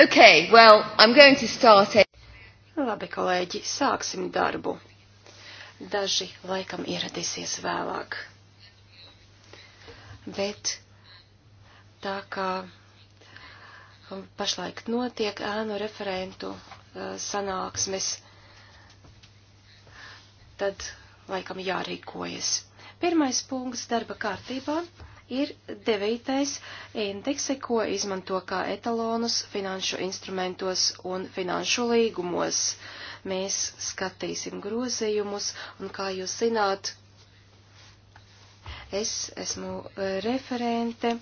Okay, well, I'm going to start it. Labi, kolēģi, sāksim darbu. Daži laikam ieradīsies vēlāk. Bet tā kā pašlaik notiek ēnu referentu eh, sanāksmes, tad laikam jārīkojas. Pirmais punkts darba kārtībā ir devītais indekse, ko izmanto kā etalonus finanšu instrumentos un finanšu līgumos. Mēs skatīsim grozījumus, un kā jūs zināt, es esmu referente,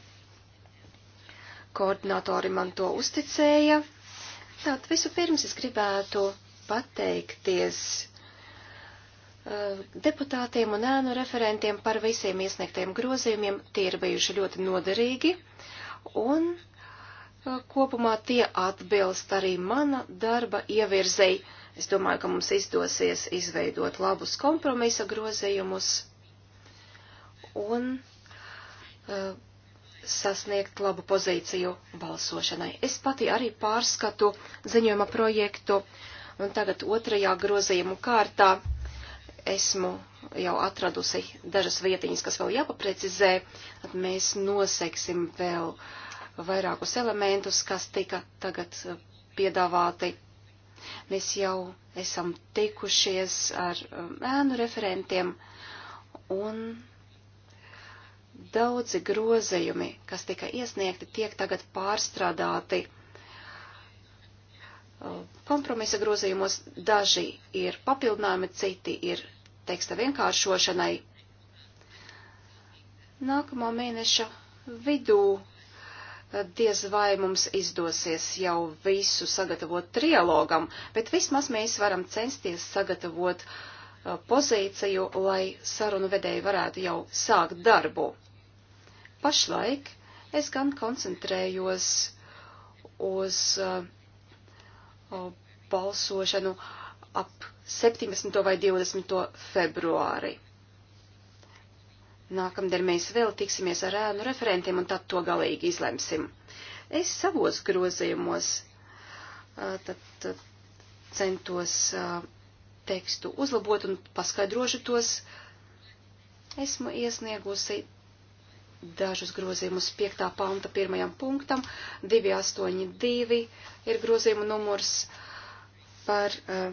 koordinatori man to uzticēja. Tātad visu pirms es gribētu pateikties Eh, deputātiem un ēnu referentiem par visiem iesniegtiem grozījumiem. Tie ir bijuši ļoti noderīgi un eh, kopumā tie atbilst arī mana darba ievirzei. Es domāju, ka mums izdosies izveidot labus kompromisa grozījumus un uh, sasniegt labu pozīciju balsošanai. Es pati arī pārskatu ziņojuma projektu un tagad otrajā grozījumu kārtā esmu jau atradusi dažas vietiņas, kas vēl jāpaprecizē, tad mēs noseksim vēl vairākus elementus, kas tika tagad eh, piedāvāti. Mēs jau esam tikušies ar um, ēnu referentiem un daudzi grozējumi, kas tika iesniegti, tiek tagad pārstrādāti uh, kompromisa grozījumos daži ir papildinājumi, citi ir teksta vienkāršošanai. Nākamo mēneša vidū eh, diez vai mums izdosies jau visu sagatavot trialogam, bet vismaz mēs varam censties sagatavot eh, pozīciju, lai sarunu vedēji varētu jau sākt darbu. Pašlaik es gan koncentrējos uz uh, balsošanu ap 17. vai 20. februāri. Nākamdien mēs vēl tiksimies ar ēnu referentiem un tad to galīgi izlemsim. Es savos grozījumos tad, tad centos tekstu uzlabot un paskaidrošu tos. Esmu iesniegusi dažus grozījumus 5. panta pirmajam punktam, 282 ir grozījuma numurs par uh,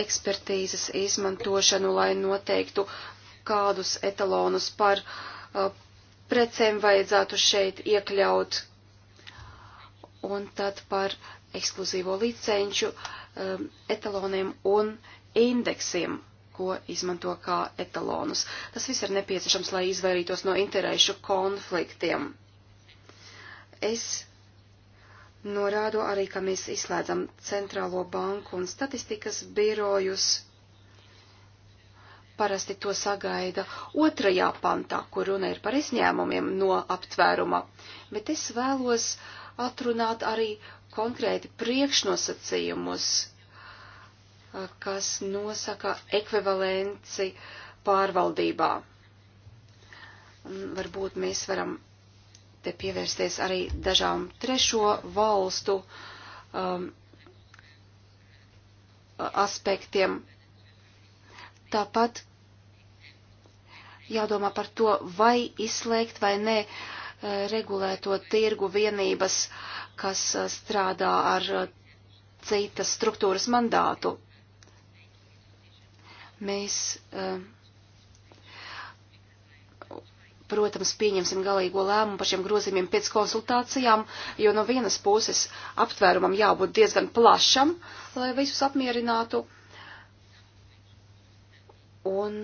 ekspertīzes izmantošanu, lai noteiktu, kādus etalonus par uh, precēm vajadzētu šeit iekļaut, un tad par ekskluzīvo licenču um, etaloniem un indeksiem, ko izmanto kā etalonus. Tas viss ir nepieciešams, lai izvairītos no interešu konfliktiem. Es Norādu arī, ka mēs izslēdzam centrālo banku un statistikas birojus. Parasti to sagaida otrajā pantā, kur runa ir par izņēmumiem no aptvēruma, bet es vēlos atrunāt arī konkrēti priekšnosacījumus, kas nosaka ekvivalenci pārvaldībā. Varbūt mēs varam te pievērsties arī dažām trešo valstu um, aspektiem. Tāpat jādomā par to, vai izslēgt vai ne uh, regulēto tirgu vienības, kas uh, strādā ar uh, citas struktūras mandātu. Mēs uh, um, protams, pieņemsim galīgo lēmumu par šiem grozījumiem pēc konsultācijām, jo no vienas puses aptvērumam jābūt diezgan plašam, lai visus apmierinātu. Un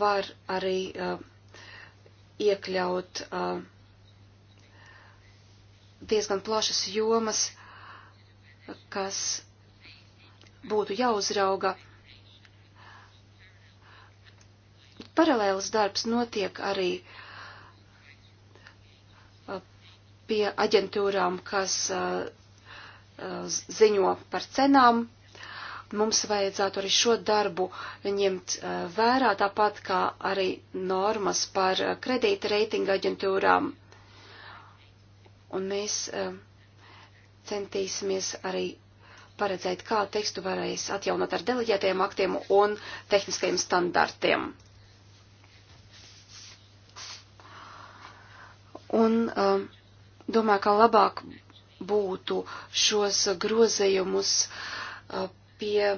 var arī uh, iekļaut uh, diezgan plašas jomas, kas būtu jāuzrauga. Uh, Paralēls darbs notiek arī uh, pie aģentūrām, kas uh, uh, ziņo par cenām. Mums vajadzētu arī šo darbu ņemt vērā, tāpat kā arī normas par kredīta reitinga aģentūrām. Un mēs centīsimies arī paredzēt, kā tekstu varēs atjaunot ar deleģētajiem aktiem un tehniskajiem standartiem. Un um, domāju, ka labāk būtu šos grozējumus uh, pie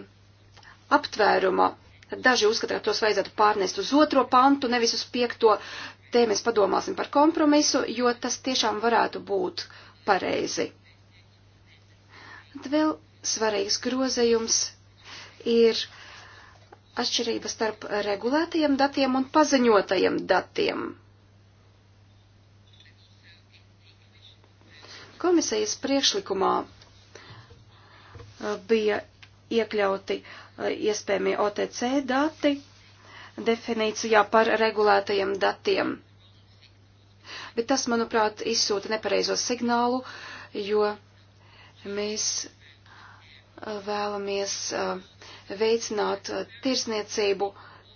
aptvēruma. Daži uzskatā, ka tos vajadzētu pārnest uz otro pantu, nevis uz piekto. Te mēs padomāsim par kompromisu, jo tas tiešām varētu būt pareizi. Tad vēl svarīgs grozējums ir atšķirība starp regulētajiem datiem un paziņotajiem datiem. Komisijas priekšlikumā uh, bija iekļauti uh, iespējami OTC dati definīcijā par regulētajiem datiem. Bet tas, manuprāt, izsūta nepareizo signālu, jo mēs uh, vēlamies veicināt tirsniecību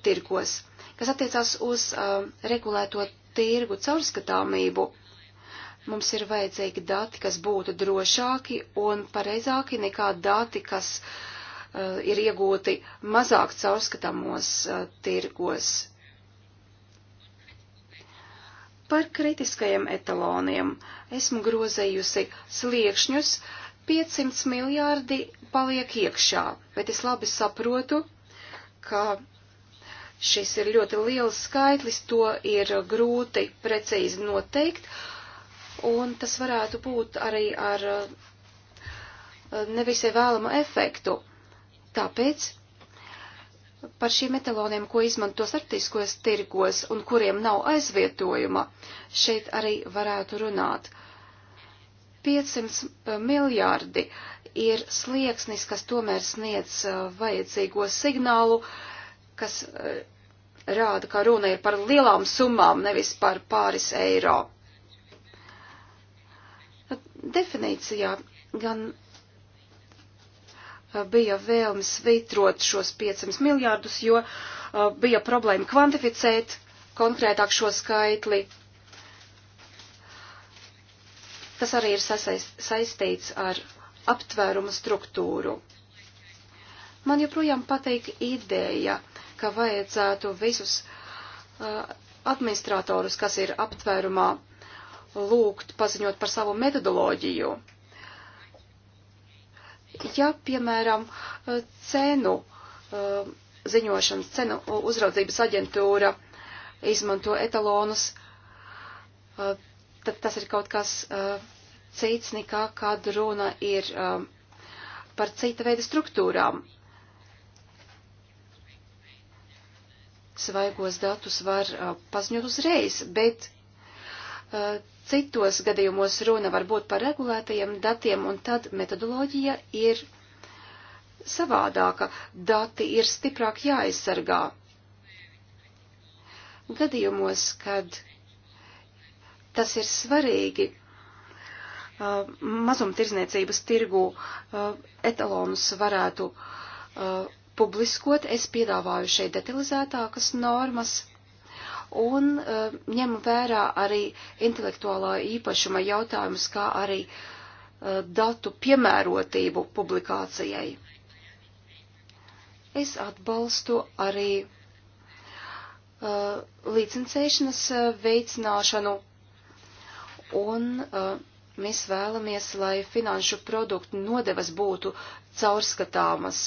tirgos, kas attiecās uz regulēto tirgu caurskatāmību. Mums ir vajadzīgi dati, kas būtu drošāki un pareizāki nekā dati, kas uh, ir iegūti mazāk caurskatāmos uh, tirgos. Par kritiskajiem etaloniem esmu grozējusi sliekšņus, 500 miljārdi paliek iekšā, bet es labi saprotu, ka šis ir ļoti liels skaitlis, to ir grūti precīzi noteikt, un tas varētu būt arī ar eh, nevisai vēlamu efektu. Tāpēc par šiem metaloniem, ko izmanto starptiskos tirgos un kuriem nav aizvietojuma, šeit arī varētu runāt. 500 eh, miljārdi ir slieksnis, kas tomēr sniedz eh, vajadzīgo signālu, kas rāda, ka runa ir par lielām summām, nevis par pāris eiro. Definīcijā gan bija vēlme svītrot šos 500 miljārdus, jo bija problēma kvantificēt konkrētāk šo skaitli. Tas arī ir saistīts ar aptvērumu struktūru. Man joprojām patīk ideja, ka vajadzētu visus uh, administratorus, kas ir aptvērumā, uh, lūgt paziņot par savu metodoloģiju. Ja, piemēram, cenu e, ziņošanas, cenu uzraudzības aģentūra izmanto etalonus, e, tad tas ir kaut kas e, cits nekā, kad runa ir par cita veida struktūrām. Svaigos datus var paziņot uzreiz, bet Citos gadījumos runa var būt par regulētajiem datiem, un tad metodoloģija ir savādāka. Dati ir stiprāk jāaizsargā. Gadījumos, kad tas ir svarīgi, mazumtirdzniecības tirgu etalonus varētu publiskot. Es piedāvāju šeit detalizētākas normas un uh, ņem vērā arī intelektuālā īpašuma jautājumus, kā arī uh, datu piemērotību publikācijai. Es atbalstu arī uh, licencēšanas uh, veicināšanu un uh, mēs vēlamies, lai finanšu produktu nodevas būtu caurskatāmas,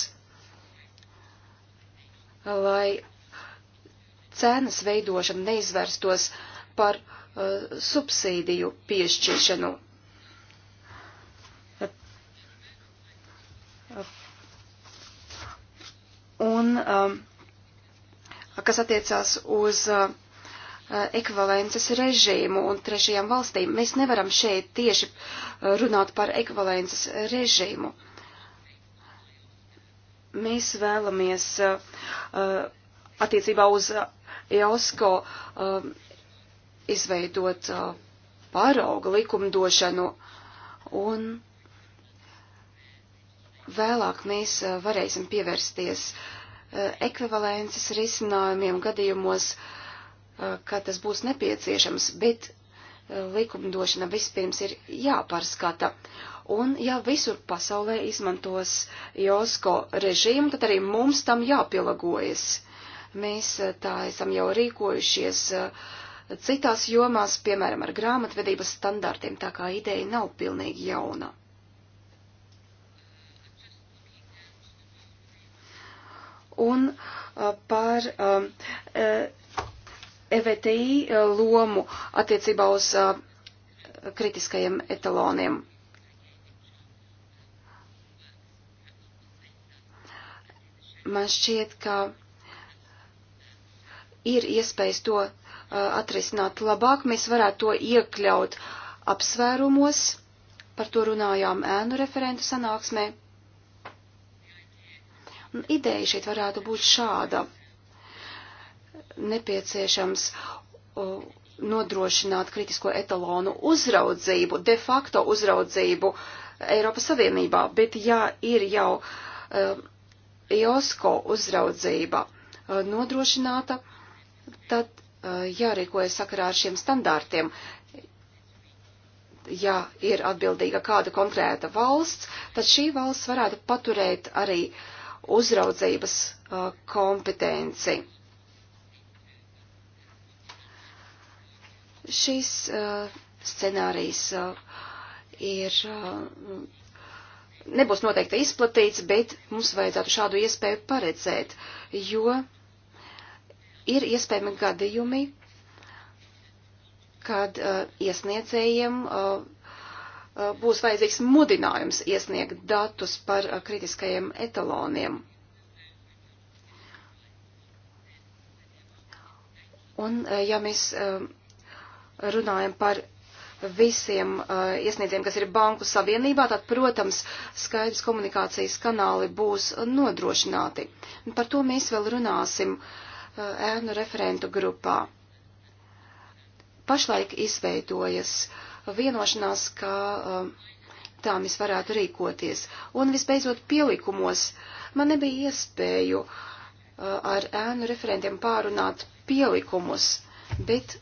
lai cenas veidošana neizvērstos par uh, subsīdiju piešķiršanu. Un um, kas attiecās uz uh, ekvivalences režīmu un trešajām valstīm, mēs nevaram šeit tieši runāt par ekvivalences režīmu. Mēs vēlamies uh, attiecībā uz EOSCO um, izveidot uh, pārauga likumdošanu, un vēlāk mēs uh, varēsim pievērsties uh, ekvivalences risinājumiem gadījumos, uh, kad tas būs nepieciešams, bet uh, likumdošana vispirms ir jāpārskata. Un ja visur pasaulē izmantos JOSKO režīmu, tad arī mums tam jāpielagojas. Mēs eh, tā esam jau rīkojušies eh, citās jomās, piemēram, ar grāmatvedības standartiem, tā kā ideja nav pilnīgi jauna. Un eh, par EVTI e lomu attiecībā uz kritiskajiem etaloniem. Man šķiet, ka ir iespējas to uh, atrisināt labāk, mēs varētu to iekļaut apsvērumos, par to runājām ēnu referentu sanāksmē. Un ideja šeit varētu būt šāda. Nepieciešams uh, nodrošināt kritisko etalonu uzraudzību, de facto uzraudzību Eiropas Savienībā, bet jā, ir jau uh, IOSCO uzraudzība uh, nodrošināta, uh, tad jārīkojas sakarā ar šiem standārtiem. Ja ir atbildīga kāda konkrēta valsts, tad šī valsts varētu paturēt arī uzraudzības kompetenci. Šis scenārijs ir, nebūs noteikti izplatīts, bet mums vajadzētu šādu iespēju paredzēt, jo ir iespējami gadījumi, kad uh, iesniedzējiem uh, uh, būs vajadzīgs mudinājums iesniegt datus par uh, kritiskajiem etaloniem. Un, uh, ja mēs uh, runājam par visiem uh, iesniedzējiem, kas ir banku savienībā, tad, protams, skaidrs komunikācijas kanāli būs nodrošināti. Un par to mēs vēl runāsim uh, Eh, ēnu referentu grupā. Pašlaik izveidojas vienošanās, kā eh, tā mēs varētu rīkoties. Un visbeidzot pielikumos man nebija iespēju eh, ar ēnu referentiem pārunāt pielikumus, bet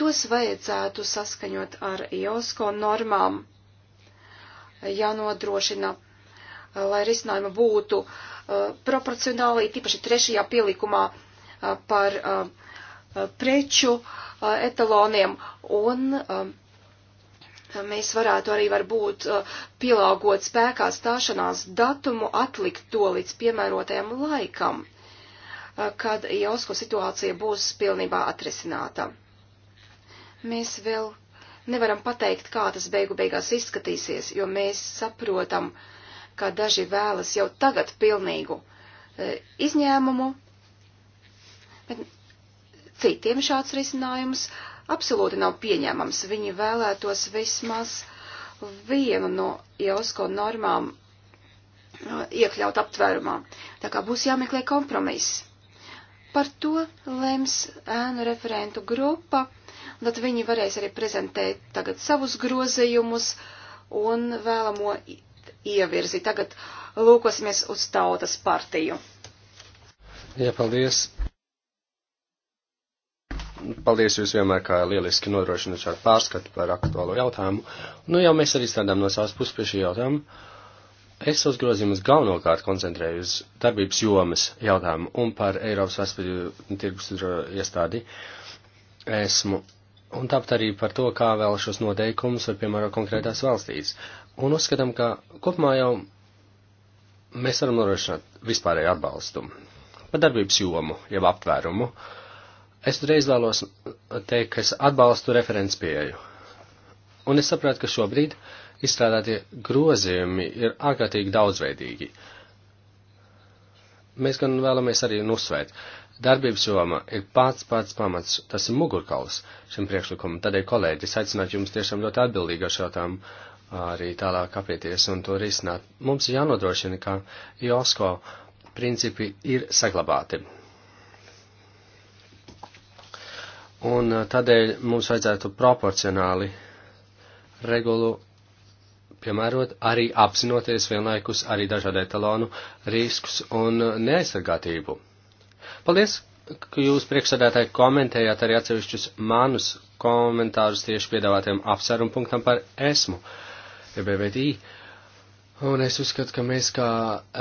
tos vajadzētu saskaņot ar IOSCO normām, jānodrošina ja Eh, lai risinājumi būtu uh, proporcionāli, tīpaši trešajā pielikumā uh, par uh, preču etaloniem, un mēs varētu arī varbūt pielāgot spēkā stāšanās datumu, atlikt to līdz piemērotajam laikam, kad jausko situācija būs pilnībā atrisināta. Mēs vēl nevaram pateikt, kā tas beigu beigās izskatīsies, jo mēs saprotam, uh, kā daži vēlas jau tagad pilnīgu e, izņēmumu, bet citiem šāds risinājums absolūti nav pieņēmams. Viņi vēlētos vismaz vienu no jausko normām e, iekļaut aptvērumā. Tā kā būs jāmeklē kompromiss. Par to lems ēnu referentu grupa, un tad viņi varēs arī prezentēt tagad savus grozījumus un vēlamo ievirzi. Tagad lūkosimies uz tautas partiju. Jā, paldies. Paldies jūs vienmēr kā lieliski nodrošināt šādu pārskatu par aktuālo jautājumu. Nu jau mēs arī strādājam no savas puses pie šī jautājuma. Es savus grozījumus galvenokārt koncentrēju uz darbības jomas jautājumu un par Eiropas vēstpēdēju tirgus iestādi esmu. Un tāpat arī par to, kā vēl šos noteikumus var piemērot konkrētās valstīs. Uh, Un uzskatām, ka kopumā jau mēs varam norošināt vispārēju atbalstu. Par darbības jomu, jeb aptvērumu, es uzreiz vēlos teikt, ka es atbalstu referents pieeju. Un es sapratu, ka šobrīd izstrādātie grozījumi ir ārkārtīgi daudzveidīgi. Mēs gan vēlamies arī nusvērt. Darbības joma ir pats pats pamats, tas ir mugurkauls šim priekšlikumam. Tādēļ, kolēģi, es aicinātu jums tiešām ļoti atbildīgi ar šo tām uh, arī tālāk aprieties un to risināt. Mums ir jānodrošina, ka JOSKO principi ir saglabāti. Un uh, tādēļ mums vajadzētu proporcionāli regulu piemērot, arī apzinoties vienlaikus arī dažādu etalonu riskus un uh, neaizsargātību. Paldies, ka jūs priekšsādātāji komentējāt arī atsevišķus manus komentārus tieši piedāvātiem apsvērumu punktam par esmu. Uh, BVI. Un es uzskatu, ka mēs kā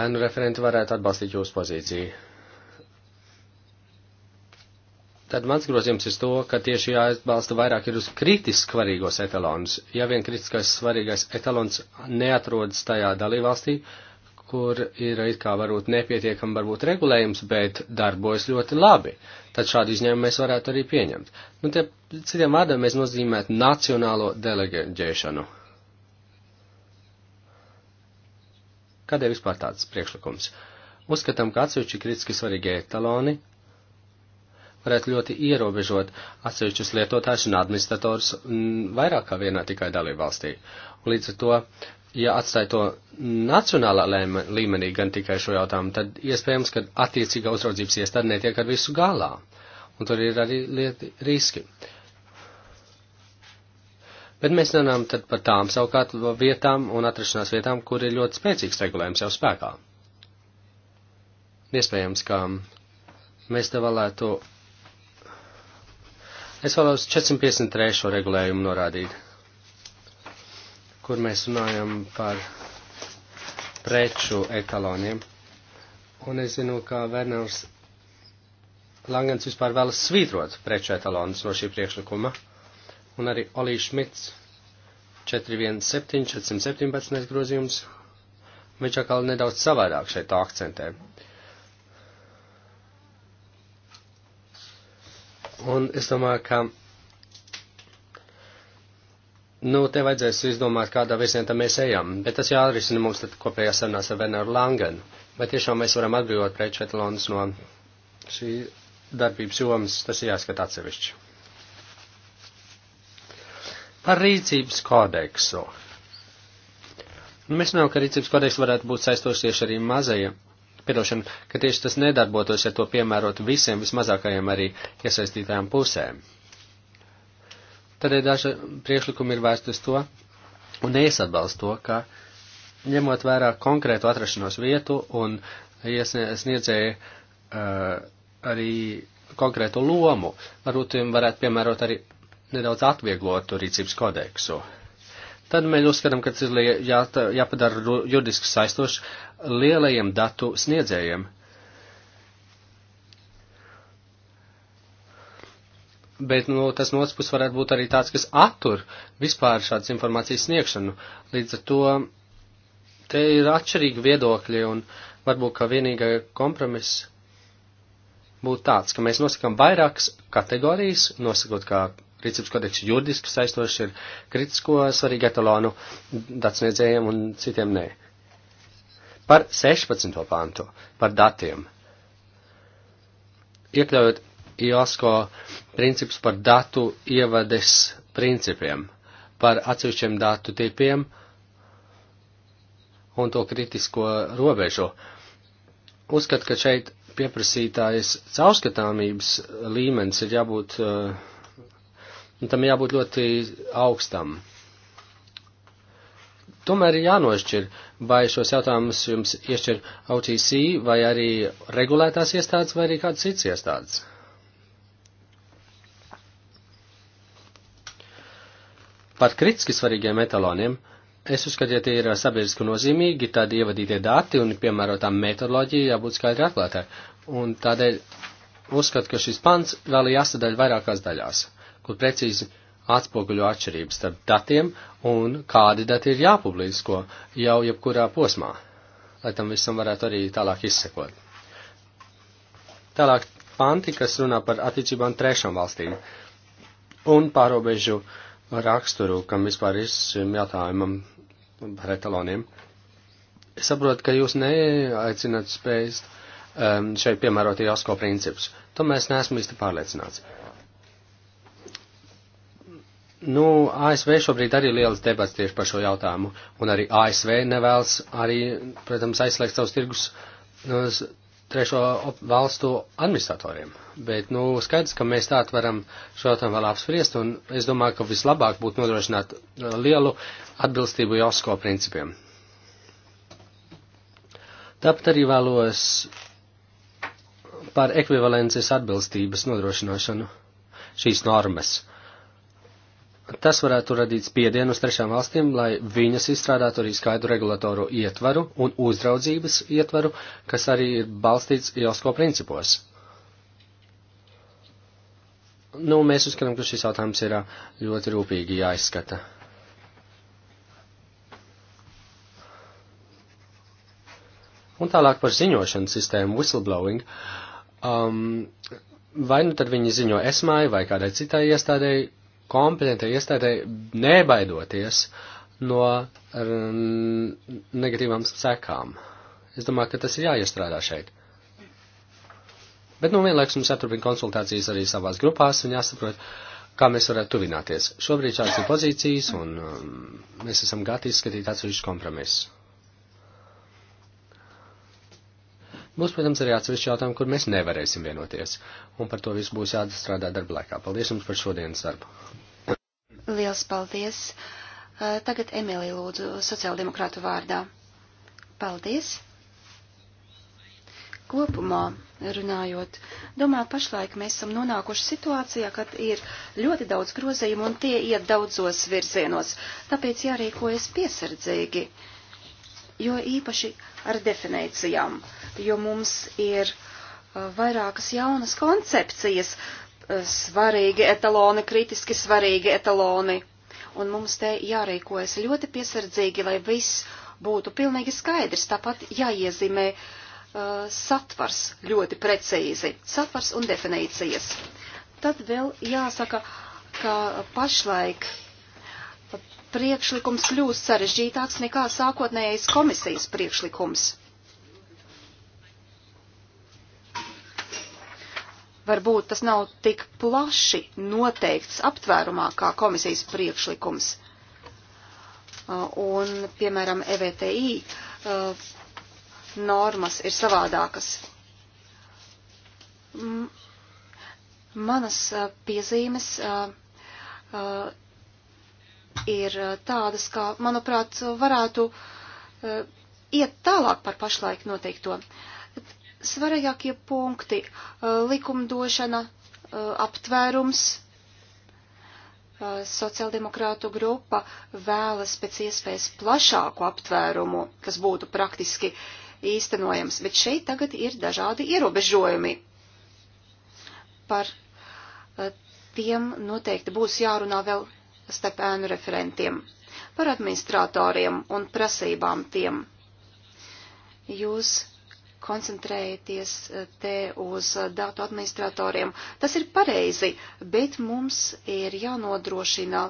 ēnu referenti varētu atbalstīt jūsu pozīciju. Tad mans grozījums ir to, ka tieši jāatbalsta vairāk ir uz kritiski svarīgos etalons. Ja vien kritiskais svarīgais etalons neatrodas tajā dalībvalstī, kur ir it kā varbūt nepietiekam varbūt regulējums, bet darbojas ļoti labi, tad šādu izņēmumu mēs varētu arī pieņemt. Nu, te citiem vārdiem mēs nozīmētu nacionālo deleģēšanu. Kādēļ vispār tāds priekšlikums? Uzskatām, ka atsevišķi kritiski svarīgie etaloni varētu ļoti ierobežot atsevišķus lietotājus un administratorus mm, vairāk kā vienā tikai dalībvalstī. Līdz ar to, ja atstāja to nacionālā līmenī gan tikai šo jautājumu, tad iespējams, ka attiecīga uzraudzības iestāde netiek ar visu galā. Un tur ir arī lieti riski. Uh, Bet mēs runājam tad par tām savukārt vietām un atrašanās vietām, kur ir ļoti spēcīgs regulējums jau spēkā. Iespējams, ka mēs te vēlētu. Es vēlos 453. regulējumu norādīt, kur mēs runājam par preču etaloniem. Un es zinu, ka Verners Langans vispār vēlas svītrot preču etalonus no šī priekšlikuma un arī Olī Šmits 417, 417 grozījums. Viņš atkal nedaudz savādāk šeit tā akcentē. Un es domāju, ka, nu, te vajadzēs izdomāt, kādā virzienā mēs ejam, bet tas jāatrisina mums tad kopējā sarunās ar Veneru Langenu. Vai tiešām mēs varam atbrīvot prečetlonus no šī darbības jomas, tas ir jāskat atsevišķi. Par rīcības kodeksu. Nu, mēs zinām, ka rīcības kodeks varētu būt saistošs tieši arī mazajiem. Piedošana, ka tieši tas nedarbotos, ja to piemērot visiem vismazākajiem arī iesaistītajām pusēm. Tādēļ daži priekšlikumi ir vērsti uz to, un es atbalstu to, ka ņemot vērā konkrētu atrašanos vietu un iesniedzēju uh, arī konkrētu lomu, varbūt viņiem varētu piemērot arī nedaudz atvieglotu rīcības kodeksu. Tad mēs uzskatām, ka tas ir jā, jāpadara juridiski saistoši lielajiem datu sniedzējiem. Bet nu, tas no otras puses varētu būt arī tāds, kas attur vispār šādas informācijas sniegšanu. Līdz ar to te ir atšķirīgi viedokļi un varbūt kā vienīgā kompromiss būtu tāds, ka mēs nosakām vairākas kategorijas, nosakot kā rīcības kodeks juridiski saistoši ir kritisko svarīgu etalonu datsniedzējiem un citiem nē. Par 16. pāntu, par datiem. Iekļaujot IOSCO principus par datu ievades principiem, par atsevišķiem datu tipiem un to kritisko robežu. Uzskat, ka šeit pieprasītājas caurskatāmības līmenis ir jābūt uh, un tam jābūt ļoti augstam. Tomēr ir jānošķir, vai šos jautājumus jums iešķir OTC vai arī regulētās iestādes vai arī kāds cits iestādes. Par kritiski svarīgiem metaloniem es uzskatu, ja tie ir sabiedriski nozīmīgi, tad ievadītie dati un piemērotā metodoloģija jābūt skaidri atklātai. Un tādēļ uzskatu, ka šis pants vēl jāsadaļ vairākās daļās kur precīzi atspoguļo atšķirības starp datiem un kādi dati ir jāpublisko jau jebkurā posmā, lai tam visam varētu arī tālāk izsekot. Tālāk panti, kas runā par attiecībām trešām valstīm un pārobežu raksturu, kam vispār ir šim jautājumam par etaloniem. Es saprotu, ka jūs neaicināt spēst um, šeit piemērot IOSCO principus. To mēs neesmu īsti pārliecināts. Uh, Nu, ASV šobrīd arī liels debats tieši par šo jautājumu, un arī ASV nevēlas arī, protams, aizslēgt savus tirgus uz nu, trešo valstu administratoriem. Bet, nu, skaidrs, ka mēs tādu varam šo jautājumu vēl apspriest, un es domāju, ka vislabāk būtu nodrošināt uh, lielu atbilstību JOSKO principiem. Tāpat arī vēlos par ekvivalences atbilstības nodrošināšanu šīs normas Tas varētu radīt spiedienu uz trešām valstīm, lai viņas izstrādātu arī skaidru regulatoru ietvaru un uzraudzības ietvaru, kas arī ir balstīts ILSKO principos. Nu, mēs uzskatām, ka šis jautājums ir ļoti rūpīgi jāizskata. Un tālāk par ziņošanas sistēmu whistleblowing. Um, vai nu tad viņi ziņo esmai vai kādai citai iestādēji, kompetentai iestādēji nebaidoties no negatīvām sekām. Es domāju, ka tas ir jāiestrādā šeit. Bet, nu, vienlaiks mums jāturpina konsultācijas arī savās grupās un jāsaprot, kā mēs varētu tuvināties. Šobrīd šāds ir pozīcijas un um, mēs esam gatavi izskatīt atsevišķus kompromisus. Būs, protams, arī atsevišķi jautājumi, kur mēs nevarēsim vienoties, un par to visu būs jāstrādā darba laikā. Paldies jums par šodienas darbu. Liels paldies! Tagad Emīlija lūdzu sociāldemokrātu vārdā. Paldies! Kopumā runājot, domāju, pašlaik mēs esam nonākuši situācijā, kad ir ļoti daudz grozījumu un tie iet daudzos virzienos, tāpēc jārīkojas piesardzīgi. Uh, jo īpaši ar definīcijām, jo mums ir uh, vairākas jaunas koncepcijas, uh, svarīgi etaloni, kritiski svarīgi etaloni, un mums te jārīkojas ļoti piesardzīgi, lai viss būtu pilnīgi skaidrs, tāpat jāiezīmē uh, satvars ļoti precīzi, satvars un definīcijas. Tad vēl jāsaka, ka pašlaik uh, priekšlikums kļūs sarežģītāks nekā sākotnējais komisijas priekšlikums. Varbūt tas nav tik plaši noteikts aptvērumā kā komisijas priekšlikums. Uh, un, piemēram, EVTI uh, normas ir savādākas. Manas uh, piezīmes ir eh, tādas, kā, manuprāt, varētu eh, iet tālāk par pašlaik noteikto. Svarīgākie punkti eh, - likumdošana, aptvērums. Sociāldemokrātu grupa vēlas pēc iespējas plašāku aptvērumu, kas būtu praktiski īstenojams, bet šeit tagad ir dažādi ierobežojumi. Par tiem noteikti būs jārunā vēl starp ēnu referentiem, par administratoriem un prasībām tiem. Jūs koncentrējieties eh, te uz eh, datu administratoriem. Tas ir pareizi, bet mums ir jānodrošina,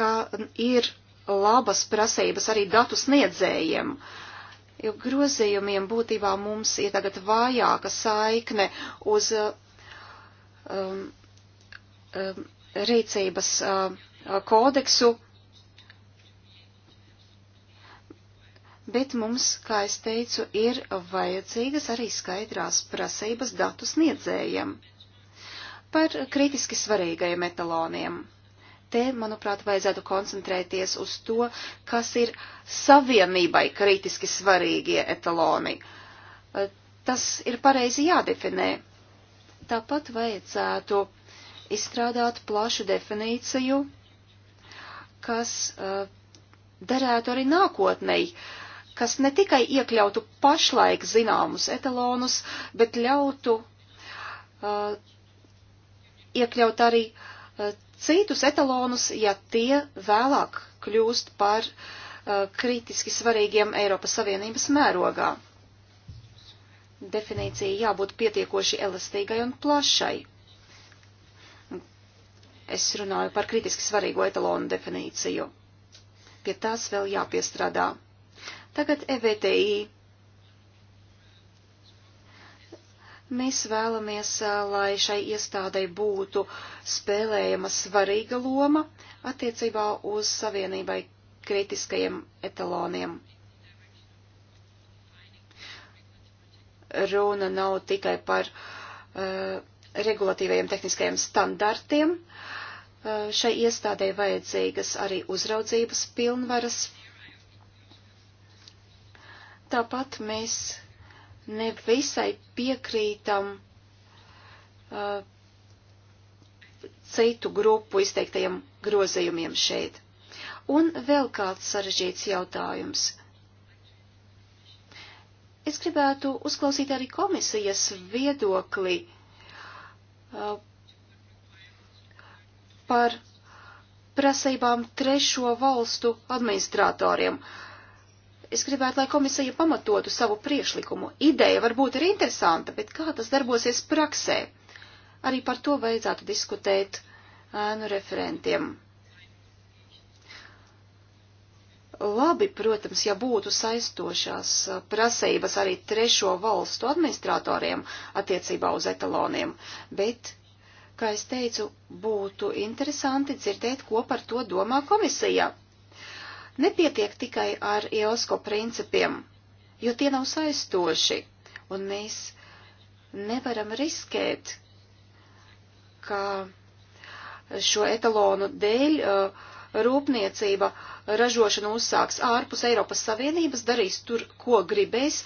ka ir labas prasības arī datu sniedzējiem. Jo grozījumiem būtībā mums ir tagad vājāka saikne uz eh, um, um, rīcības uh, kodeksu, bet mums, kā es teicu, ir vajadzīgas arī skaidrās prasības datu sniedzējiem par kritiski svarīgajiem etaloniem. Te, manuprāt, vajadzētu koncentrēties uz to, kas ir savienībai kritiski svarīgie etaloni. Uh, tas ir pareizi jādefinē Tāpat vajadzētu izstrādāt plašu definīciju, kas uh, derētu arī nākotnēji, kas ne tikai iekļautu pašlaik zināmus etalonus, bet ļautu uh, iekļaut arī uh, citus etalonus, ja tie vēlāk kļūst par kritiski svarīgiem Eiropas Savienības mērogā definīcija jābūt pietiekoši elastīgai un plašai. Es runāju par kritiski svarīgo etalonu definīciju. Pie tās vēl jāpiestrādā. Tagad EVTI. Mēs vēlamies, lai šai iestādai būtu spēlējama svarīga loma attiecībā uz savienībai kritiskajiem etaloniem. runa nav tikai par uh, regulatīvajiem tehniskajiem standartiem. Uh, šai iestādē vajadzīgas arī uzraudzības pilnvaras. Tāpat mēs nevisai piekrītam uh, citu grupu izteiktajiem grozījumiem šeit. Un vēl kāds sarežģīts jautājums. Es gribētu uzklausīt arī komisijas viedokli uh, par prasībām trešo valstu administratoriem. Es gribētu, lai komisija pamatotu savu priekšlikumu. Ideja varbūt ir interesanta, bet kā tas darbosies praksē? Arī par to vajadzētu diskutēt ēnu referentiem. labi, protams, ja būtu saistošās eh, prasības arī trešo valstu administratoriem attiecībā uz etaloniem, bet, kā es teicu, būtu interesanti dzirdēt, ko par to domā komisija. Nepietiek tikai ar IOSCO principiem, jo tie nav saistoši, un mēs nevaram riskēt, ka šo etalonu dēļ uh, rūpniecība, ražošana uzsāks ārpus Eiropas Savienības, darīs tur, ko gribēs,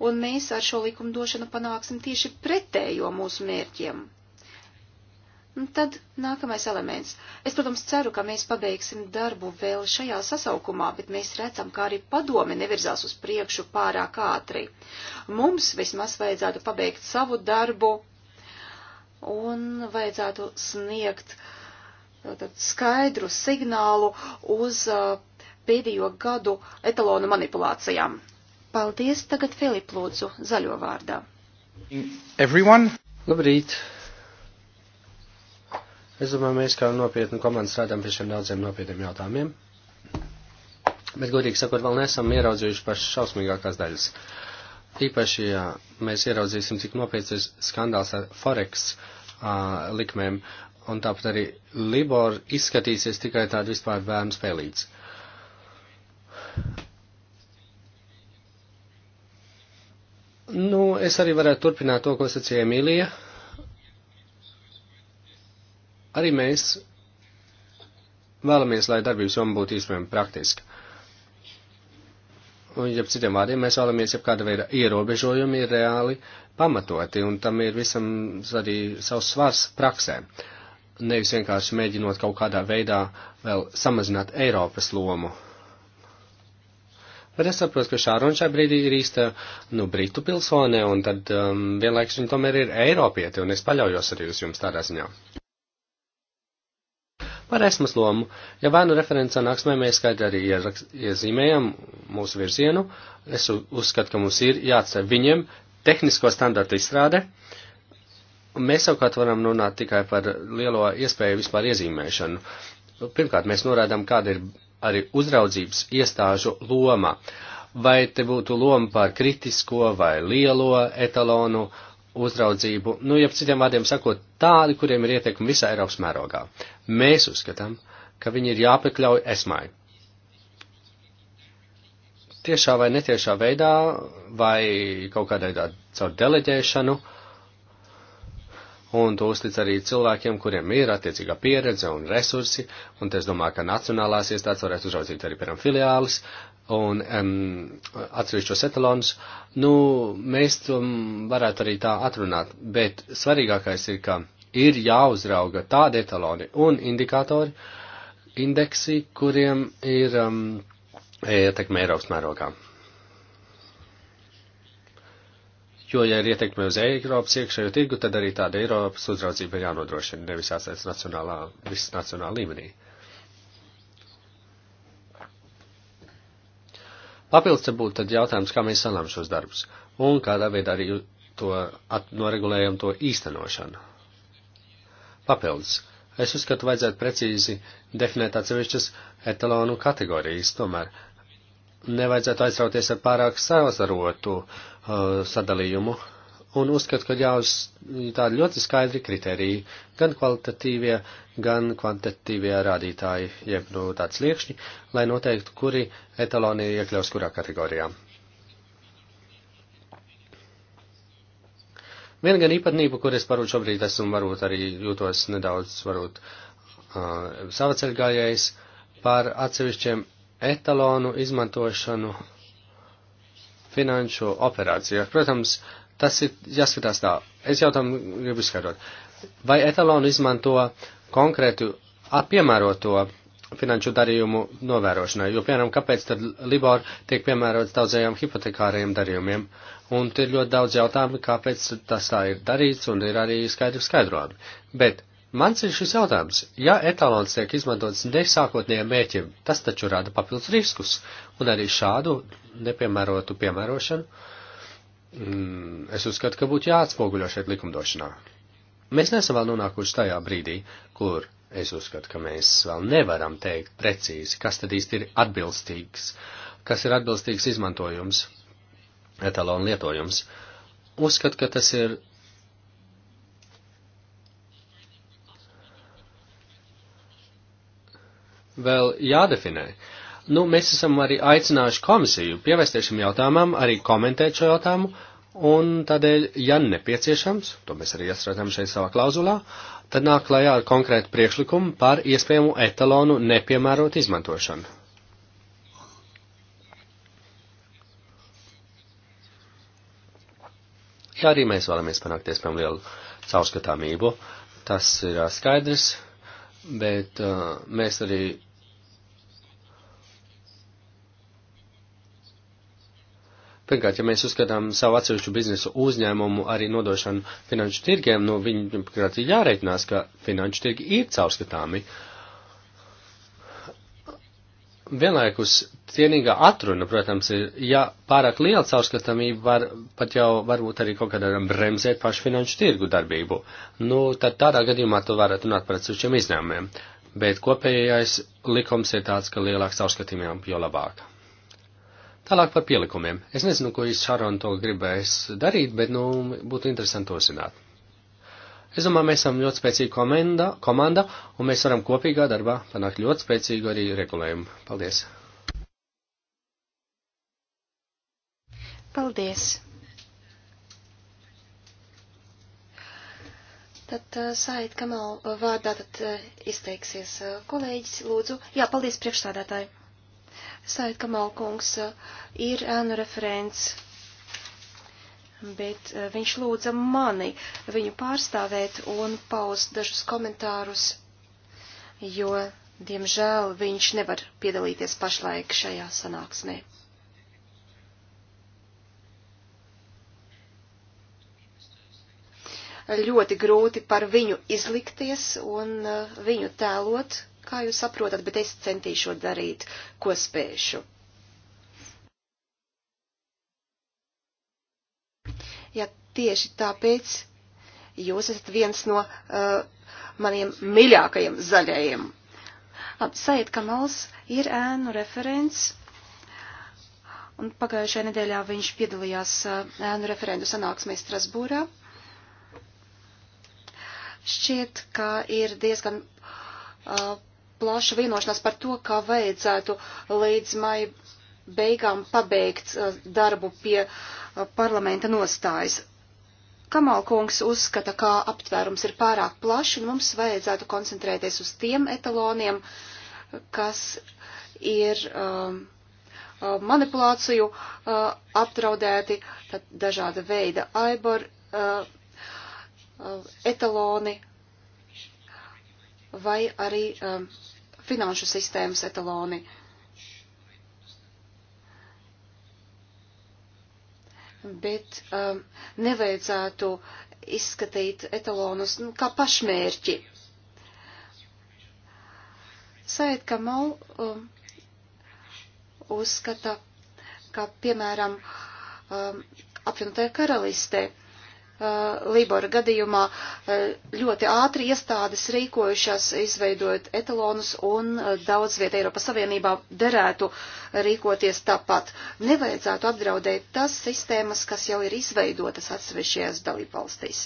un mēs ar šo likumdošanu panāksim tieši pretējo mūsu mērķiem. Un tad nākamais elements. Es, protams, ceru, ka mēs pabeigsim darbu vēl šajā sasaukumā, bet mēs redzam, ka arī padome nevirzās uz priekšu pārāk ātri. Mums vismaz vajadzētu pabeigt savu darbu un vajadzētu sniegt uh, tātad, skaidru signālu uz uh, pēdējo gadu etalonu manipulācijām. Paldies, tagad Filip lūdzu, zaļo vārdā. Everyone. Labrīt! Es domāju, mēs kā nopietni komanda strādājam pie šiem daudziem nopietniem jautājumiem. Bet, godīgi sakot, vēl nesam ieraudzījuši pašas šausmīgākās daļas. Īpaši, ja mēs ieraudzīsim, cik nopietns ir skandāls ar Forex uh, likmēm un tāpat arī Libor izskatīsies tikai tāda vispār bērnu spēlīts. Nu, es arī varētu turpināt to, ko sacīja Emīlija. Arī mēs vēlamies, lai darbības joma būtu īstenībā praktiska. Un, ja citiem vārdiem, mēs vēlamies, ja kāda veida ierobežojumi ir reāli pamatoti, un tam ir visam arī savs svars praksē. Uh, nevis vienkārši mēģinot kaut kādā veidā vēl samazināt Eiropas lomu. Bet es saprotu, ka Šārona šai brīdī ir īsta, nu, Britu pilsone, un tad um, vienlaikus viņa tomēr ir Eiropieti, un es paļaujos arī uz jums tādā ziņā. Par esmas lomu, ja vēnu referents sanāksmē mēs skaidri arī iezīmējam mūsu virzienu, es uzskatu, ka mums ir jāatstāj viņiem tehnisko standartu izstrāde, uh, Un mēs savukārt varam runāt tikai par lielo iespēju vispār iezīmēšanu. Pirmkārt, mēs norādām, kāda ir arī uzraudzības iestāžu loma. Vai te būtu loma par kritisko vai lielo etalonu uzraudzību, nu, ja citiem vārdiem sakot, tādi, kuriem ir ieteikumi visā Eiropas mērogā. Mēs uzskatām, ka viņi ir jāpakļauj esmai. Tiešā vai netiešā veidā, vai kaut kādā veidā caur deleģēšanu, uh, un to uztic arī cilvēkiem, kuriem ir attiecīgā pieredze un resursi, un es domāju, ka nacionālās iestādes varētu uzraudzīt arī, piemēram, filiālis un um, atsevišķos etalons. Nu, mēs to varētu arī tā atrunāt, bet svarīgākais ir, ka ir jāuzrauga tādi etaloni un indikātori, indeksi, kuriem ir um, ietekme Eiropas mērogā. jo, ja ir ietekme uz Eiropas iekšējo tirgu, tad arī tāda Eiropas uzraudzība ir jānodrošina, nevis jāsēc nacionālā, viss nacionālā līmenī. Papildus te būtu tad jautājums, kā mēs sanām šos darbus un kādā veidā arī to at, noregulējam to īstenošanu. Papildus. Es uzskatu, vajadzētu precīzi definēt atsevišķas etalonu kategorijas, tomēr nevajadzētu aizrauties ar pārāk sazarotu uh, Uh, sadalījumu. Un uzskatu, ka ļaus tādi ļoti skaidri kriteriji, gan kvalitatīvie, gan kvantitīvie rādītāji, jeb nu tāds liekšņi, lai noteiktu, kuri etaloni iekļaus kurā kategorijā. Viena gan īpatnība, kur es varbūt šobrīd esmu, varbūt arī jūtos nedaudz, varbūt, uh, savaceļgājējs par atsevišķiem etalonu izmantošanu finanšu operācijā. Protams, tas ir jāskatās tā. Es jautājumu gribu izskatot. Vai etalonu izmanto konkrētu piemēroto finanšu darījumu novērošanai? Jo, piemēram, kāpēc tad Libor tiek piemērots daudzajām hipotekārajiem darījumiem? Un ir ļoti daudz jautājumu, kāpēc tas tā ir darīts, un ir arī skaidri skaidrojumi. Bet Mans ir šis jautājums. Ja etalons tiek izmantots nesākotnējiem mērķiem, tas taču rada papildus riskus, un arī šādu nepiemērotu piemērošanu, mm, es uzskatu, ka būtu jāatspoguļo šeit likumdošanā. Mēs nesam vēl nonākuši tajā brīdī, kur es uzskatu, ka mēs vēl nevaram teikt precīzi, kas tad īsti ir atbilstīgs, kas ir atbilstīgs izmantojums, etalonu lietojums. Uzskatu, ka tas ir vēl jādefinē. Nu, mēs esam arī aicinājuši komisiju pievērsties šim jautājumam, arī komentēt šo jautājumu, un tādēļ, ja nepieciešams, to mēs arī iestrādājam šeit savā klauzulā, tad nāk klajā ar konkrētu priekšlikumu par iespējamu etalonu nepiemērot izmantošanu. Ja arī mēs vēlamies panākt iespējami lielu caurskatāmību, tas ir skaidrs, bet uh, mēs arī Pirmkārt, ja mēs uzskatām savu atsevišķu biznesu uzņēmumu arī nodošanu finanšu tirgiem, nu viņi, pirmkārt, ir jāreikinās, ka finanšu tirgi ir caurskatāmi. Vienlaikus cienīgā atruna, protams, ir, ja pārāk liela caurskatāmība var pat jau varbūt arī kaut kādam bremzēt pašu finanšu tirgu darbību, nu tad tādā gadījumā tu varētu runāt par atsevišķiem izņēmumiem. Bet kopējais likums ir tāds, ka lielāks caurskatījumiem, jo labāk. Tālāk par pielikumiem. Es nezinu, ko īsti Šarona to gribēs darīt, bet, nu, būtu interesanti to zināt. Es domāju, mēs esam ļoti spēcīga komanda, komanda, un mēs varam kopīgā darbā panākt ļoti spēcīgu arī regulējumu. Paldies! Paldies! Tad uh, Sait Kamal uh, vārdā tad uh, izteiksies kolēģis, lūdzu. Jā, paldies priekšstādātāji! Sait Kamalkungs uh, ir ēnu referents, bet uh, viņš lūdza mani viņu pārstāvēt un paust dažus komentārus, jo, diemžēl, viņš nevar piedalīties pašlaik šajā sanāksmē. ļoti grūti par viņu izlikties un uh, viņu tēlot, kā jūs saprotat, bet es centīšos darīt, ko spēšu. Ja tieši tāpēc jūs esat viens no uh, maniem mīļākajiem zaļajiem. Said Kamals ir ēnu referents, un pagājušajā nedēļā viņš piedalījās uh, ēnu referendu sanāksmē Strasbūrā. Šķiet, ka ir diezgan uh, plaša vienošanās par to, kā vajadzētu līdz maija beigām pabeigt uh, darbu pie uh, parlamenta nostājas. Kamalkungs uzskata, ka aptvērums ir pārāk plašs un mums vajadzētu koncentrēties uz tiem etaloniem, kas ir um, uh, manipulāciju uh, apdraudēti, tad dažāda veida aibor uh, uh, etaloni vai arī uh, finanšu sistēmas etaloni. Bet um, nevajadzētu izskatīt etalonus nu, kā pašmērķi. Said Kamal um, uzskata, ka, piemēram, um, apvienotajā karalistē Eh, Libora gadījumā eh, ļoti ātri iestādes rīkojušās, izveidojot etalonus un eh, daudz vieta Eiropas Savienībā derētu rīkoties tāpat. Nevajadzētu apdraudēt tas sistēmas, kas jau ir izveidotas atsevišķajās dalībvalstīs.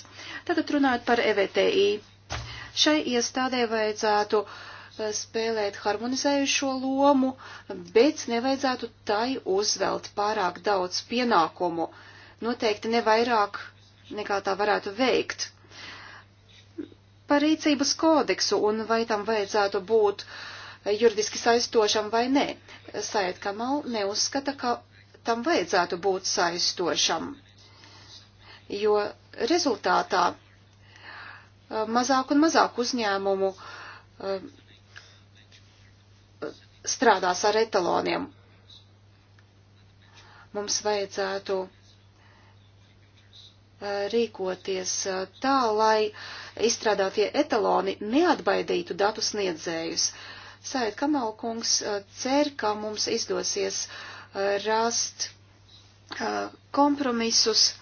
Tagad runājot par EVTI. Šai iestādē vajadzētu spēlēt harmonizējušo lomu, bet nevajadzētu tai uzvelt pārāk daudz pienākumu. Noteikti nevairāk nekā tā varētu veikt. Par rīcības kodeksu un vai tam vajadzētu būt juridiski saistošam vai nē. Sajat Kamal neuzskata, ka tam vajadzētu būt saistošam, jo rezultātā e, mazāk un mazāk uzņēmumu e, strādās ar etaloniem. Mums vajadzētu rīkoties eh, tā, lai izstrādātie etaloni neatbaidītu datu sniedzējus. Sait Kamalkungs eh, cer, ka mums izdosies eh, rast kompromisus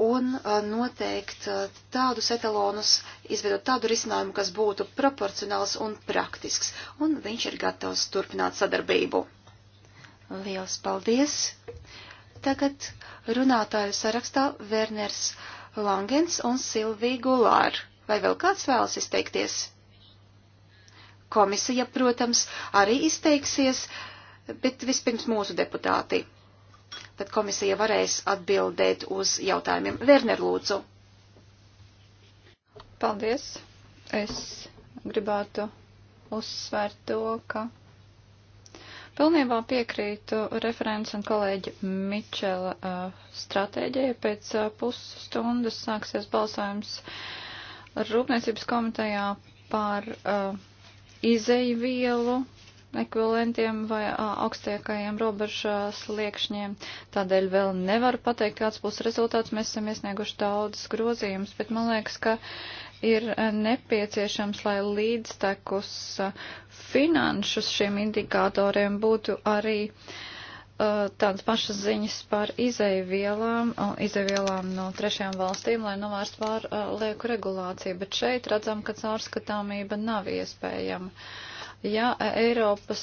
un noteikt tādus etalonus, izveidot tādu risinājumu, kas būtu proporcionāls un praktisks. Un viņš ir gatavs turpināt sadarbību. Liels paldies! Tagad runātāju sarakstā Werners Langens un Silvija Gulāra. Vai vēl kāds vēlas izteikties? Komisija, protams, arī izteiksies, bet vispirms mūsu deputāti. Tad komisija varēs atbildēt uz jautājumiem. Werner, lūdzu. Paldies. Es gribētu uzsvērt to, ka Pilnībā piekrītu referents un kolēģi Mičela uh, stratēģijai. Pēc uh, pusstundas sāksies balsājums Rūpniecības komitejā par uh, izeju vielu ekvivalentiem vai uh, augstākajiem robežas liekšņiem. Tādēļ vēl nevaru pateikt, kāds būs rezultāts. Mēs esam iesnieguši daudz grozījumus, bet man liekas, ka ir eh, nepieciešams, lai līdztekus eh, finanšus šiem indikatoriem būtu arī eh, tādas pašas ziņas par izēvielām, izēvielām no trešajām valstīm, lai novērst pārlieku regulāciju. Bet šeit redzam, ka caurskatāmība nav iespējama. Ja Eiropas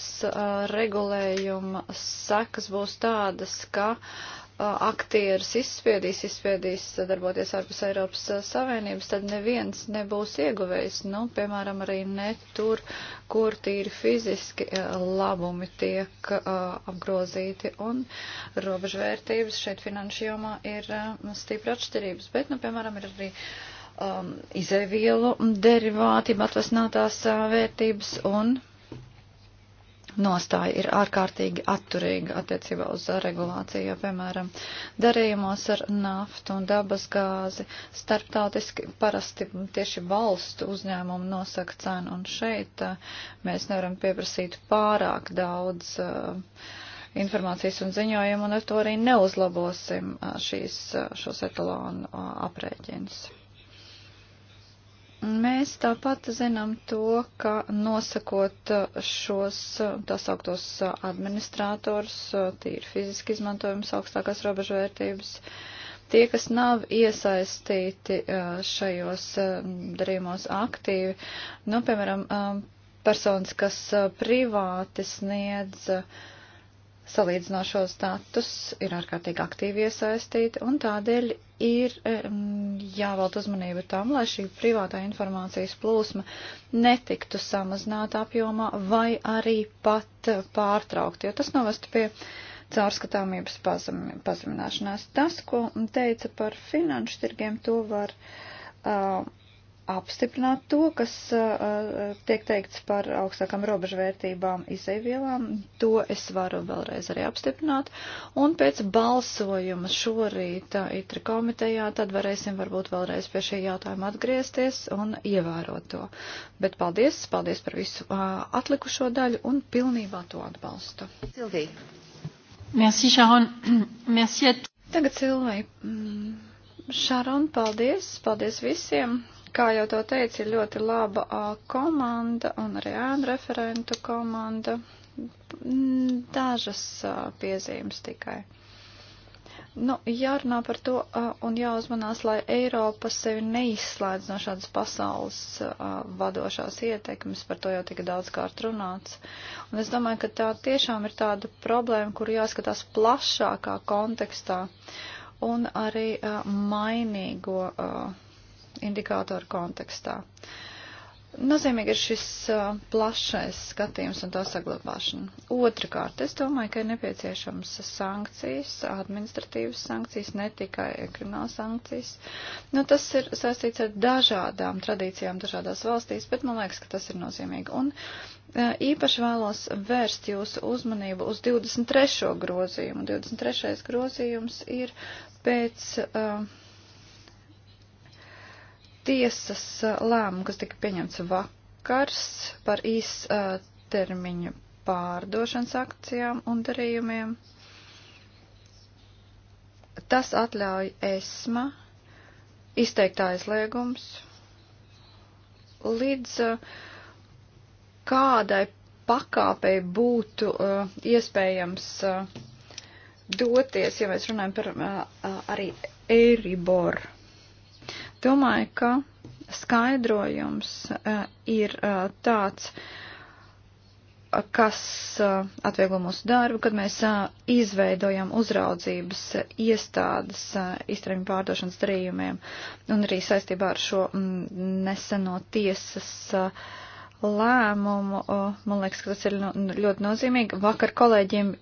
regulējuma sekas būs tādas, ka uh, aktierus izspiedīs, izspiedīs darboties ārpus Eiropas Savienības, tad neviens nebūs ieguvējis. Nu, piemēram, arī ne tur, kur tīri fiziski labumi tiek apgrozīti un robežvērtības šeit finanšu jomā ir stipra atšķirības. Bet, nu, piemēram, ir arī um, izēvielu derivāti, atvesinātās vērtības un nostāja ir ārkārtīgi atturīga attiecībā uz regulāciju, jo, piemēram, darījumos ar naftu un dabas gāzi starptautiski parasti tieši valstu uzņēmumu nosaka cenu, un šeit eh, mēs nevaram pieprasīt pārāk daudz eh, informācijas un ziņojumu, un ar to arī neuzlabosim eh, šīs, šos etalonu aprēķinus. Mēs tāpat zinām to, ka nosakot uh, šos uh, tā sauktos uh, administrātors, tīri fiziski izmantojums augstākās robežvērtības, tie, kas nav iesaistīti šajos darījumos aktīvi, nu, piemēram, um, personas, kas privāti sniedz salīdzinošo status, ir ārkārtīgi aktīvi iesaistīti un tādēļ ir jāvēlt uzmanība tam, lai šī privātā informācijas plūsma netiktu samazināta apjomā vai arī pat pārtraukt, jo tas novestu pie caurskatāmības pazem, pazemināšanās. Tas, ko teica par finanšu tirgiem, to var uh, apstiprināt to, kas uh, tiek teikts par augstākām robežvērtībām izaivielām. To es varu vēlreiz arī apstiprināt. Un pēc balsojuma šorīt eh, itri komitejā tad varēsim varbūt vēlreiz pie šī jautājuma atgriezties un ievērot to. Bet paldies, paldies par visu uh, atlikušo daļu un pilnībā to atbalstu. Silvija. Merci, Sharon. Merci. Tagad Silvija. Šaron, mm, paldies, paldies visiem. Kā jau to teicu, ir ļoti laba komanda un arī ēnu referentu komanda. Dažas piezīmes tikai. Nu, jārunā par to un jāuzmanās, lai Eiropa sevi neizslēdz no šādas pasaules vadošās ietekmes, par to jau tika daudz kārt runāts. Un es domāju, ka tā tiešām ir tāda problēma, kuru jāskatās plašākā kontekstā un arī mainīgo. Uh, indikātoru kontekstā. Nozīmīgi ir šis plašais skatījums un to saglabāšana. Otrakārt, es domāju, ka ir nepieciešams sankcijas, administratīvas sankcijas, ne tikai krimināla sankcijas. Nu, tas ir saistīts ar dažādām tradīcijām dažādās valstīs, bet man liekas, ka tas ir nozīmīgi. Un īpaši vēlos vērst jūsu uzmanību uz 23. grozījumu. 23. grozījums ir pēc. Uh, tiesas lēmumu, kas tika pieņemts vakars par īstermiņu pārdošanas akcijām un darījumiem. Tas atļauj ESMA izteikt aizliegums līdz kādai pakāpei būtu iespējams doties, ja mēs runājam par arī Eiribor Domāju, ka skaidrojums e, ir e, tāds, kas e, atvieglo mūsu darbu, kad mēs izveidojam uzraudzības iestādes izstrēmu pārdošanas darījumiem un arī saistībā ar šo neseno tiesas lēmumu. Man liekas, ka tas ir ļoti nozīmīgi. Vakar kolēģiem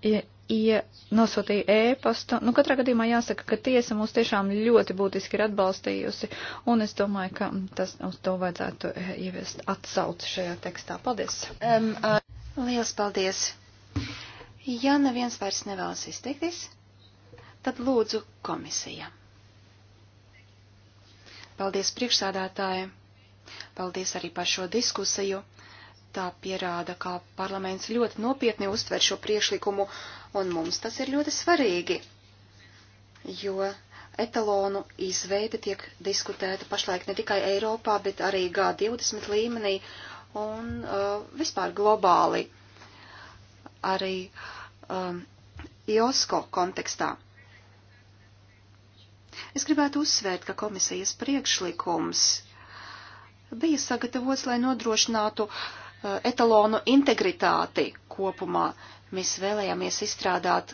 ja nosūtīja ēpastu. Nu, katrā gadījumā jāsaka, ka tiesa mūs tiešām ļoti būtiski ir atbalstījusi, un es domāju, ka tas uz to vajadzētu eh, ieviest atsauci šajā tekstā. Paldies! Um, uh... Liels paldies! Ja neviens vairs nevēlas izteikties, tad lūdzu komisija. Paldies priekšsādātāji! Paldies arī par šo diskusiju! tā pierāda, kā parlaments ļoti nopietni uztver šo priešlikumu, un mums tas ir ļoti svarīgi, jo etalonu izveide tiek diskutēta pašlaik ne tikai Eiropā, bet arī G20 līmenī un uh, vispār globāli, arī um, IOSCO kontekstā. Es gribētu uzsvērt, ka komisijas priekšlikums bija sagatavots, lai nodrošinātu uh, Eh, etalonu integritāti kopumā. Mēs vēlējāmies izstrādāt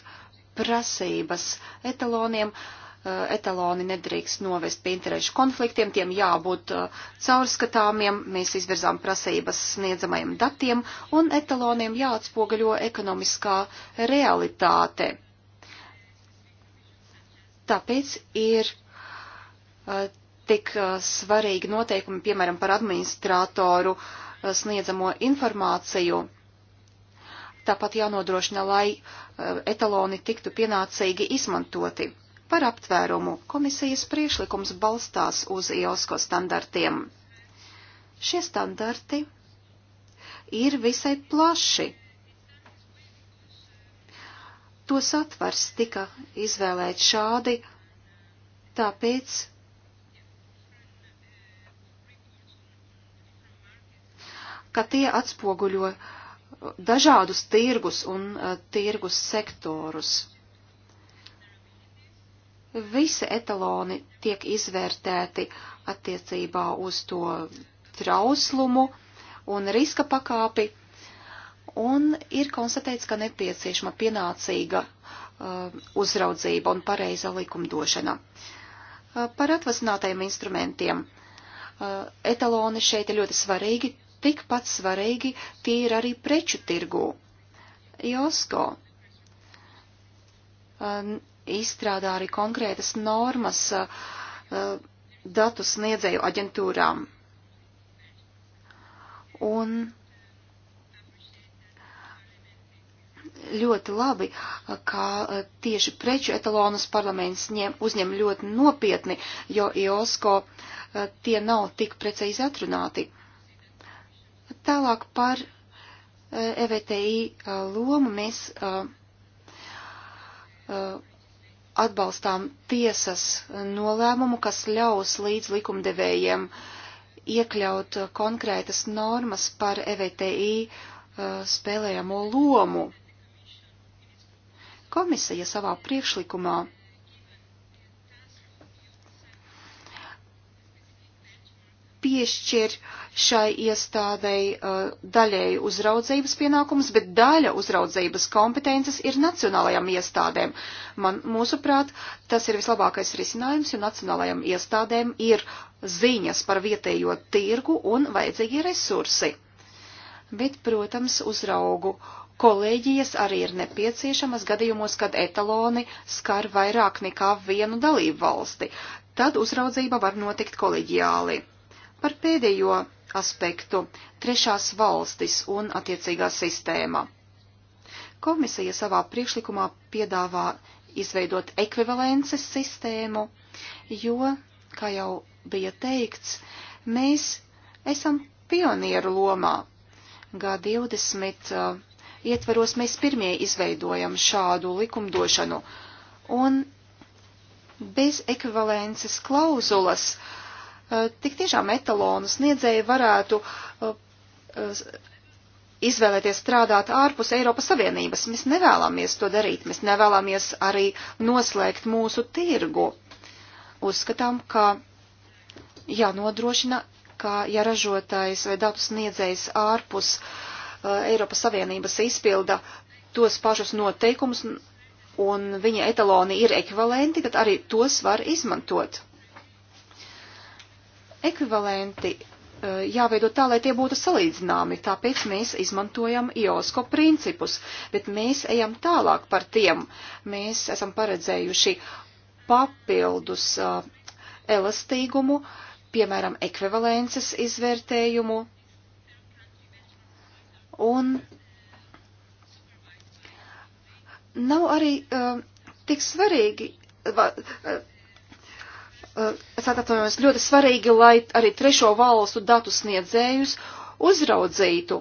prasības etaloniem. Eh, etaloni nedrīkst novest pie interešu konfliktiem, tiem jābūt eh, caurskatāmiem, mēs izvirzām prasības sniedzamajiem datiem, un etaloniem jāatspoguļo ekonomiskā realitāte. Tāpēc ir tik svarīgi noteikumi, piemēram, par administratoru uh, sniedzamo informāciju. Tāpat jānodrošina, lai eh, etaloni tiktu pienācīgi izmantoti. Par aptvērumu komisijas priešlikums balstās uz IOSCO standartiem. Šie standarti ir visai plaši. To satvers tika izvēlēts šādi, tāpēc, ka tie atspoguļo uh, dažādus tirgus un uh, tirgus sektorus. Visi etaloni tiek izvērtēti attiecībā uz to trauslumu un riska pakāpi, un ir konstatēts, ka nepieciešama pienācīga uh, uzraudzība un pareiza likumdošana. Uh, par atvasinātajiem instrumentiem. Uh, etaloni šeit ir ļoti svarīgi, tikpat svarīgi tie ir arī preču tirgū. Josko um, izstrādā arī konkrētas normas uh, datu sniedzēju aģentūrām. Un ļoti labi, ka uh, tieši preču etalonus parlaments ņem, uzņem ļoti nopietni, jo IOSCO uh, tie nav tik precīzi atrunāti. Tālāk par EVTI e e, lomu mēs e, atbalstām tiesas nolēmumu, kas ļaus līdz likumdevējiem iekļaut konkrētas normas par EVTI spēlējamo lomu. Komisija savā priekšlikumā piešķir šai iestādei uh, daļēji uzraudzības pienākumus, bet daļa uzraudzības kompetences ir nacionālajām iestādēm. Man, mūsuprāt, tas ir vislabākais risinājums, jo nacionālajām iestādēm ir ziņas par vietējo tirgu un vajadzīgie resursi. Bet, protams, uzraugu kolēģijas arī ir nepieciešamas gadījumos, kad etaloni skar vairāk nekā vienu dalību valsti. Tad uzraudzība var notikt kolēģiāli Par pēdējo aspektu - trešās valstis un attiecīgā sistēma. Komisija savā priekšlikumā piedāvā izveidot ekvivalences sistēmu, jo, kā jau bija teikts, mēs esam pionieru lomā. G20 uh, ietvaros mēs pirmie izveidojam šādu likumdošanu, un bez ekvivalences klauzulas uh, Eh, tik tiešām etalonu sniedzēji varētu eh, izvēlēties strādāt ārpus Eiropas Savienības. Mēs nevēlamies to darīt, mēs nevēlamies arī noslēgt mūsu tirgu. Uzskatām, ka jānodrošina, ka ja ražotājs vai datu sniedzējs ārpus uh, Eiropas Savienības izpilda tos pašus noteikumus un viņa etaloni ir ekvivalenti, tad arī tos var izmantot ekvivalenti eh, jāveido tā, lai tie būtu salīdzināmi, tāpēc mēs izmantojam IOSCO principus, bet mēs ejam tālāk par tiem. Mēs esam paredzējuši papildus uh, elastīgumu, piemēram, ekvivalences izvērtējumu un nav arī uh, tik svarīgi, va, uh, es atvainojos, ļoti svarīgi, lai arī trešo valstu datu sniedzējus uzraudzītu.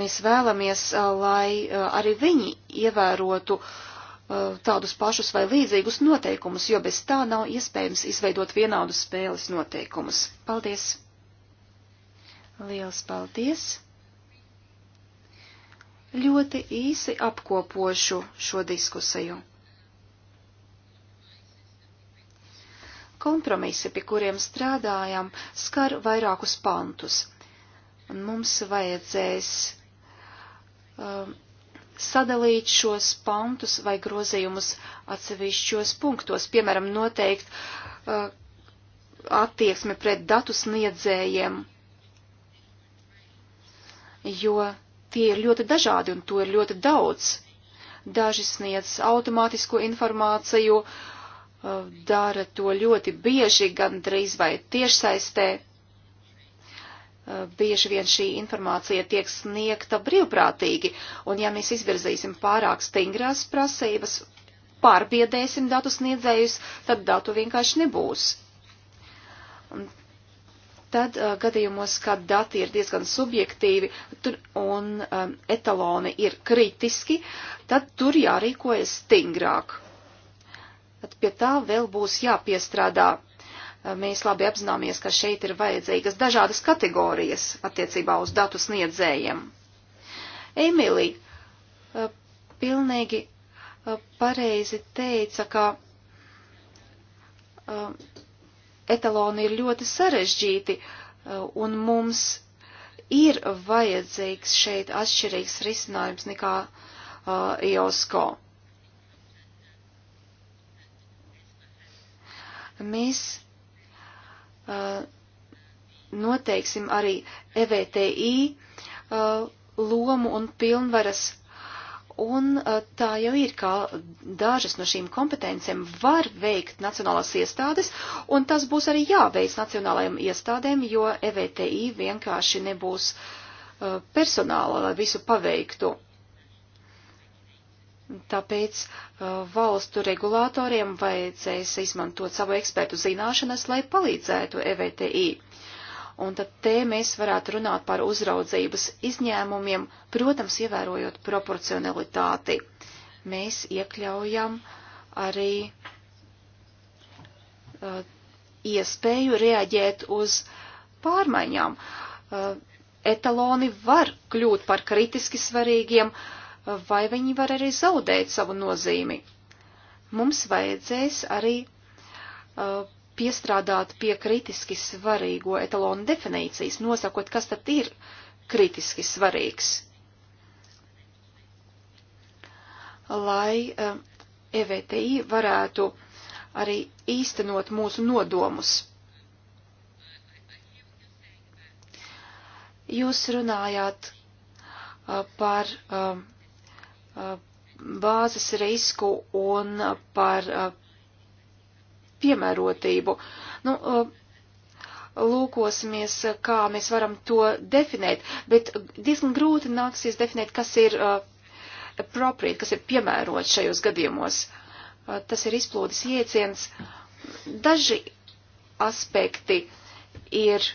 Mēs vēlamies, eh, lai eh, arī viņi ievērotu eh, tādus pašus vai līdzīgus noteikumus, jo bez tā nav iespējams izveidot vienādus spēles noteikumus. Paldies! Liels paldies! Ļoti īsi apkopošu šo diskusiju. Kompromisi, pie kuriem strādājam, skar vairākus pantus. Un mums vajadzēs um, sadalīt šos pantus vai grozījumus atsevišķos punktos, piemēram, noteikt uh, attieksmi pret datu sniedzējiem, jo tie ir ļoti dažādi un to ir ļoti daudz. Daži sniedz automātisko informāciju, uh, dara to ļoti bieži, gan drīz vai tiešsaistē. Eh, bieži vien šī informācija tiek sniegta brīvprātīgi, un ja mēs izvirzīsim pārāk stingrās prasības, pārbiedēsim datu sniedzējus, tad datu vienkārši nebūs. Un tad uh, gadījumos, kad dati ir diezgan subjektīvi tur, un um, etaloni ir kritiski, tad tur jārīkojas stingrāk bet pie tā vēl būs jāpiestrādā. Mēs labi apzināmies, ka šeit ir vajadzīgas dažādas kategorijas attiecībā uz datu sniedzējiem. Emīlija eh, pilnīgi eh, pareizi teica, ka eh, etaloni ir ļoti sarežģīti un mums ir vajadzīgs šeit atšķirīgs risinājums nekā IOSCO. Uh, Mēs uh, noteiksim arī EVTI uh, lomu un pilnvaras un tā jau ir, ka dažas no šīm kompetencijām var veikt nacionālās iestādes, un tas būs arī jāveic nacionālajām iestādēm, jo EVTI vienkārši nebūs personāla, lai visu paveiktu. Tāpēc uh, valstu regulātoriem vajadzēs izmantot savu ekspertu zināšanas, lai palīdzētu EVTI. Un tad te mēs varētu runāt par uzraudzības izņēmumiem, protams, ievērojot proporcionalitāti. Mēs iekļaujam arī uh, iespēju reaģēt uz pārmaiņām. Uh, etaloni var kļūt par kritiski svarīgiem, uh, vai viņi var arī zaudēt savu nozīmi. Mums vajadzēs arī uh, piestrādāt pie kritiski svarīgo etalonu definīcijas, nosakot, kas tad ir kritiski svarīgs. Lai uh, EVTI varētu arī īstenot mūsu nodomus. Jūs runājāt uh, par uh, bāzes risku un par piemērotību. Nu, lūkosimies, kā mēs varam to definēt, bet diezgan grūti nāksies definēt, kas ir appropriate, kas ir piemērots šajos gadījumos. Tas ir izplūdes ieciens. Daži aspekti ir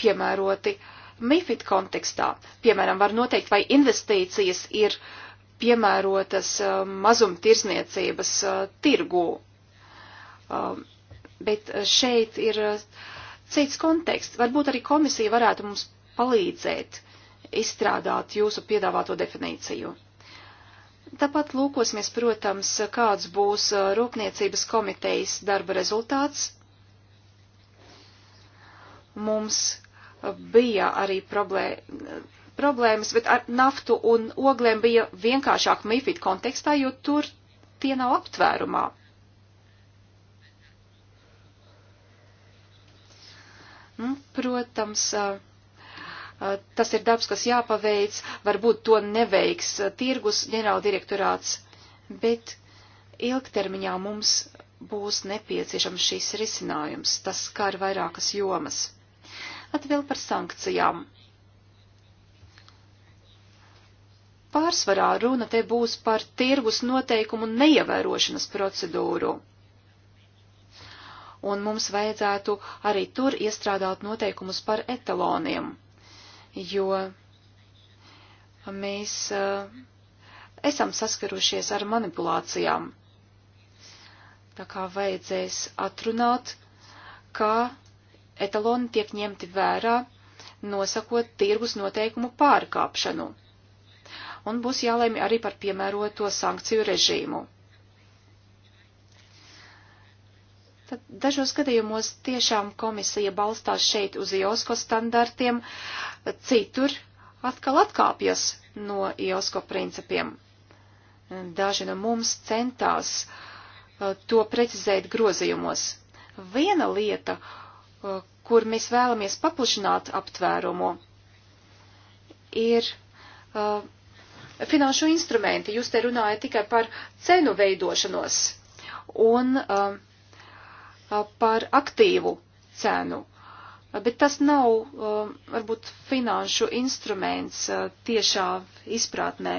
piemēroti MIFID kontekstā. Piemēram, var noteikt, vai investīcijas ir uh, piemērotas uh, mazumtirzniecības uh, tirgū. Uh, bet šeit ir cits konteksts. Varbūt arī komisija varētu mums palīdzēt izstrādāt jūsu piedāvāto definīciju. Tāpat lūkosimies, protams, kāds būs Rūpniecības komitejas darba rezultāts. Mums bija arī problēma, problēmas, bet ar naftu un ogliem bija vienkāršāk MIFID kontekstā, jo tur tie nav aptvērumā. Nu, protams, tas ir darbs, kas jāpaveic, varbūt to neveiks tirgus ģenerāldirektorāts, bet ilgtermiņā mums būs nepieciešams šīs risinājums. Tas skar vairākas jomas. Atvēl par sankcijām. Pārsvarā runa te būs par tirgus noteikumu neievērošanas procedūru. Un mums vajadzētu arī tur iestrādāt noteikumus par etaloniem, jo mēs uh, esam saskarušies ar manipulācijām. Tā kā vajadzēs atrunāt, kā etaloni tiek ņemti vērā, nosakot tirgus noteikumu pārkāpšanu un būs jālēmi arī par piemēroto sankciju režīmu. Tad dažos gadījumos tiešām komisija balstās šeit uz IOSCO standartiem, citur atkal atkāpjas no IOSCO principiem. Daži no mums centās uh, to precizēt grozījumos. Viena lieta, uh, kur mēs vēlamies paplašināt aptvērumu, ir uh, finanšu instrumenti. Jūs te runājat tikai par cenu veidošanos un um, uh, par aktīvu cenu. Uh, bet tas nav uh, varbūt finanšu instruments uh, tiešā izpratnē.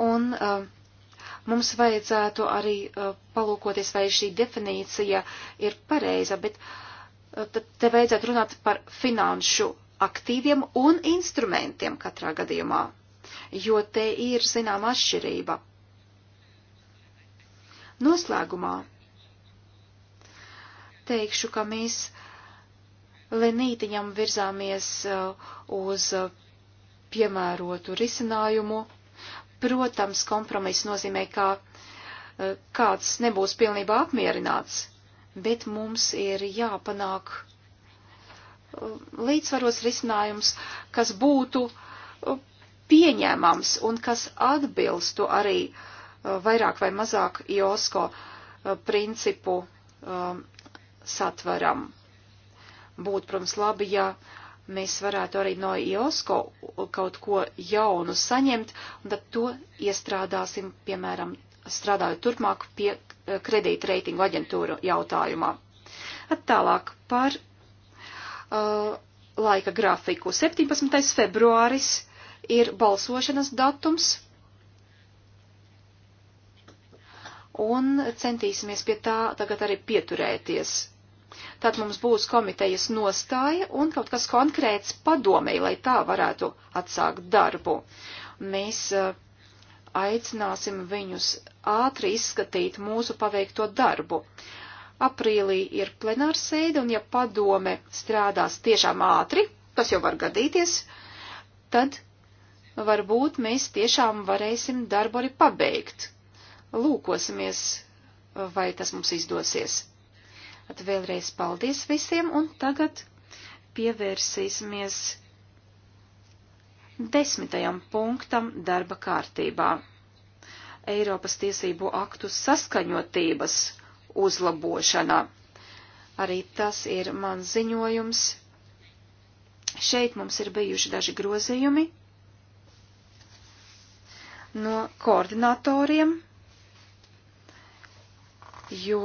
Un uh, mums vajadzētu arī uh, palūkoties, vai šī definīcija ir pareiza, bet uh, te vajadzētu runāt par finanšu aktīviem un instrumentiem katrā gadījumā, jo te ir zinām atšķirība. Noslēgumā teikšu, ka mēs lenītiņam virzāmies uh, uz uh, piemērotu risinājumu. Protams, kompromiss nozīmē, ka uh, kāds nebūs pilnībā apmierināts, bet mums ir jāpanāk līdzsvaros risinājums, kas būtu uh, pieņēmams un kas atbilstu arī uh, vairāk vai mazāk Josko uh, principu um, satvaram. Būtu, protams, labi, ja mēs varētu arī no Josko kaut ko jaunu saņemt, un tad to iestrādāsim, piemēram, strādājot turpmāk pie kredīta reitingu aģentūru jautājumā. At tālāk par uh, laika grafiku. 17. februāris ir balsošanas datums. Un centīsimies pie tā tagad arī pieturēties. Tad mums būs komitejas nostāja un kaut kas konkrēts padomēji, lai tā varētu atsākt darbu. Mēs uh, aicināsim viņus ātri izskatīt mūsu paveikto darbu. Uh, Aprīlī ir plenārs sēde, un ja padome strādās tiešām ātri, tas jau var gadīties, tad varbūt mēs tiešām varēsim darbu arī pabeigt. Lūkosimies, vai tas mums izdosies. At vēlreiz paldies visiem, un tagad pievērsīsimies desmitajam punktam darba kārtībā. Eiropas tiesību aktu saskaņotības uzlabošanā. Arī tas ir mans ziņojums. Šeit mums ir bijuši daži grozījumi no koordinatoriem, jo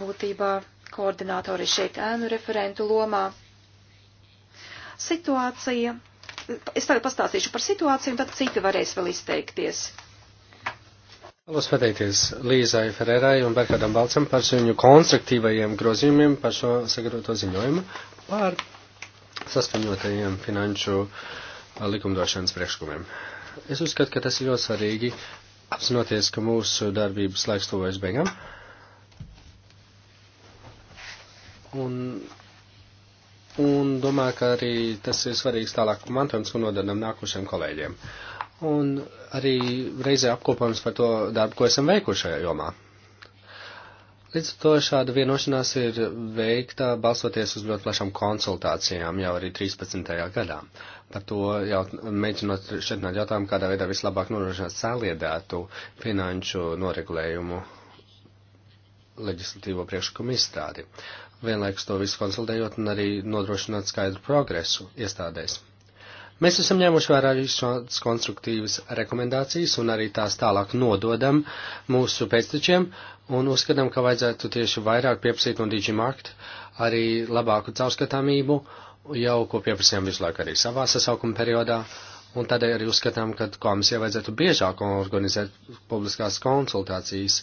būtībā koordinatori šeit ēnu referentu lomā. Situācija, es tagad pastāstīšu par situāciju, un tad citi varēs vēl izteikties. Vēlos pateikties Līzai Ferērai un Berkādam Balcam par viņu konstruktīvajiem grozījumiem par šo sagatavoto ziņojumu par saskaņotajiem finanšu likumdošanas priekšlikumiem. Es uzskatu, ka tas ir ļoti svarīgi apzinoties, ka mūsu darbības laiks tuvojas beigām. Un, un domāju, ka arī tas ir svarīgs tālāk mantojums, ko nododam nākošiem kolēģiem. Uh, un arī reizē apkopojums par to darbu, ko esam veikuši šajā jomā. Līdz ar to šāda vienošanās ir veikta balsoties uz ļoti plašām konsultācijām jau arī 13. gadā. Par to jau mēģinot šķietināt jautājumu, kādā veidā vislabāk norošināt saliedētu finanšu noregulējumu leģislatīvo priekšlikumu izstrādi. Vienlaikus to visu konsultējot un arī nodrošināt skaidru progresu iestādēs. Mēs esam ņēmuši vērā arī šādas konstruktīvas rekomendācijas un arī tās tālāk nododam mūsu pēctečiem un uzskatām, ka vajadzētu tieši vairāk pieprasīt no Digimakt arī labāku caurskatāmību, jau ko pieprasījām visu laiku arī savā sasaukuma periodā. Un tādēļ arī uzskatām, ka komisijai vajadzētu biežāk organizēt publiskās konsultācijas,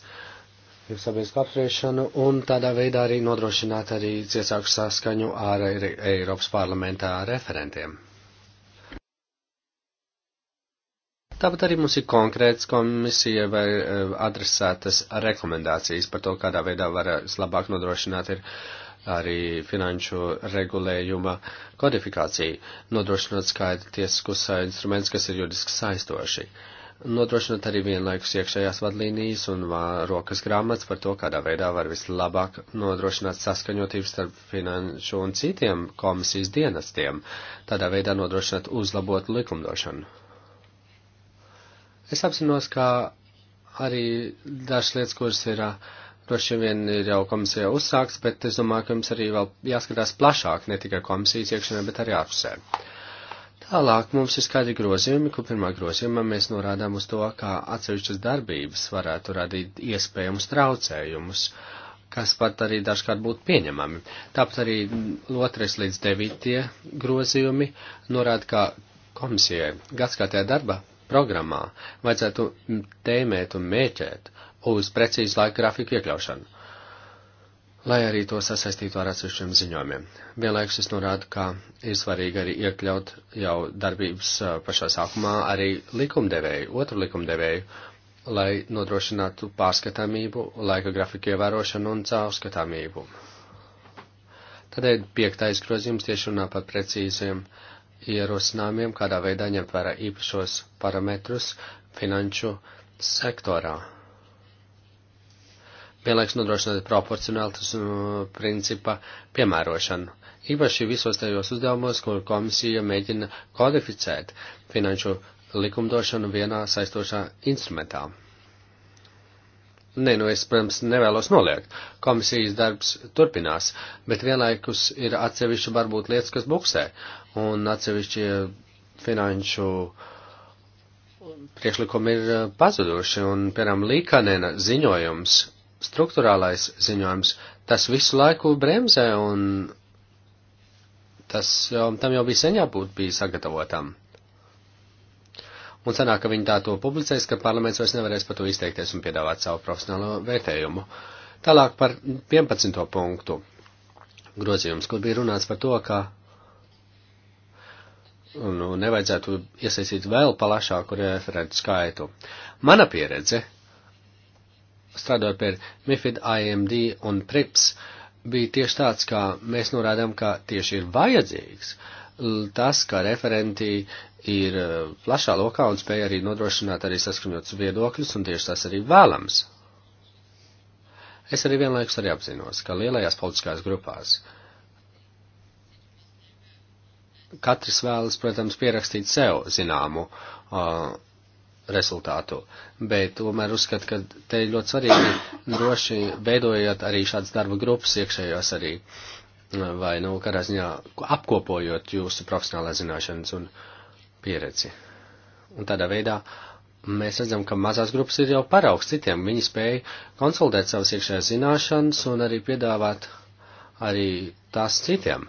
sabiedrisko apspriešanu un tādā veidā arī nodrošināt arī ciešāku saskaņu ar Eiropas parlamentā referentiem. Tāpat arī mums ir konkrēts komisija vai eh, adresētas rekomendācijas par to, kādā veidā var eh, labāk nodrošināt ir arī finanšu regulējuma kodifikāciju, nodrošinot skaidru tiesiskus instrumentus, kas ir juridiski saistoši. Nodrošinot arī vienlaikus iekšējās vadlīnijas un rokas grāmatas par to, kādā veidā var vislabāk nodrošināt saskaņotību starp finanšu un citiem komisijas dienestiem, tādā veidā nodrošināt uzlabotu likumdošanu. Es apzinos, ka arī dažas lietas, kuras ir droši vien ir jau komisijā uzsākts, bet es domāju, ka jums arī vēl jāskatās plašāk, ne tikai komisijas iekšienē, bet arī ārpusē. Tālāk mums ir skaidri grozījumi, kur pirmā grozījumā mēs norādām uz to, kā atsevišķas darbības varētu radīt iespējamus traucējumus, kas pat arī dažkārt būtu pieņemami. Tāpat arī otrais līdz devītie grozījumi norāda, ka komisijai gadskārtējā darba programmā vajadzētu tēmēt un mēķēt uz precīzu laika grafiku iekļaušanu, lai arī to sasaistītu ar atsevišķiem ziņojumiem. Vienlaikus es norādu, ka ir svarīgi arī iekļaut jau darbības pašā sākumā arī likumdevēju, otru likumdevēju, lai nodrošinātu pārskatāmību, laika grafiku ievērošanu un caurskatāmību. Tādēļ piektais grozījums tieši runā par precīziem uh, ierosinājumiem, kādā veidā ņemt vērā īpašos parametrus finanšu sektorā. Vienlaiks nodrošināt proporcionālitas principa piemērošanu. Īpaši visos tajos uzdevumos, kur komisija mēģina kodificēt finanšu likumdošanu vienā saistošā instrumentā. Nē, nu es, protams, nevēlos noliegt. Komisijas darbs turpinās, bet vienlaikus ir atsevišķi varbūt lietas, kas buksē, un atsevišķie finanšu priekšlikumi ir eh, pazuduši, un, piemēram, Līkanena ziņojums, struktūrālais ziņojums, tas visu laiku bremzē, un tas jau, tam jau bija sen jābūt bija sagatavotam. Un sanāk, ka viņi tā to publicēs, ka parlaments vairs nevarēs par to izteikties un piedāvāt savu profesionālo vērtējumu. Tālāk par 11. punktu grozījums, kur bija runāts par to, ka nu, nevajadzētu iesaistīt vēl plašāku referentu skaitu. Mana pieredze, strādājot pie MIFID, IMD un PRIPS, bija tieši tāds, ka mēs norādām, ka tieši ir vajadzīgs tas, ka referenti ir e, plašā lokā un spēja arī nodrošināt arī saskaņotus viedokļus, un tieši tas arī vēlams. Es arī vienlaikus arī apzinos, ka lielajās politiskās grupās uh, katrs vēlas, protams, pierakstīt sev zināmu uh, rezultātu, bet tomēr uzskat, ka te ir ļoti svarīgi droši veidojot arī šādas darba grupas iekšējos arī, uh, vai, nu, kādā ziņā apkopojot jūsu profesionālās zināšanas un pieredzi. Un tādā veidā mēs redzam, ka mazās grupas ir jau paraugs citiem, viņi spēja konsultēt savas iekšējās zināšanas un arī piedāvāt arī tās citiem.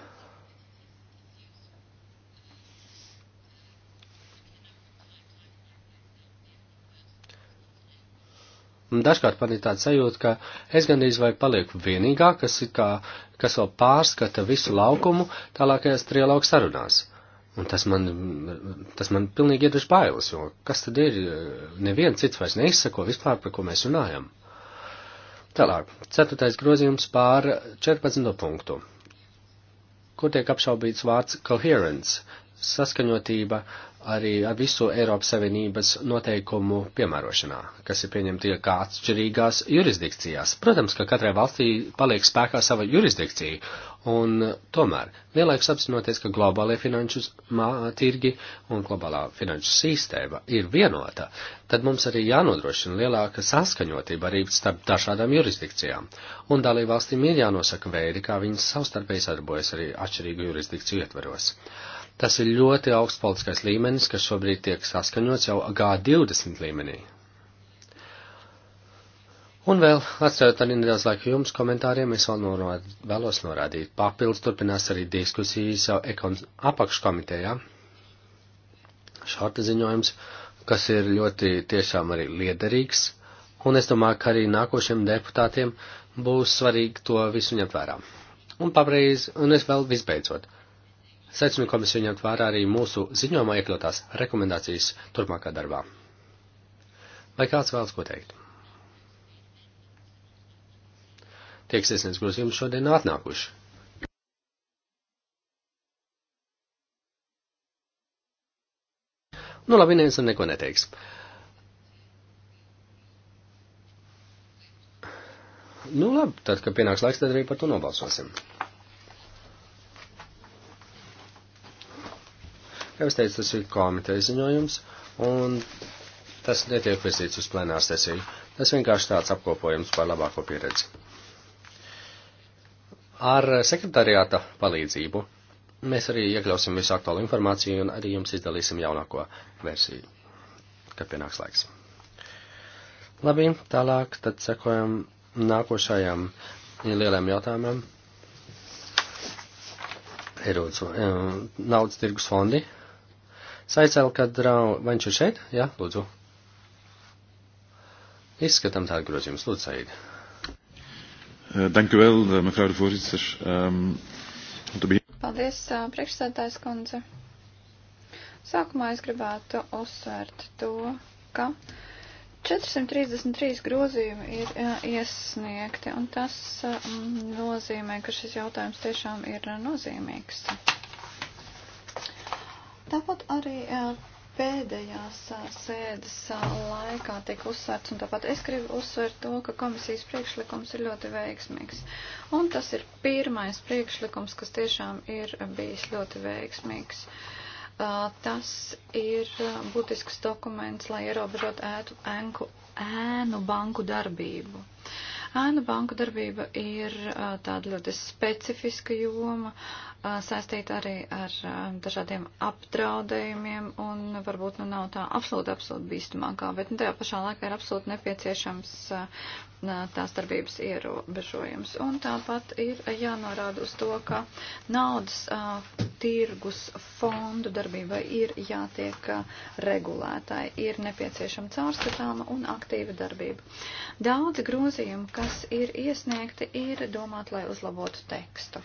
Dažkārt man ir tāda sajūta, ka es gandrīz vai palieku vienīgā, kas, kā, kas vēl pārskata visu laukumu tālākajās trialogu sarunās. Un tas man, tas man pilnīgi iedvež bailes, jo kas tad ir, neviens cits vairs neizsako vispār, par ko mēs runājam. Tālāk, ceturtais grozījums pār 14. punktu, kur tiek apšaubīts vārds coherence, saskaņotība, uh, arī ar visu Eiropas Savienības noteikumu piemērošanā, kas ir pieņemti kā atšķirīgās jurisdikcijās. Protams, ka katrai valstī paliek spēkā sava jurisdikcija, un tomēr vienlaikus apzinoties, ka globālie finanšu tirgi un globālā finanšu sistēma ir vienota, tad mums arī jānodrošina lielāka saskaņotība arī starp dažādām jurisdikcijām, un dalībvalstīm ir jānosaka veidi, kā viņas savstarpēji sadarbojas arī atšķirīgu jurisdikciju ietveros. Tas ir ļoti augsts politiskais līmenis, kas šobrīd tiek saskaņots jau G20 līmenī. Un vēl, atstājot arī nedaudz laika jums komentāriem, es vēl norād, vēlos norādīt. Papildus turpinās arī diskusijas jau ekons apakškomitejā. Šorta ziņojums, kas ir ļoti tiešām arī liederīgs, un es domāju, ka arī nākošiem deputātiem būs svarīgi to visu ņemt vērā. Un pabreiz, un es vēl visbeidzot. Saicinu komisiju ņemt vērā arī mūsu ziņojumā iekļautās rekomendācijas turpmākā darbā. Vai kāds vēlas ko teikt? Tieks iesniedz grozījums šodien atnākuši. Nu, labi, neviens man neko neteiks. Nu, labi, tad, kad pienāks laiks, tad arī par to nobalsosim. Kā jau es teicu, tas ir komiteja ziņojums, un tas netiek virzīts uz plenāru sesiju. Tas vienkārši tāds apkopojums par labāko pieredzi. Ar sekretariāta palīdzību mēs arī iekļausim visu aktuālu informāciju un arī jums izdalīsim jaunāko versiju, kad pienāks laiks. Labi, tālāk tad sekojam nākošajam lielajam jautājumam. Erūdzu, eh, naudas tirgus fondi Saicēl, kad drau... vai viņš ir šeit? Jā, lūdzu. Izskatām tādu grozījumus. Lūdzu, Said. Eh, dank u wel, eh, mevrouw de voorzitter. Um, Paldies, eh, priekšsēdājs kundze. Sākumā es gribētu uzsvērt to, ka 433 grozījumi ir iesniegti, un tas nozīmē, ka šis jautājums tiešām ir nozīmīgs. Tāpat arī pēdējās sēdes laikā tika uzsvērts, un tāpat es gribu uzsvērt to, ka komisijas priekšlikums ir ļoti veiksmīgs. Un tas ir pirmais priekšlikums, kas tiešām ir bijis ļoti veiksmīgs. Tas ir būtisks dokuments, lai ierobežot ētu, enku, ēnu banku darbību. Ēnu banku darbība ir tāda ļoti specifiska joma. Uh, saistīta arī ar dažādiem apdraudējumiem un varbūt nu nav tā absolūti, absolūti bīstamākā, bet nu, tajā pašā laikā ir absolūti nepieciešams tās darbības ierobežojums. Un tāpat ir jānorāda uz to, ka naudas tirgus fondu darbībai ir jātiek regulētāji, ir nepieciešama caurskatāma un aktīva darbība. Daudzi grozījumi, kas ir iesniegti, ir domāti, lai uzlabotu tekstu.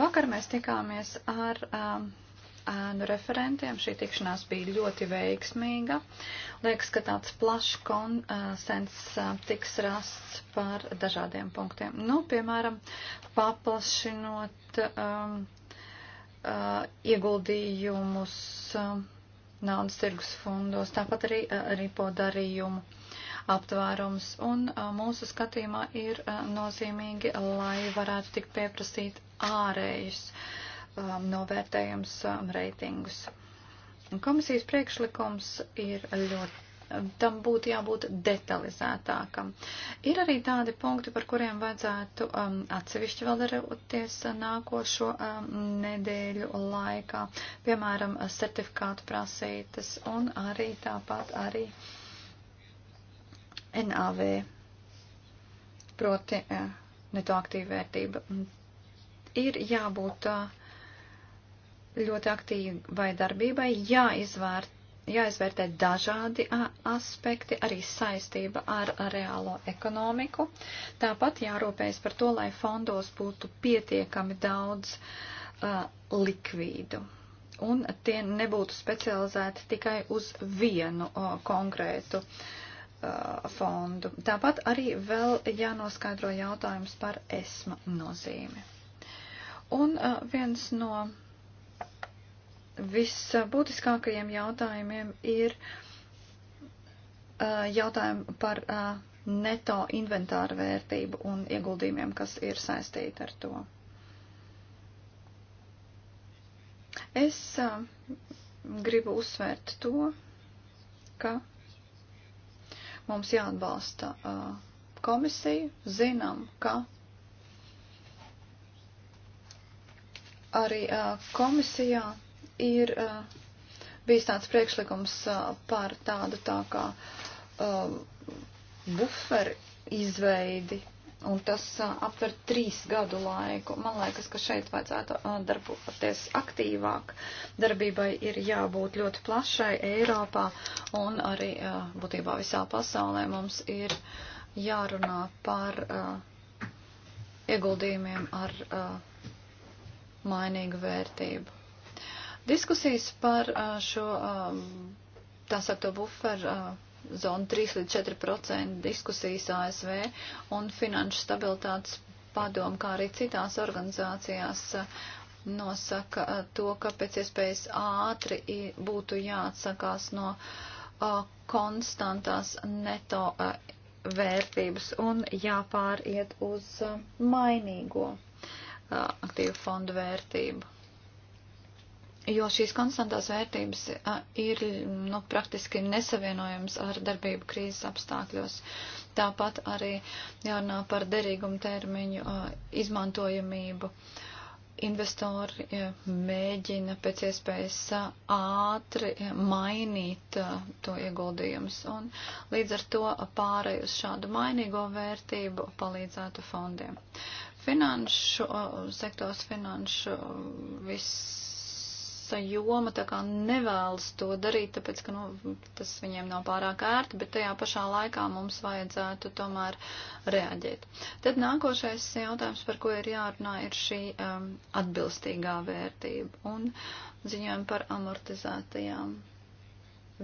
Vakar mēs tikām tikāmies ar um, ēnu referentiem. Šī tikšanās bija ļoti veiksmīga. Liekas, ka tāds plašs konsens uh, tiks rasts par dažādiem punktiem. Nu, piemēram, paplašinot um, uh, ieguldījumus um, naudas tirgus fondos, tāpat arī uh, ripo darījumu aptvērums. Un uh, mūsu skatījumā ir uh, nozīmīgi, lai varētu tikt pieprasīt ārējus um, novērtējums um, reitingus. Komisijas priekšlikums ir ļoti tam būtu jābūt detalizētākam. Ir arī tādi punkti, par kuriem vajadzētu um, atsevišķi vēl darboties nākošo um, nedēļu laikā, piemēram, certifikātu prasītas un arī tāpat arī NAV, proti uh, eh, neto aktīvvērtība ir jābūt ļoti aktīvai darbībai, jāizvērt, jāizvērtē dažādi aspekti, arī saistība ar reālo ekonomiku. Tāpat jārūpējas par to, lai fondos būtu pietiekami daudz uh, likvīdu. Un tie nebūtu specializēti tikai uz vienu uh, konkrētu uh, fondu. Tāpat arī vēl jānoskaidro jautājums par esma nozīmi. Un uh, viens no visbūtiskākajiem jautājumiem ir uh, jautājumi par uh, neto inventāra vērtību un ieguldījumiem, kas ir saistīti ar to. Es uh, gribu uzsvērt to, ka mums jāatbalsta uh, komisija, zinām, ka Arī komisijā ir bijis tāds priekšlikums par tādu tā kā buferu izveidi, un tas aptver trīs gadu laiku. Man liekas, ka šeit vajadzētu darboties aktīvāk. Darbībai ir jābūt ļoti plašai Eiropā un arī būtībā visā pasaulē mums ir jārunā par ieguldījumiem ar. Uh, mainīgu vērtību. Diskusijas par šo tā sakto buferu zonu 3 līdz 4% diskusijas ASV un finanšu stabilitātes padomu, kā arī citās organizācijās nosaka to, ka pēc iespējas ātri būtu jāatsakās no konstantās neto vērtības un jāpāriet uz mainīgo aktīvu fondu vērtību. Jo šīs konstantās vērtības ir nu, praktiski nesavienojams ar darbību krīzes apstākļos. Tāpat arī jārunā par derīgumu termiņu izmantojamību. Investori mēģina pēc iespējas ātri mainīt to ieguldījumus, un līdz ar to pārēj uz šādu mainīgo vērtību palīdzētu fondiem. Finanšu sektors, finanšu visa joma tā kā nevēlas to darīt, tāpēc, ka nu, tas viņiem nav pārāk ērti, bet tajā pašā laikā mums vajadzētu tomēr reaģēt. Tad nākošais jautājums, par ko ir jārunā, ir šī um, atbilstīgā vērtība un ziņojumi par amortizētajām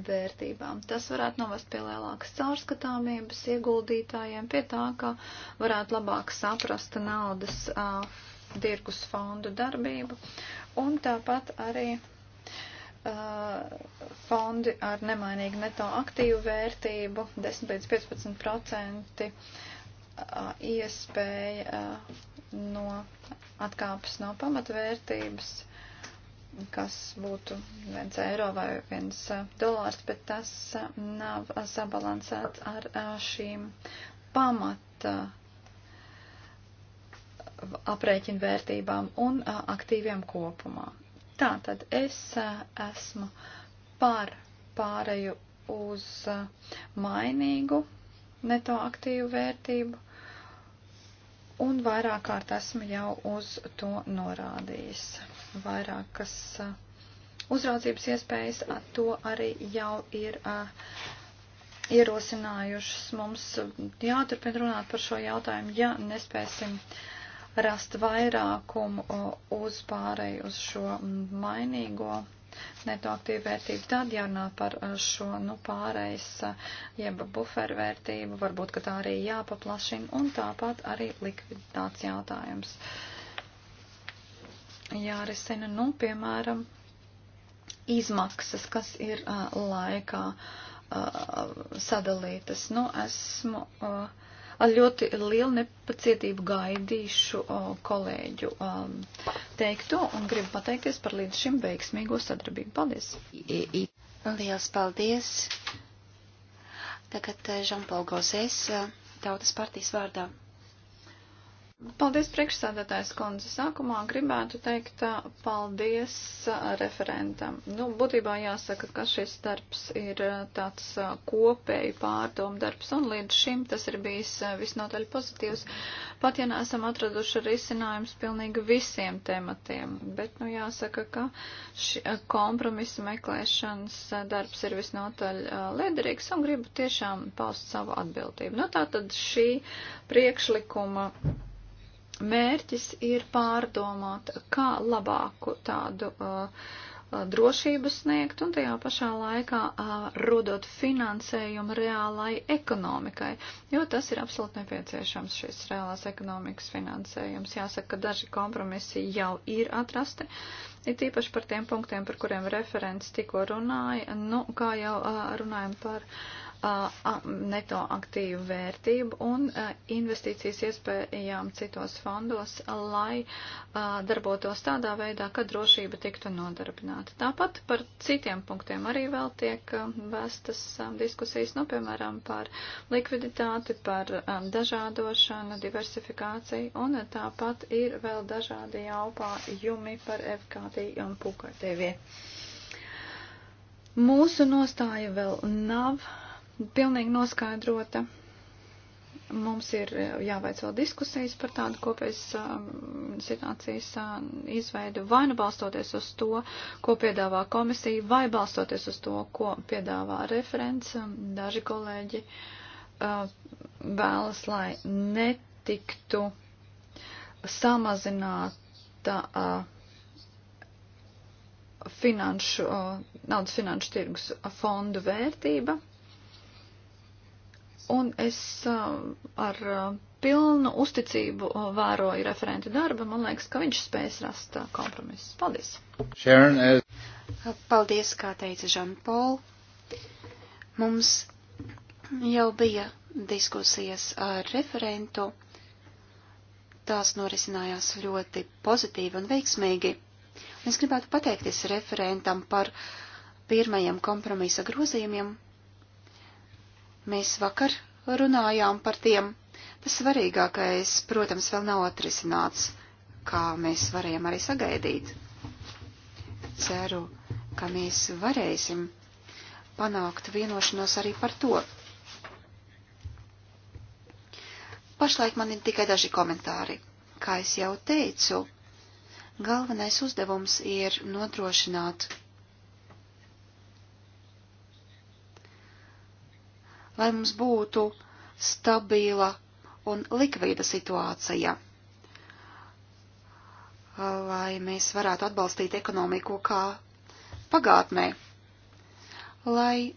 vērtībām. Tas varētu novest pie lielākas caurskatāmības ieguldītājiem, pie tā, ka varētu labāk saprast naudas tirkus fondu darbību. Un tāpat arī fondi ar nemainīgu neto aktīvu vērtību 10 līdz 15 procenti iespēja no atkāpes no pamatvērtības kas būtu viens eiro vai viens eh, dolārs, bet tas eh, nav sabalansēts ar eh, šīm pamata aprēķinu vērtībām un aktīviem kopumā. Tātad es esmu par pāreju uz mainīgu neto aktīvu vērtību un vairāk kārt esmu jau uz to norādījis vairākas uzraudzības iespējas, to arī jau ir ierosinājušas. Mums jāturpina runāt par šo jautājumu, ja nespēsim rast vairākumu uz pārēju uz šo mainīgo netoaktīvu vērtību. Tad jārunā par šo nu, pārējais, jeb buferu vērtību, varbūt, ka tā arī jāpaplašina, un tāpat arī likviditāts jautājums. Uh, jārisina, nu, piemēram, izmaksas, kas ir uh, laikā uh, sadalītas. Nu, esmu uh, ar ļoti lielu nepacietību gaidīšu uh, kolēģu um, teikto un gribu pateikties par līdz šim veiksmīgo sadarbību. Paldies! Liels paldies! Tagad Žanpaul Gozēs, Tautas partijas vārdā. Paldies priekšsādātājs kundze. Sākumā gribētu teikt paldies referentam. Nu, būtībā jāsaka, ka šis darbs ir tāds kopēji pārdomu darbs, un līdz šim tas ir bijis visnotaļ pozitīvs, pat ja neesam atraduši risinājums pilnīgi visiem tematiem. Bet, nu, jāsaka, ka kompromisu meklēšanas darbs ir visnotaļ liederīgs, un gribu tiešām paust savu atbildību. Nu, tā tad šī priekšlikuma mērķis ir pārdomāt, kā labāku tādu uh, uh, drošību sniegt un tajā pašā laikā uh, rodot finansējumu reālai ekonomikai, jo tas ir absolūti nepieciešams šis reālās ekonomikas finansējums. Jāsaka, ka daži kompromisi jau ir atrasti, ir tīpaši par tiem punktiem, par kuriem referents tikko runāja, nu, kā jau uh, runājam par uh, neto aktīvu vērtību un investīcijas iespējām citos fondos, lai darbotos tādā veidā, ka drošība tiktu nodarbināta. Tāpat par citiem punktiem arī vēl tiek vestas diskusijas, nu, piemēram, par likviditāti, par dažādošanu, diversifikāciju, un tāpat ir vēl dažādi jaupājumi par FKT un PUKTV. Mūsu nostāja vēl nav pilnīgi noskaidrota. Mums ir eh, jāveic vēl diskusijas par tādu kopējas um, situācijas um, izveidu, vai nu balstoties uz to, ko piedāvā komisija, vai balstoties uz to, ko piedāvā referents. Um, daži kolēģi uh, vēlas, lai netiktu samazināta uh, finanšu, uh, naudas finanšu tirgus fondu vērtība Un es ar pilnu uzticību vēroju referenta darbu. Man liekas, ka viņš spēs rast kompromisu. Paldies! Sharon, es... Paldies, kā teica Žanpola. Mums jau bija diskusijas ar referentu. Tās norisinājās ļoti pozitīvi un veiksmīgi. Es gribētu pateikties referentam par pirmajiem kompromisa grozījumiem, Mēs vakar runājām par tiem. Tas svarīgākais, protams, vēl nav atrisināts, kā mēs varējām arī sagaidīt. Ceru, ka mēs varēsim panākt vienošanos arī par to. Pašlaik man ir tikai daži komentāri. Kā es jau teicu, galvenais uzdevums ir nodrošināt lai mums būtu stabila un likvīda situācija, lai mēs varētu atbalstīt ekonomiku kā pagātnē, lai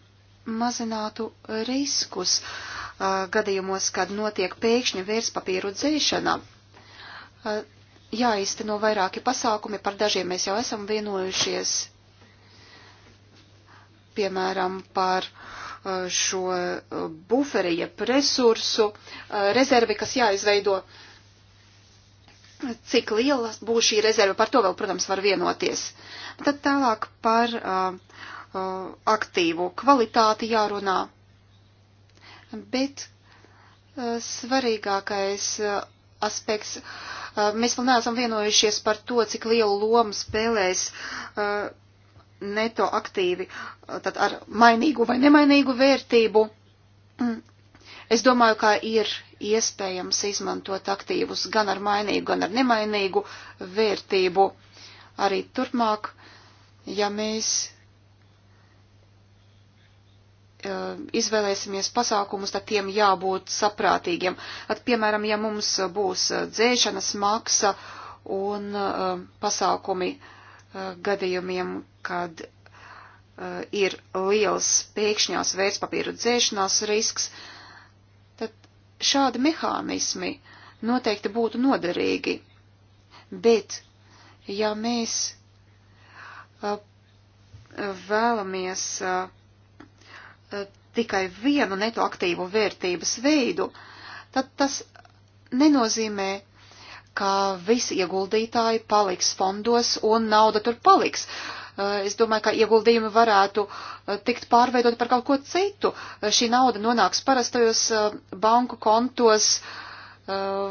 mazinātu riskus uh, gadījumos, kad notiek pēkšņa vērtspapīru dzēšana. Uh, jāizteno vairāki pasākumi, par dažiem mēs jau esam vienojušies, piemēram, par uh, šo buferi, jeb resursu rezervi, kas jāizveido. Cik liela būs šī rezerve, par to vēl, protams, var vienoties. Tad tālāk par uh, aktīvu kvalitāti jārunā. Bet svarīgākais aspekts, mēs vēl neesam vienojušies par to, cik lielu lomu spēlēs neto aktīvi uh, tad ar mainīgu vai nemainīgu vērtību. Mm. Es domāju, ka ir iespējams izmantot aktīvus gan ar mainīgu, gan ar nemainīgu vērtību arī turpmāk, ja mēs uh, izvēlēsimies pasākumus, tad tiem jābūt saprātīgiem. At, piemēram, ja mums būs uh, dzēšanas maksa un pasākumi uh, Uh, gadījumiem, kad uh, ir liels pēkšņās vērtspapīru dzēšanās risks, tad šādi mehānismi noteikti būtu noderīgi. Bet, ja mēs uh, vēlamies tikai vienu neto aktīvu vērtības veidu, tad tas nenozīmē ka visi ieguldītāji paliks fondos un nauda tur paliks. Eh, es domāju, ka ieguldījumi varētu eh, tikt pārveidot par kaut ko citu. Eh, šī nauda nonāks parastajos banku kontos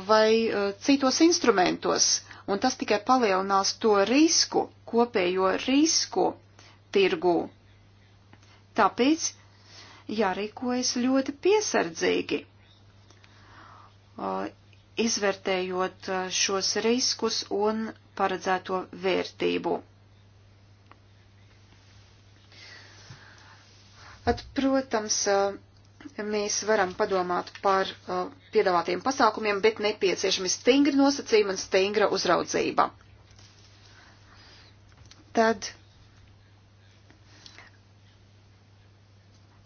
vai citos instrumentos, un tas tikai palielinās to risku, kopējo risku tirgū. Tāpēc jārīkojas ļoti piesardzīgi izvērtējot eh, šos riskus un paredzēto vērtību. At, protams, eh, mēs varam padomāt par eh, piedāvātiem pasākumiem, bet nepieciešami stingri nosacījumi un stingra uzraudzība. Tad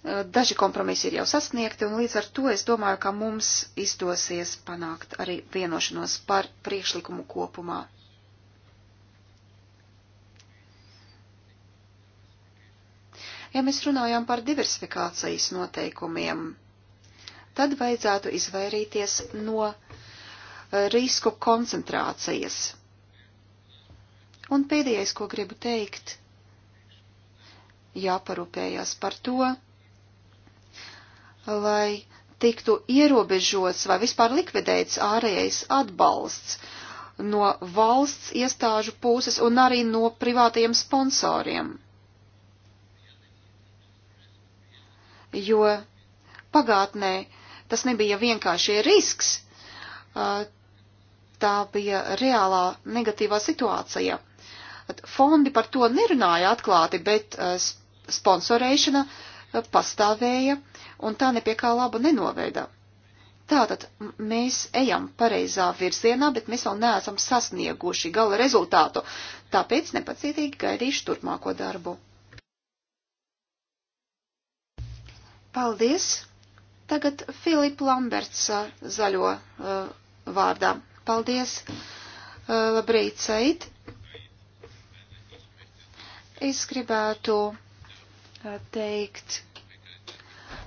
Eh, daži kompromisi ir jau sasniegti, un līdz ar to es domāju, ka mums izdosies panākt arī vienošanos par priekšlikumu kopumā. Ja mēs runājam par diversifikācijas noteikumiem, tad vajadzētu izvairīties no eh, risku koncentrācijas. Un pēdējais, ko gribu teikt, jāparūpējas par to, lai tiktu ierobežots vai vispār likvidēts ārējais atbalsts no valsts iestāžu puses un arī no privātajiem sponsoriem. Jo pagātnē tas nebija vienkārši risks, tā bija reālā negatīvā situācija. Fondi par to nerunāja atklāti, bet sponsorēšana pastāvēja un tā nepie kā laba nenoveidā. Tātad mēs ejam pareizā virzienā, bet mēs vēl neesam sasnieguši gala rezultātu, tāpēc nepacietīgi gaidīšu turpmāko darbu. Paldies! Tagad Filipa Lamberts uh, zaļo uh, vārdā. Paldies! Uh, labrīt, Said! Es gribētu uh, teikt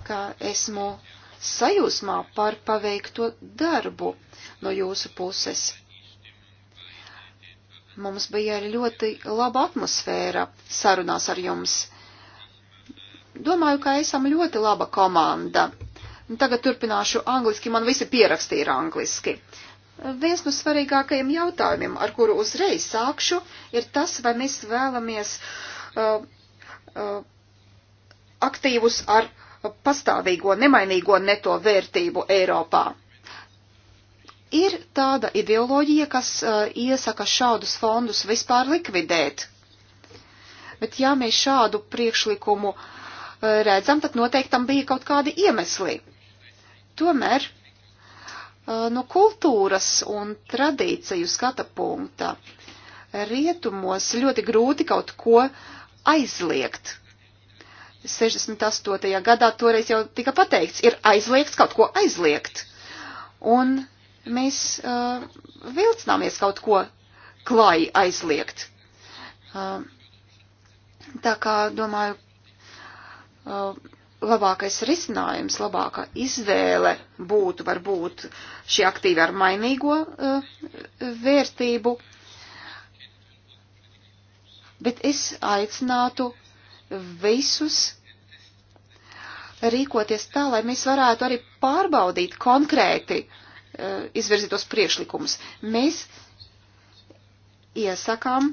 ka esmu sajūsmā par paveikto darbu no jūsu puses. Mums bija arī ļoti laba atmosfēra sarunās ar jums. Domāju, ka esam ļoti laba komanda. Tagad turpināšu angliski, man visi pierakstīja angliski. Viens no svarīgākajiem jautājumiem, ar kuru uzreiz sākšu, ir tas, vai mēs vēlamies uh, uh, aktīvus ar uh, pastāvīgo, nemainīgo neto vērtību Eiropā. Ir tāda ideoloģija, kas uh, iesaka šādus fondus vispār likvidēt. Bet ja mēs šādu priekšlikumu uh, redzam, tad noteikti tam bija kaut kādi iemesli. Tomēr uh, no kultūras un tradīciju skata punkta rietumos ļoti grūti kaut ko aizliegt 68. gadā toreiz jau tika pateikts, ir aizliegts kaut ko aizliegt. Un mēs uh, vilcināmies kaut ko klāji aizliegt. Uh, tā kā, domāju, uh, labākais risinājums, labākā izvēle būtu varbūt šie aktīvi ar mainīgo uh, vērtību. Bet es aicinātu visus rīkoties tā, lai mēs varētu arī pārbaudīt konkrēti uh, izvirzītos priekšlikumus. Mēs iesakām,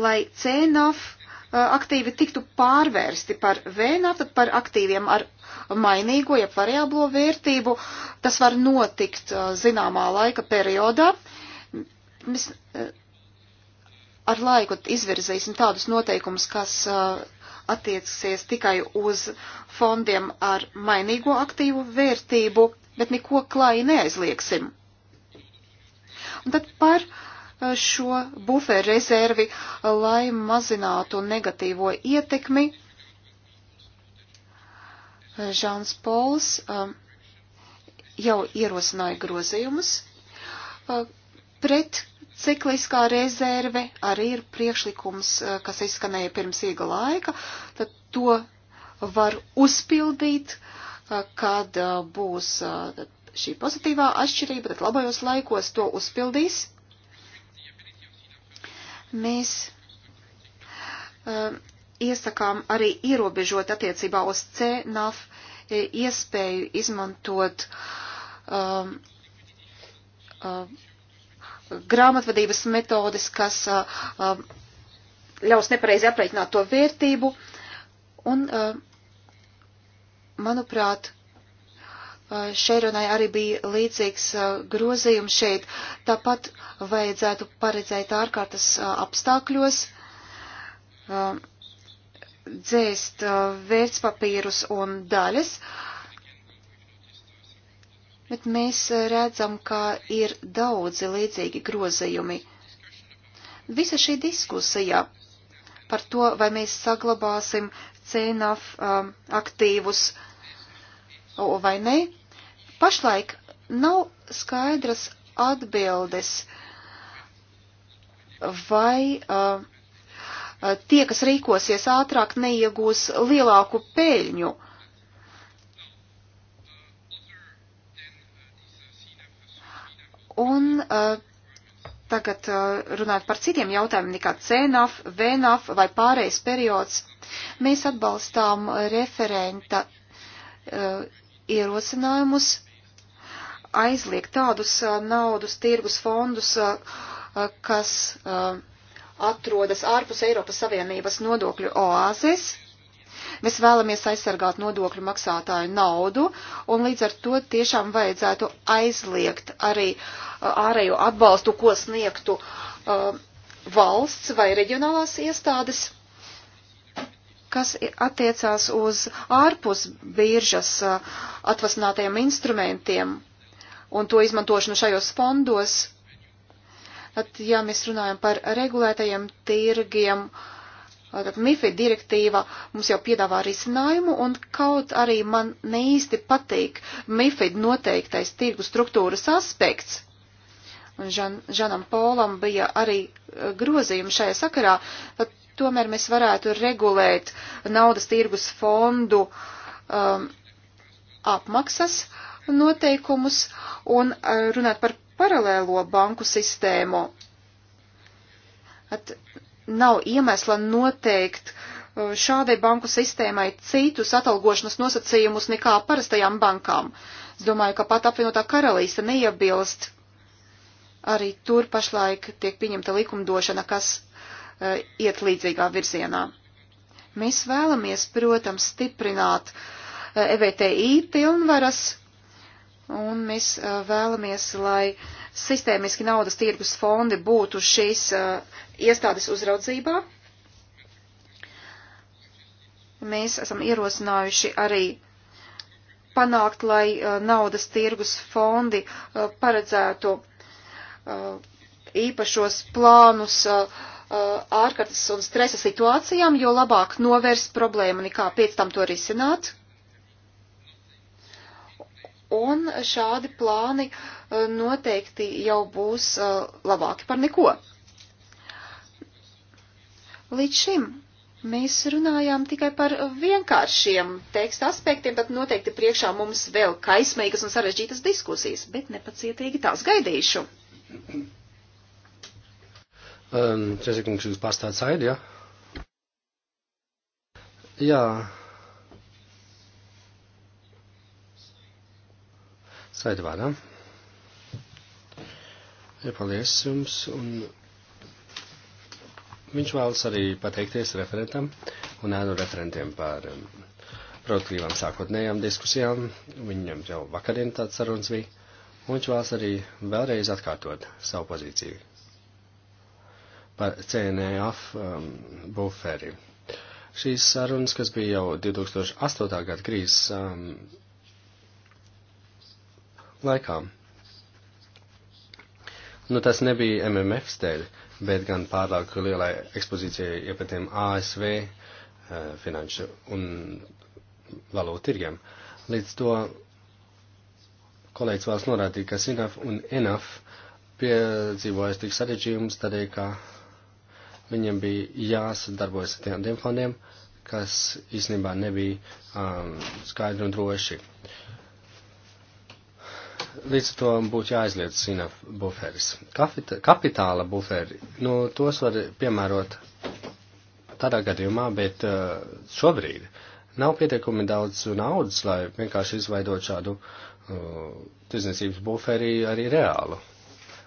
lai CNAF uh, eh, aktīvi tiktu pārvērsti par VNAF, tad par aktīviem ar mainīgo, ja variablo vērtību. Tas var notikt uh, zināmā laika periodā. Mēs ar laiku izvirzīsim tādus noteikumus, kas uh, attiecies tikai uz fondiem ar mainīgo aktīvu vērtību, bet neko klāji neaizlieksim. Un tad par uh, šo buferu rezervi, uh, lai mazinātu negatīvo ietekmi, Žāns Pols jau ierosināja grozījumus pret Cikliskā rezerve arī ir priekšlikums, eh, kas izskanēja pirms ilga laika, tad to var uzpildīt, eh, kad eh, būs šī pozitīvā atšķirība, tad labajos laikos to uzpildīs. Mēs iesakām arī ierobežot attiecībā uz CNAF iespēju izmantot um, um, grāmatvedības metodes, kas uh, uh, ļaus nepareizi aprēķināt to vērtību. Un, uh, manuprāt, Šeironai arī bija līdzīgs grozījums šeit. Tāpat vajadzētu paredzēt ārkārtas apstākļos dzēst vērtspapīrus un daļas, uh, bet mēs eh, redzam, ka ir daudzi līdzīgi grozījumi. Visa šī diskusija par to, vai mēs saglabāsim CNF um, aktīvus vai nē, pašlaik nav skaidras atbildes, vai uh, uh, tie, kas rīkosies ātrāk, neiegūs lielāku peļņu. Uh, Un eh, tagad eh, runāt par citiem jautājumiem nekā CNAF, VNAF vai pārējais periods. Mēs atbalstām referenta eh, ierosinājumus aizliegt tādus naudas tirgus fondus, kas atrodas ārpus Eiropas Savienības nodokļu oāzes. Mēs vēlamies aizsargāt nodokļu maksātāju naudu, un līdz ar to tiešām vajadzētu aizliegt arī uh, ārējo atbalstu, ko sniegtu uh, valsts vai reģionālās iestādes kas attiecās uz ārpus biržas uh, atvasinātajiem instrumentiem un to izmantošanu šajos fondos. Tad, ja mēs runājam par regulētajiem tirgiem, uh, MIFID direktīva mums jau piedāvā risinājumu, un kaut arī man neīsti patīk MIFID noteiktais tirgu struktūras aspekts. Un Žan, Žanam Polam bija arī e, grozījumi šajā sakarā, tad tomēr mēs varētu regulēt naudas tirgus fondu um, apmaksas noteikumus un e, runāt par paralēlo banku sistēmu. At nav iemesla noteikt uh, šādai banku sistēmai citus atalgošanas nosacījumus nekā parastajām bankām. Es domāju, ka pat apvienotā karalīste neiebilst. Arī tur pašlaik tiek pieņemta likumdošana, kas uh, iet līdzīgā virzienā. Mēs vēlamies, protams, stiprināt uh, EVTI pilnvaras Un mēs vēlamies, lai sistēmiski naudas tirgus fondi būtu šīs iestādes uzraudzībā. Mēs esam ierosinājuši arī panākt, lai naudas tirgus fondi paredzētu īpašos plānus ārkārtas un stresa situācijām, jo labāk novērst problēmu nekā pēc tam to risināt. Un šādi plāni e, noteikti jau būs e, labāki par neko. Līdz šim mēs runājām tikai par vienkāršiem teksta aspektiem, bet noteikti priekšā mums vēl kaismīgas un sarežģītas diskusijas, bet nepacietīgi tās gaidīšu. Um, Čezikungs, jūs pārstāvāt saidi, jā? Ja? Jā, Saidu vārā. Ja, paldies jums, un viņš vēlas arī pateikties referentam un ēnu referentiem par um, produktīvām sākotnējām diskusijām. Viņam jau vakarien tāds sarunas bija, un viņš vēlas arī vēlreiz atkārtot savu pozīciju par CNAF um, buferi. Šīs sarunas, kas bija jau 2008. gada krīzes um, laikā. Nu, tas nebija MMF dēļ, bet gan pārāk lielai ekspozīcijai iepatiem ASV e, eh, finanšu un valūtu tirgiem. Līdz to kolēģis vēlas norādīt, ka SINAF un ENAF piedzīvojas tik sarežģījums, tādēļ, ka viņiem bija jāsadarbojas ar tiem, tiem fondiem, kas īstenībā nebija um, skaidri un droši. Uh, līdz ar to būtu jāizliedz sina buferis. Kapita, kapitāla buferi, nu, tos var piemērot tādā gadījumā, bet uh, šobrīd nav pietiekumi daudz naudas, lai vienkārši izveidot šādu uh, tirdzniecības buferi arī reālu,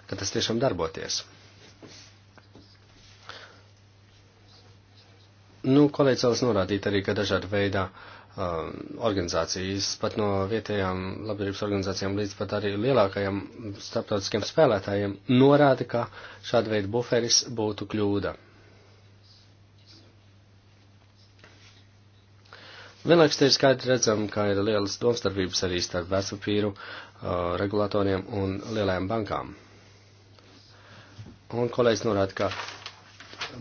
ka tas tiešām darboties. Nu, kolēģis vēlas norādīt arī, ka dažāda veidā uh, Um, organizācijas, pat no vietējām labdarības organizācijām līdz pat arī lielākajiem starptautiskiem spēlētājiem, norāda, ka šāda veida buferis būtu kļūda. Vienlaikus te ir skaidri redzam, ka ir lielas domstarpības arī starp vērtspapīru uh, regulatoriem un lielajām bankām. Un kolēģis norāda, ka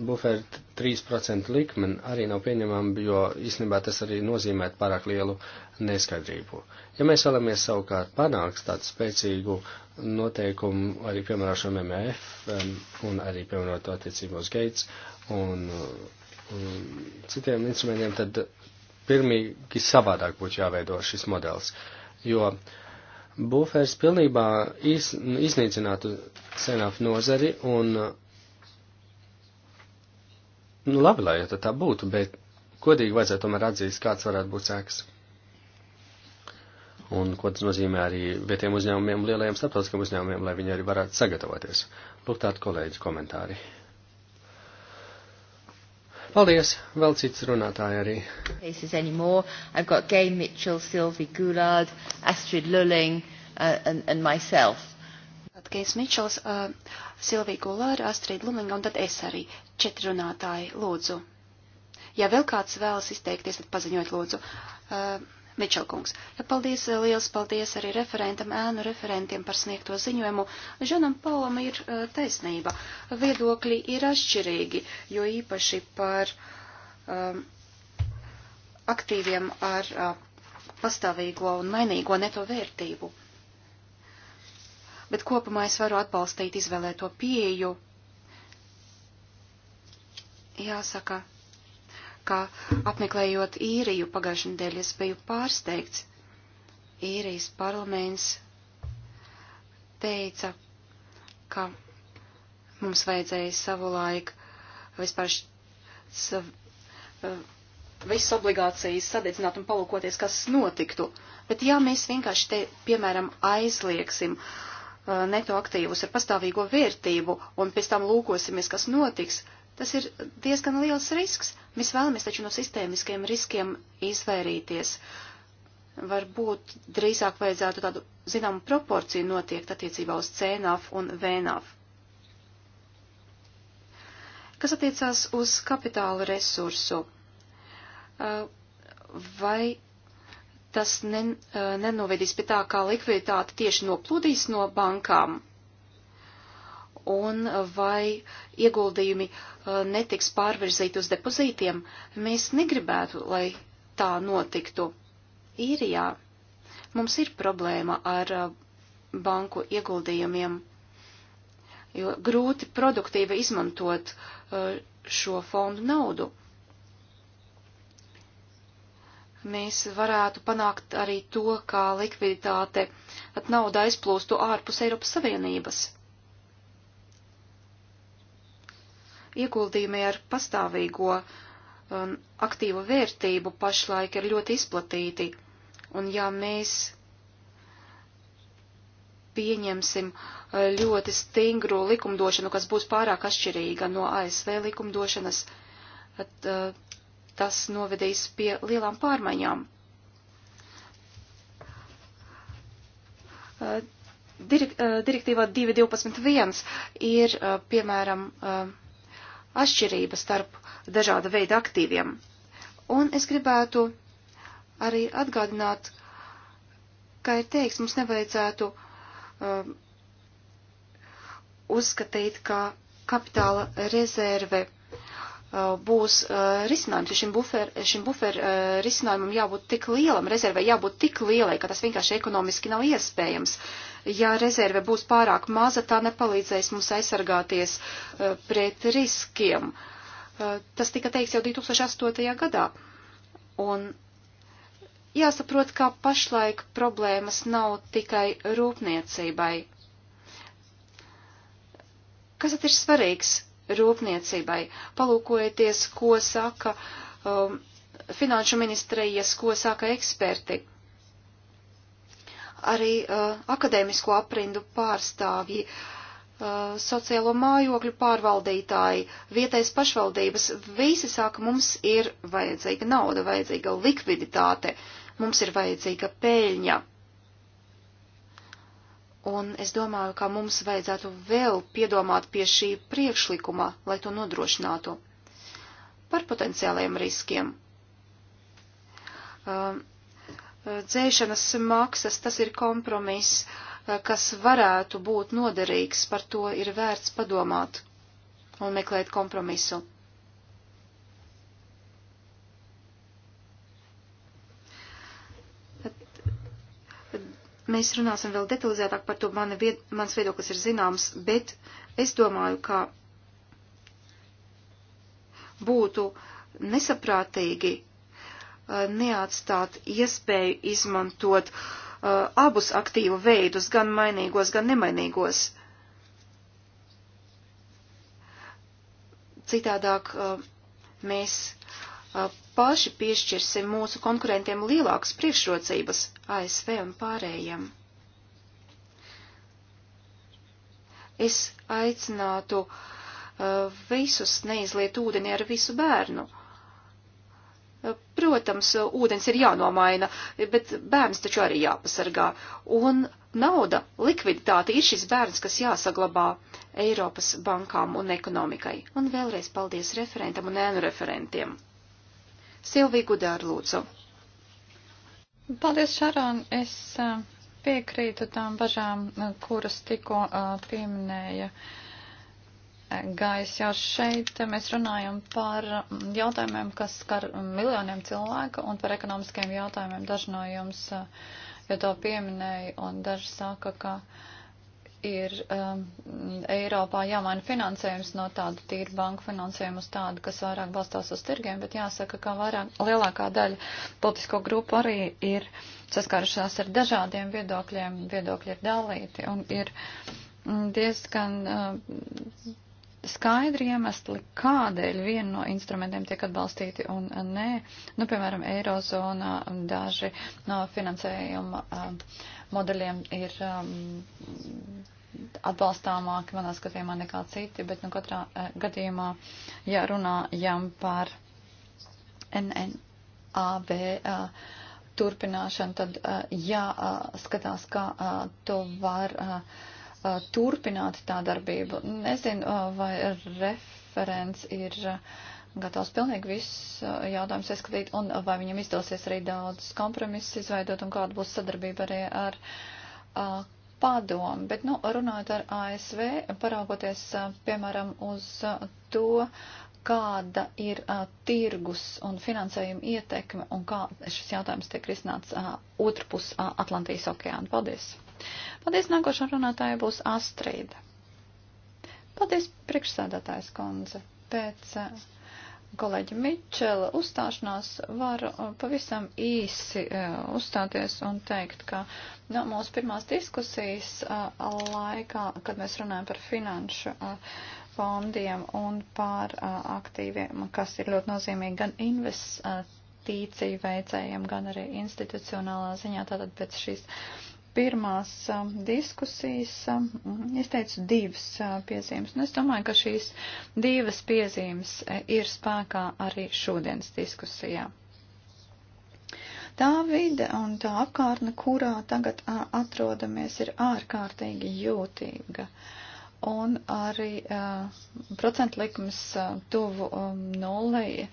buferi 3% likmeni arī nav pieņemama, jo īstenībā tas arī nozīmē pārāk lielu neskaidrību. Ja mēs vēlamies savukārt panākt tādu spēcīgu noteikumu arī piemērošanu MF un arī piemērot to attiecībos Gates un, un citiem instrumentiem, tad pirmīgi savādāk būtu jāveido šis modelis, jo buferis pilnībā iz, iznīcinātu senāfu nozari un Nu, labi, lai ja tā būtu, bet godīgi vajadzētu tomēr atzīst, kāds varētu būt sēks. Un ko tas nozīmē arī vietiem uzņēmumiem, lielajiem starptautiskiem uzņēmumiem, lai viņi arī varētu sagatavoties. Lūk, tādi kolēģi komentāri. Paldies! Vēl cits runātāji arī. Cases anymore. I've got Gay Mitchell, Sylvie Goulard, Astrid Lulling uh, and, and myself. Keins Mičels, uh, Silvija Gulāra, Astrid Lulinga un tad es arī. Četri runātāji, lūdzu. Ja vēl kāds vēlas izteikties, tad paziņot lūdzu. Uh, eh, Mičelkungs. Ja paldies, eh, liels paldies arī referentam, ēnu referentiem par sniegto ziņojumu. Žanam Paulam ir uh, taisnība. Viedokļi ir atšķirīgi, jo īpaši par um, aktīviem ar uh, pastāvīgo un mainīgo neto vērtību bet kopumā es varu atbalstīt izvēlēto pieju. Jāsaka, ka apmeklējot īriju pagājušajā nedēļā, es biju pārsteigts. Īrijas parlaments teica, ka mums vajadzēja savulaik vispār sav, eh, visas obligācijas sadedzināt un palūkoties, kas notiktu. Bet ja mēs vienkārši te, piemēram, aizlieksim uh, Eh, neto aktīvus ar pastāvīgo vērtību un pēc tam lūkosimies, kas notiks, tas ir diezgan liels risks. Mēs vēlamies taču no sistēmiskiem riskiem izvairīties. Varbūt drīzāk vajadzētu tādu zināmu proporciju notiekt attiecībā uz CNAF un VNAF. Kas attiecās uz kapitāla resursu? Eh, vai tas nen, eh, nenovedīs pie tā, kā likviditāte tieši noplūdīs no bankām? Un eh, vai ieguldījumi eh, netiks pārvirzīti uz depozītiem? Mēs negribētu, lai tā notiktu. Īrijā mums ir problēma ar banku ieguldījumiem, jo grūti produktīvi izmantot šo fondu naudu mēs varētu panākt arī to, kā likviditāte at nauda aizplūstu ārpus Eiropas Savienības. Ieguldījumi ar pastāvīgo um, aktīvu vērtību pašlaik ir ļoti izplatīti, un ja mēs pieņemsim uh, ļoti stingru likumdošanu, kas būs pārāk atšķirīga no ASV likumdošanas, at, uh, tas novedīs pie lielām pārmaiņām. Eh, Direkt, eh, direktīvā 2.12.1 ir, eh, piemēram, atšķirība starp dažāda veida aktīviem. Un es gribētu arī atgādināt, kā ir teiks, mums nevajadzētu uzskatīt, ka kapitāla rezerve uh, būs uh, risinājums, jo šim bufer, šim bufer uh, risinājumam jābūt tik lielam, rezervē jābūt tik lielai, ka tas vienkārši ekonomiski nav iespējams. Ja rezerve būs pārāk maza, tā nepalīdzēs mums aizsargāties uh, pret riskiem. Tas tika teikts jau 2008. gadā. Un jāsaprot, ka pašlaik problēmas nav tikai rūpniecībai. Kas tad ir svarīgs? rūpniecībai. Palūkojieties, ko saka um, finanšu ministrijas, ko saka eksperti. Arī uh, akadēmisko aprindu pārstāvji, uh, sociālo mājokļu pārvaldītāji, vietējas pašvaldības, visi saka, mums ir vajadzīga nauda, vajadzīga likviditāte, mums ir vajadzīga peļņa. Un es domāju, ka mums vajadzētu vēl piedomāt pie šī priekšlikuma, lai to nodrošinātu. Par potenciālajiem riskiem. Um, dzēšanas maksas tas ir kompromiss, uh, kas varētu būt noderīgs, par to ir vērts padomāt un meklēt kompromisu. Mēs runāsim vēl detalizētāk par to, Mani vied, mans viedoklis ir zināms, bet es domāju, ka būtu nesaprātīgi eh, neatstāt iespēju izmantot uh, abus aktīvu veidus, gan mainīgos, gan nemainīgos. Citādāk uh, mēs uh, paši piešķirsim mūsu konkurentiem lielākas priekšrocības ASV un pārējiem. Es aicinātu uh, visus neizliet ūdeni ar visu bērnu. Uh, protams, ūdens ir jānomaina, bet bērns taču arī jāpasargā. Un nauda, likviditāte ir šis bērns, kas jāsaglabā Eiropas bankām un ekonomikai. Un vēlreiz paldies referentam un ēnu referentiem. Silvija Gudāra lūdzu. Paldies, Šaron. Es eh, piekrītu tām bažām, kuras tikko eh, pieminēja. Eh, Gais jau šeit mēs runājam par mm, jautājumiem, kas skar miljoniem cilvēku un par ekonomiskiem jautājumiem. Daži no jums jau to pieminēja un daži saka, ka. Uh, ir um, Eiropā jāmaina finansējums no tāda tīra banka finansējuma uz tādu, kas vairāk balstās uz tirgiem, bet jāsaka, ka vairāk, lielākā daļa politisko grupu arī ir saskārušās ar dažādiem viedokļiem, viedokļi ir dalīti un ir mm, diezgan uh, skaidri iemesli, kādēļ viena no instrumentiem tiek atbalstīti un nē. Nu, piemēram, Eirozonā daži no finansējuma. Uh, modeļiem ir um, atbalstāmāki manā skatījumā nekā citi, bet nu katrā uh, gadījumā, ja runājam par NNAB uh, eh, turpināšanu, tad uh, eh, jāskatās, kā uh, to var uh, turpināt tā darbību. Nezinu, uh, vai referents ir. Uh, gatavs pilnīgi visus uh, jautājumus ieskatīt, un uh, vai viņam izdosies arī daudz kompromisus izveidot, un kāda būs sadarbība arī ar uh, padomu. Bet, nu, runājot ar ASV, paraugoties, uh, piemēram, uz uh, to, kāda ir uh, tirgus un finansējuma ietekme, un kā šis jautājums tiek risināts uh, otrpus uh, Atlantijas okeāna. Paldies! Paldies, nākošā runātāja būs Astrīda. Paldies, priekšsēdētājs Konze. Pēc uh, kolēģa Mičela uzstāšanās var uh, pavisam īsi uh, uzstāties un teikt, ka no nu, mūsu pirmās diskusijas uh, laikā, kad mēs runājam par finanšu fondiem un par aktīviem, kas ir ļoti nozīmīgi gan investīciju veicējiem, gan arī institucionālā ziņā, tātad pēc šīs pirmās um, diskusijas izteicu um, divas uh, piezīmes. Un es domāju, ka šīs divas piezīmes uh, ir spēkā arī šodienas diskusijā. Tā vide un tā apkārtne, kurā tagad uh, atrodamies, ir ārkārtīgi jūtīga. Un arī uh, procentu likums uh, tuvu um, nulei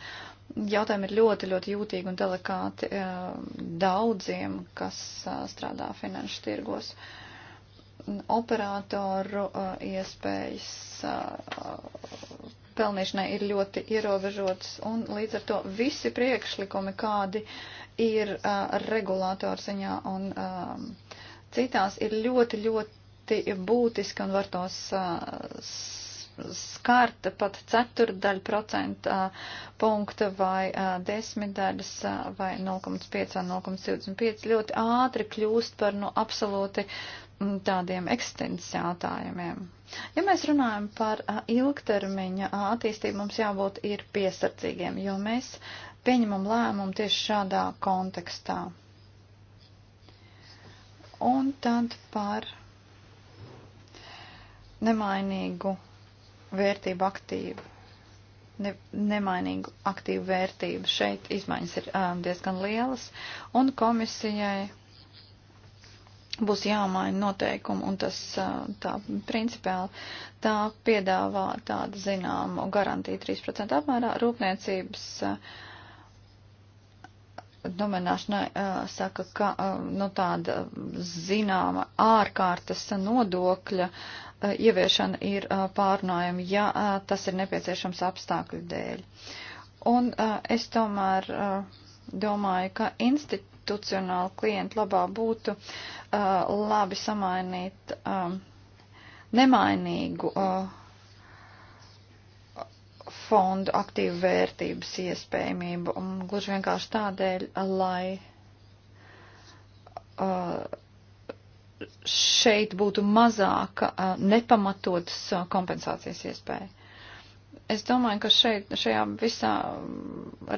Jautājumi ir ļoti, ļoti jūtīgi un delikāti eh, daudziem, kas eh, strādā finanšu tirgos. Operātoru eh, iespējas pelnīšanai ir ļoti ierobežotas, un līdz ar to visi priekšlikumi, kādi ir uh, regulātoru ziņā un um, citās, ir ļoti, ļoti būtiski un var tos uh, skarta pat ceturdaļa procenta uh, punkta vai uh, desmitdaļas uh, vai 0,5 vai 0,25 ļoti ātri kļūst par nu, absolūti mm, tādiem eksistences jautājumiem. Ja mēs runājam par ilgtermiņa attīstību, mums jābūt ir piesardzīgiem, jo mēs pieņemam lēmumu tieši šādā kontekstā. Un tad par nemainīgu vērtību aktīvu, ne, nemainīgu aktīvu vērtību. Šeit izmaiņas ir um, diezgan lielas, un komisijai būs jāmaina noteikumi, un tas uh, tā principiāli tā piedāvā tādu zināmu garantiju 3% apmērā rūpniecības. Uh, Domināšanai uh, saka, ka uh, nu, tāda zināma ārkārtas nodokļa uh, Eh, ieviešana ir eh, pārnājama, ja eh, tas ir nepieciešams apstākļu dēļ. Un es tomēr domāju, ka institucionāli klientu labā būtu labi samainīt nemainīgu fondu aktīvu vērtības iespējamību, un gluži vienkārši tādēļ, lai uh, šeit būtu mazāka nepamatotas kompensācijas iespēja. Es domāju, ka šeit, šajā visā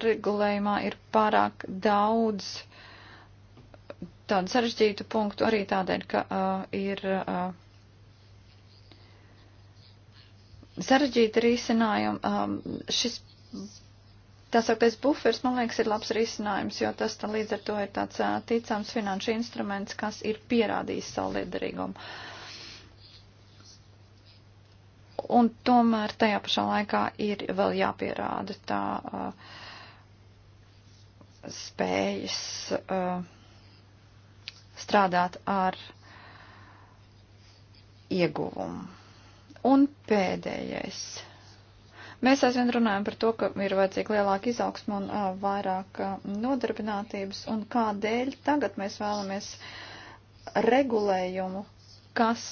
regulējumā ir pārāk daudz tādu sarežģītu punktu arī tādēļ, ka uh, ir uh, sarežģīti risinājumi. Um, šis Tā sauktais buferis, man liekas, ir labs risinājums, jo tas tā, līdz ar to ir tāds ticams finanšu instruments, kas ir pierādījis savu liederīgumu. Un tomēr tajā pašā laikā ir vēl jāpierāda tā uh, spējas uh, strādāt ar ieguvumu. Un pēdējais Mēs aizvien runājam par to, ka ir vajadzīga lielāka izaugsma un uh, vairāk uh, nodarbinātības, un kādēļ tagad mēs vēlamies regulējumu, kas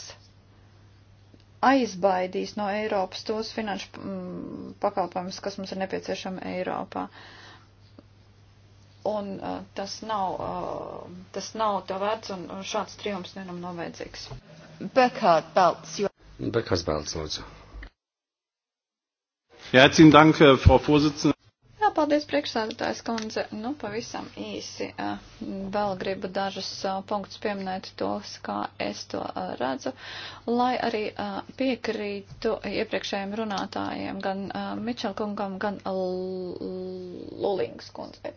aizbaidīs no Eiropas tos finanšu mm, pakalpojumus, kas mums ir nepieciešami Eiropā. Un uh, tas, nav, uh, tas nav to vērts, un šāds triumfs vienam nav vajadzīgs. Bekārs Belts, lūdzu. Herzlichen Dank, äh, Frau Vorsitzende. Jā, paldies priekšsādātājs kundze. Nu, pavisam īsi vēl gribu dažus punktus pieminēt tos, kā es to redzu, lai arī piekrītu iepriekšējiem runātājiem, gan Mičelkungam, gan Lulings kundzei.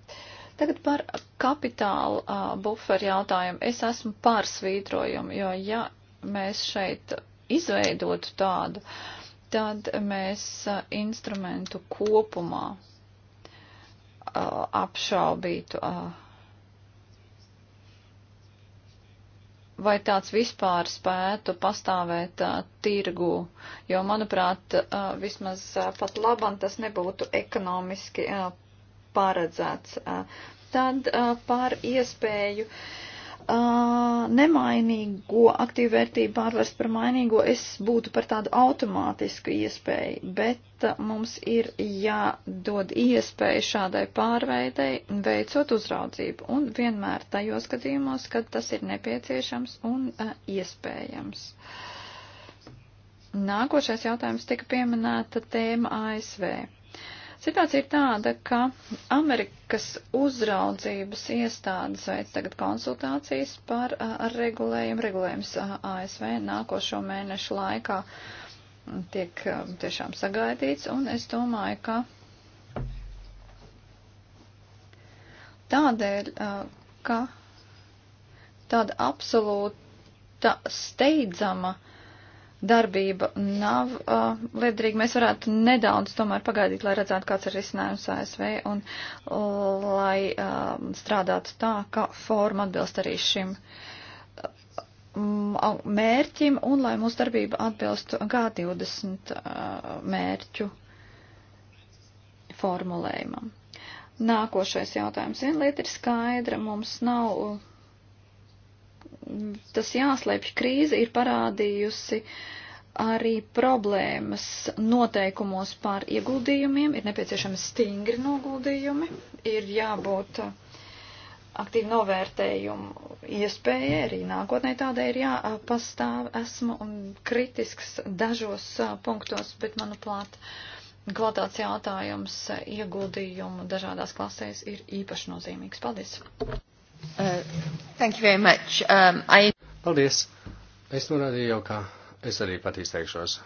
Tagad par kapitālu buferu jautājumu. Es esmu pārsvītrojumu, jo ja mēs šeit izveidotu tādu. Uh, tad mēs instrumentu kopumā apšaubītu. Vai tāds vispār spētu pastāvēt tirgu, jo, manuprāt, vismaz pat labam tas nebūtu ekonomiski paredzēts. Tad par iespēju uh, uh, nemainīgo aktīvu vērtību pārvērst par mainīgo, es būtu par tādu automātisku iespēju, bet uh, mums ir jādod iespēju šādai pārveidei, veicot uzraudzību un vienmēr tajos gadījumos, kad tas ir nepieciešams un uh, iespējams. Nākošais jautājums tika pieminēta tēma ASV. Situācija ir tāda, ka Amerikas uzraudzības iestādes veic tagad konsultācijas par ar regulējumu. Regulējums ASV nākošo mēnešu laikā tiek tiešām sagaidīts, un es domāju, ka tādēļ, ka tāda absolūta steidzama uh, darbība nav uh, liederīga. Mēs varētu nedaudz tomēr pagaidīt, lai redzētu, kāds ir risinājums ASV un uh, lai uh, strādātu tā, ka forma atbilst arī šim uh, mērķim un lai mūsu darbība atbilstu G20 uh, mērķu formulējumam. Nākošais jautājums. Viena lieta ir skaidra, mums nav tas jāslēpj. Krīze ir parādījusi arī problēmas noteikumos par ieguldījumiem, ir nepieciešami stingri noguldījumi, ir jābūt uh, aktīvi novērtējumu iespēja, arī nākotnē tādai ir jāpastāv. Esmu kritisks dažos uh, punktos, bet manuprāt, kvalitātes jautājums uh, ieguldījumu dažādās klasēs ir īpaši nozīmīgs. Paldies! Uh, thank you very much. Um, I... Paldies. Es norādīju jau, ka es arī pat izteikšos.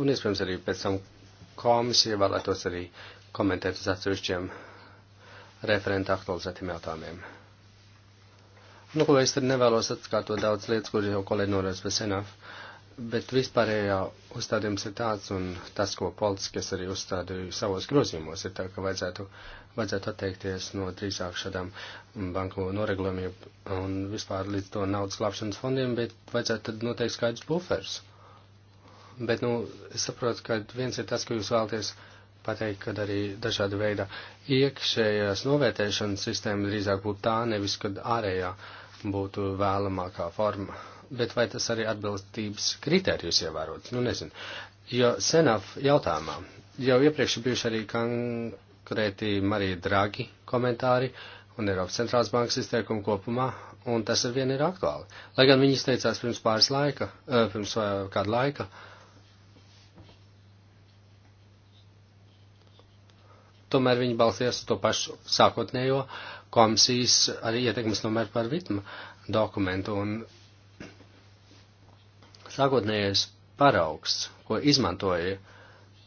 Un, iespējams, arī pēc tam komisija vēlētos arī komentēt uz atsevišķiem referenta aktualizētiem jautājumiem. Nu, ko es tad nevēlos atkārtot daudz lietas, kuras jau kolēģi norādīja pēc senāk, bet vispārējā uzstādījums ir tāds, un tas, ko politiski es arī uzstādīju savos grozījumos, ir tā, ka vajadzētu vajadzētu atteikties no drīzāk šādām mm, banku noregulējumiem un vispār līdz to naudas glābšanas fondiem, bet vajadzētu tad noteikt skaidrs bufers. Bet, nu, es saprotu, ka viens ir tas, ka jūs vēlaties pateikt, kad arī dažāda veida iekšējās novērtēšanas sistēma drīzāk būtu tā, nevis, kad ārējā būtu vēlamākā forma. Bet vai tas arī atbilstības kritērijus ievērot? Nu, nezinu. Jo senaf jautājumā jau iepriekš ir bijuši arī kan konkrēti Marija Dragi komentāri un Eiropas centrālās bankas izteikumu kopumā, un tas ar vienu ir aktuāli. Lai gan viņi izteicās pirms pāris laika, eh, pirms eh, kāda laika. Tomēr viņi balstījās uz to pašu sākotnējo komisijas arī ietekmes nomēr par vitmu dokumentu, un sākotnējais paraugs, ko izmantoja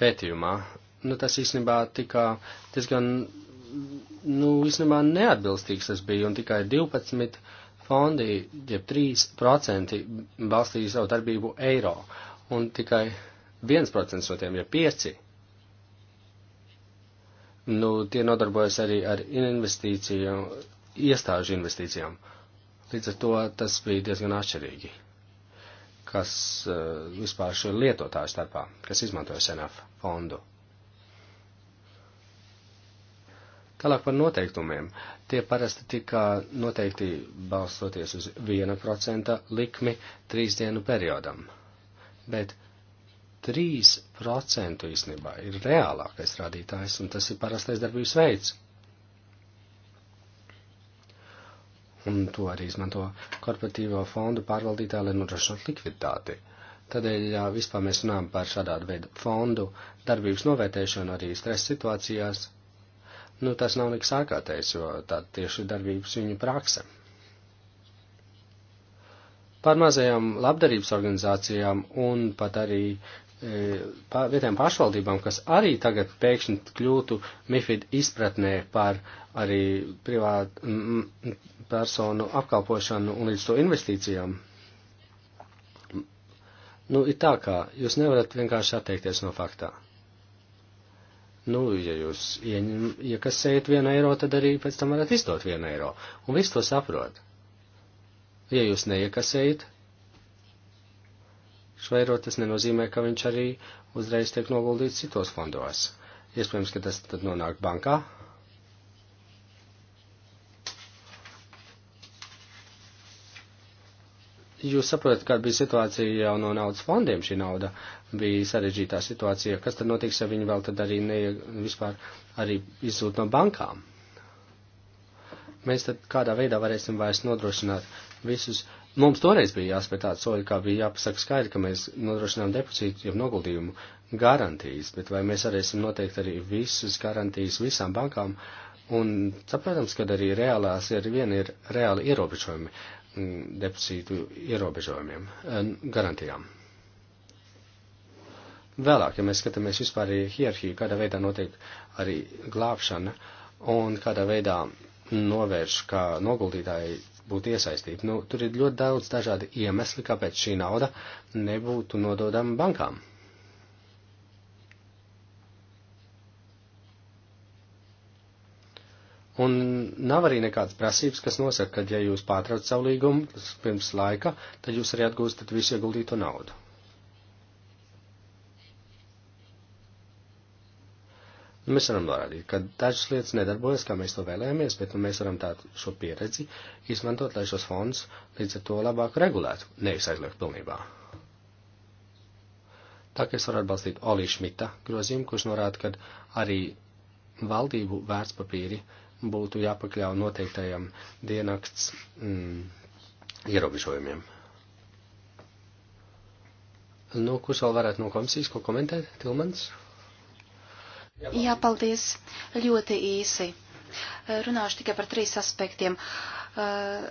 pētījumā, nu, tas īstenībā tika diezgan, nu, īstenībā neatbilstīgs tas bija, un tikai 12 fondi, jeb 3% balstīja savu darbību eiro, un tikai 1% no tiem, jeb 5, nu, tie nodarbojas arī ar investīciju, iestāžu investīcijām. Līdz ar to tas bija diezgan atšķirīgi, kas uh, vispār šo lietotāju starpā, kas izmantoja SNF fondu. Tālāk par noteikumiem. Tie parasti tika noteikti balstoties uz 1% likmi trīs dienu periodam. Bet 3% īstenībā ir reālākais rādītājs, un tas ir parastais darbības veids. Un to arī izmanto korporatīvo fondu pārvaldītāji, lai nodrošinātu likviditāti. Tādēļ vispār mēs runājam par šādā veidu fondu darbības novērtēšanu arī stresa situācijās, nu, tas nav nekas ārkārtējs, jo tā tieši darbības viņu prakse. Par mazajām labdarības organizācijām un pat arī e, vietējām pašvaldībām, kas arī tagad pēkšņi kļūtu MIFID izpratnē par arī privātu personu apkalpošanu un līdz to investīcijām. Nu, ir tā kā jūs nevarat vienkārši atteikties no faktā. Nu, ja jūs iekasējat ja vienu eiro, tad arī pēc tam varat izdot vienu eiro. Un viss to saprot. Ja jūs neiekasējat šo eiro, tas nenozīmē, ka viņš arī uzreiz tiek noguldīts citos fondos. Iespējams, ka tas tad nonāk bankā, Jūs saprotat, kāda bija situācija jau no naudas fondiem, šī nauda bija sarežģītā situācija. Kas tad notiks, ja viņi vēl tad arī ne, vispār arī izzūt no bankām? Mēs tad kādā veidā varēsim vairs nodrošināt visus. Mums toreiz bija jāspēj tāds soļi, kā bija jāpasaka skaidri, ka mēs nodrošinām depozītu jau noguldījumu garantijas, bet vai mēs varēsim noteikt arī visas garantijas visām bankām? Un saprotams, ka arī reālās ir viena ir reāli ierobežojumi. Uh, deficītu ierobežojumiem, eh, garantijām. Vēlāk, ja mēs skatāmies vispār hierarhiju, kādā veidā notiek arī glābšana un kādā veidā novērš, kā noguldītāji būtu iesaistīti, nu, tur ir ļoti daudz dažādi iemesli, kāpēc šī nauda nebūtu nododama bankām. Un nav arī nekādas prasības, kas nosaka, ka, ja jūs pārtraucat savu līgumu pirms laika, tad jūs arī atgūstat visu ieguldīto naudu. Nu, mēs varam norādīt, ka dažas lietas nedarbojas, kā mēs to vēlējāmies, bet nu, mēs varam tādu šo pieredzi izmantot, lai šos fondus līdz ar to labāk regulētu, nevis aizliegt pilnībā. Tā kā es varu atbalstīt Olī Šmita grozījumu, kurš norāda, ka arī valdību vērtspapīri būtu jāpakļauj noteiktajiem dienakts mm, ierobežojumiem. Nu, kurš vēl varētu no komisijas ko komentēt? Tilmans? Jā, paldies. Ļoti īsi. Runāšu tikai par trīs aspektiem. Uh,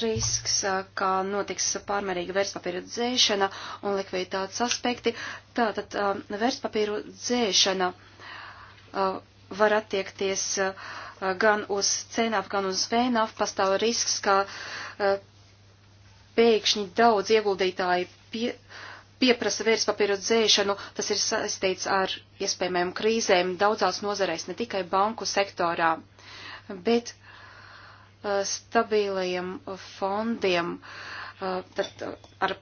risks, eh, kā notiks pārmērīga vērtspapīra dzēšana un likviditātes aspekti. Tātad um, vērtspapīru dzēšana uh, var attiekties eh, gan uz cēnāf, gan uz vēnāf. Pastāv risks, ka eh, pēkšņi daudz ieguldītāji pie, pieprasa vērtspapīru dzēšanu. Tas ir saistīts ar iespējamiem krīzēm daudzās nozareis, ne tikai banku sektorā, bet eh, stabilajiem fondiem, tad ar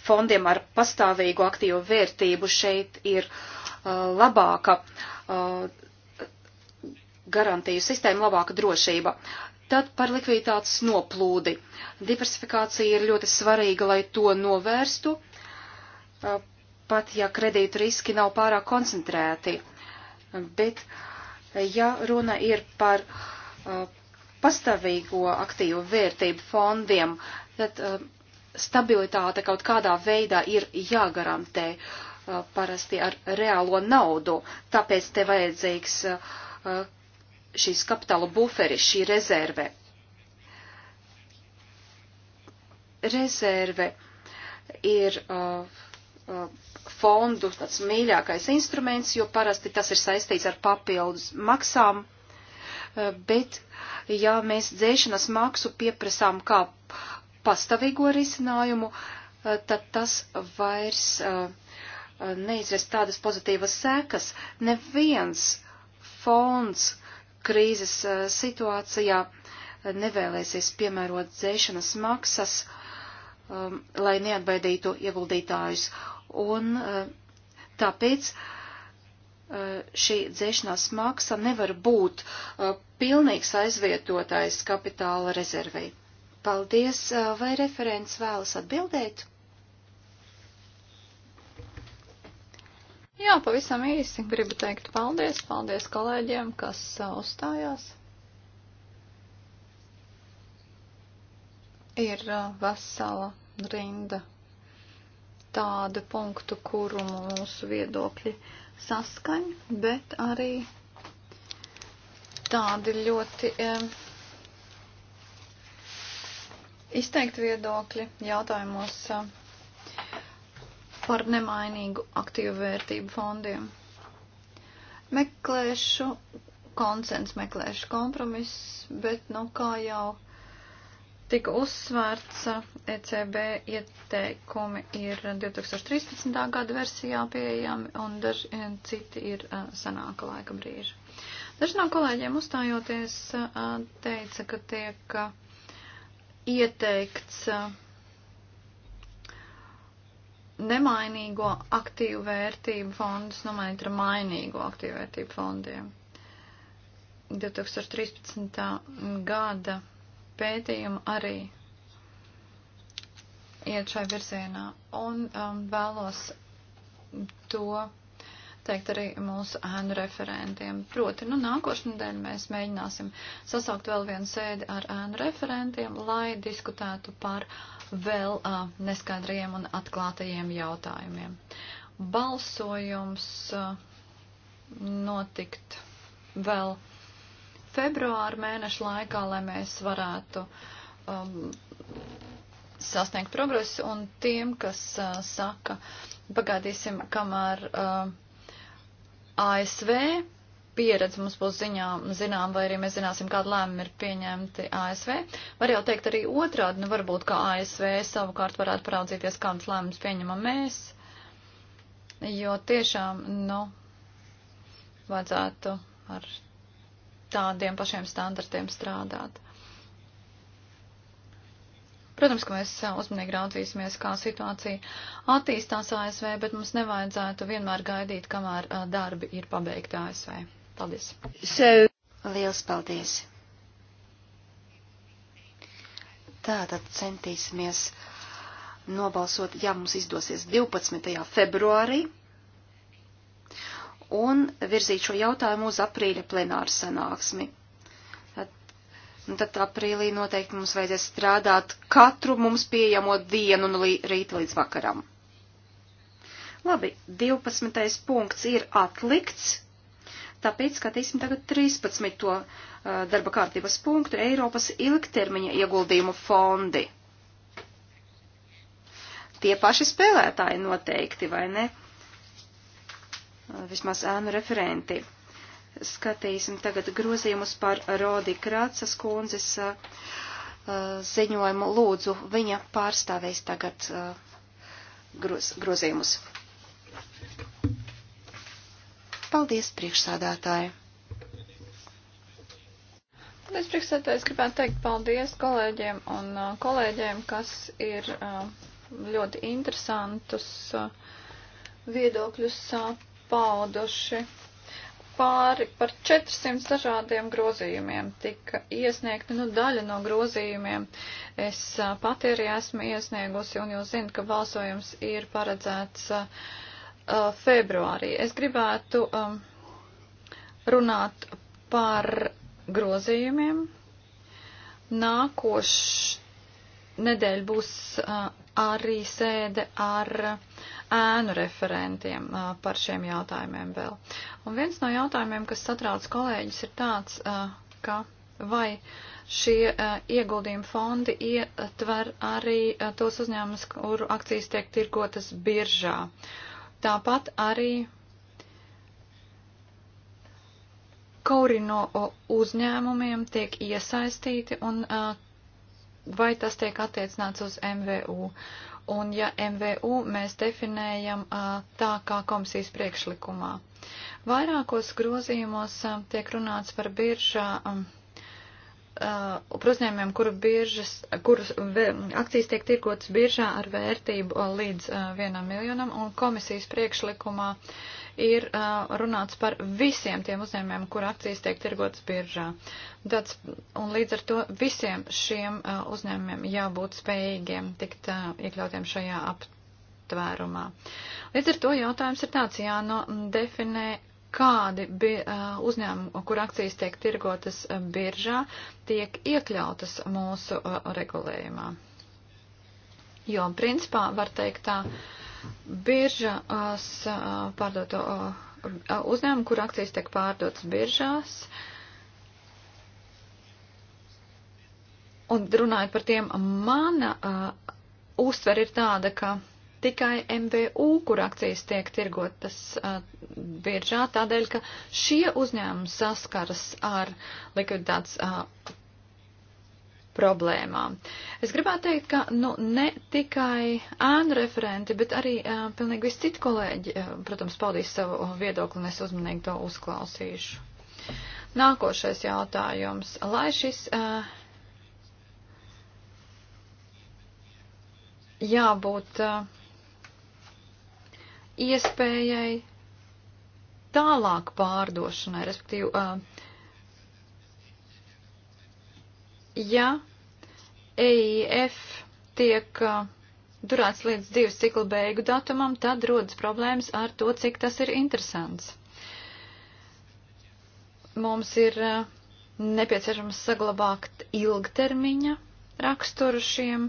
fondiem ar pastāvīgu aktīvu vērtību šeit ir labāka garantiju sistēmu labāka drošība. Tad par likviditātes noplūdi. Diversifikācija ir ļoti svarīga, lai to novērstu, pat ja kredītu riski nav pārāk koncentrēti. Bet, ja runa ir par pastāvīgo aktīvu vērtību fondiem, tad stabilitāte kaut kādā veidā ir jāgarantē parasti ar reālo naudu. Tāpēc te vajadzīgs šīs kapitāla buferi, šī rezerve. Rezerve ir uh, uh, fondu tāds mīļākais instruments, jo parasti tas ir saistīts ar papildus maksām, uh, bet ja mēs dzēšanas maksu pieprasām kā pastāvīgo risinājumu, uh, tad tas vairs uh, uh neizrest tādas pozitīvas sēkas. Neviens fonds krīzes eh, situācijā eh, nevēlēsies piemērot dzēšanas maksas, um, lai neatbaidītu ieguldītājus. Un uh, tāpēc uh, šī dzēšanās maksa nevar būt uh, pilnīgs aizvietotājs kapitāla rezervei. Paldies, vai referents vēlas atbildēt? Jā, pavisam īsi gribu teikt paldies, paldies kolēģiem, kas uzstājās. Ir vesela rinda tādu punktu, kuru mūsu viedokļi saskaņ, bet arī tādi ļoti um, izteikti viedokļi jautājumos. Uh, par nemainīgu aktīvu vērtību fondiem. Meklēšu konsens, meklēšu kompromiss, bet, nu, kā jau tika uzsvērts, ECB ieteikumi ir 2013. gada versijā pieejami un daži citi ir sanāka laika brīža. Daži no kolēģiem uzstājoties teica, ka tiek ieteikts nemainīgo aktīvu vērtību fondus nomainīt ar mainīgo aktīvu vērtību fondiem. 2013. gada pētījuma arī iet šai virzienā un um, vēlos to teikt arī mūsu ēnu referentiem. Proti, nu, nākošnedēļ mēs mēģināsim sasaukt vēl vienu sēdi ar ēnu referentiem, lai diskutētu par uh, vēl uh, neskaidriem un atklātajiem jautājumiem. Balsojums uh, notikt vēl februāra mēneša laikā, lai mēs varētu um, sasniegt progresu, un tiem, kas uh, saka, pagaidīsim, kamēr uh, ASV pieredze mums būs ziņā, zinām, vai arī mēs zināsim, kāda lēmuma ir pieņemti ASV. Var jau teikt arī otrādi, nu varbūt, ka ASV savukārt varētu paraudzīties, kādas lēmumas pieņemam mēs, jo tiešām, nu, vajadzētu ar tādiem pašiem standartiem strādāt. Protams, ka mēs uzmanīgi raudzīsimies, kā situācija attīstās ASV, bet mums nevajadzētu vienmēr gaidīt, kamēr darbi ir pabeigti ASV. Paldies! So... Liels paldies! Tātad centīsimies nobalsot, ja mums izdosies 12. februārī, un virzīt šo jautājumu uz aprīļa plenāru sanāksmi. Tad, nu, tad aprīlī noteikti mums vajadzēs strādāt katru mums pieejamo dienu no rīta līdz vakaram. Labi, 12. punkts ir atlikts. Tāpēc skatīsim tagad 13. To, uh, darba kārtības punktu Eiropas ilgtermiņa ieguldījumu fondi. Tie paši spēlētāji noteikti, vai ne? Vismaz ēnu referenti. Skatīsim tagad grozījumus par Rodi Krācas kundzes uh, ziņojumu. Lūdzu, viņa pārstāvēs tagad uh, groz, grozījumus. Paldies, priekšsādātāji! Paldies, priekšsēdētājs! Gribētu teikt paldies kolēģiem un uh, kolēģiem, kas ir uh, ļoti interesantus uh, viedokļus pauduši pāri par 400 dažādiem grozījumiem tika iesniegti, nu daļa no grozījumiem es pati arī esmu iesniegusi, un jau zinu, ka balsojums ir paredzēts uh, Uh, februārī. Es gribētu um, runāt par grozījumiem. Nākošais nedēļ būs uh, arī sēde ar ēnu referentiem uh, par šiem jautājumiem vēl. Un viens no jautājumiem, kas satrauc kolēģis, ir tāds, ka vai šie ieguldījuma fondi ietver arī tos uzņēmumus, kuru akcijas tiek tirgotas biržā. Uh, Tāpat arī Kaurino uzņēmumiem tiek iesaistīti un vai tas tiek attiecināts uz MVU. Un ja MVU mēs definējam tā kā komisijas priekšlikumā. Vairākos grozījumos tiek runāts par biržā par uh, uzņēmumiem, kuru, biežas, kuru akcijas tiek tirgotas biržā ar vērtību līdz uh, vienam miljonam, un komisijas priekšlikumā ir uh, runāts par visiem tiem uzņēmumiem, kuru akcijas tiek tirgotas biržā. Tāds, un līdz ar to visiem šiem uzņēmumiem jābūt spējīgiem tikt iekļautiem šajā aptvērumā. Līdz ar to jautājums ir tāds jānodefinē, kādi uzņēmumi, kur akcijas tiek tirgotas biržā, tiek iekļautas mūsu regulējumā. Jo, principā, var teikt tā, biržas pārdoto uzņēmumu, kur akcijas tiek pārdotas biržās, un runājot par tiem, mana uztver ir tāda, ka tikai MVU, kur akcijas tiek tirgotas uh, biržā, tādēļ, ka šie uzņēmumi saskaras ar likviditātes uh, problēmām. Es gribētu teikt, ka nu, ne tikai ēnu referenti, bet arī uh, pilnīgi visi citi kolēģi, uh, protams, paudīs savu viedokli un es uzmanīgi to uzklausīšu. Nākošais jautājums. Lai šis uh, jābūt. Uh, iespējai tālāk pārdošanai, respektīvi, ja EIF tiek durāts līdz dzīves cikla beigu datumam, tad rodas problēmas ar to, cik tas ir interesants. Mums ir nepieciešams saglabāt ilgtermiņa raksturu šiem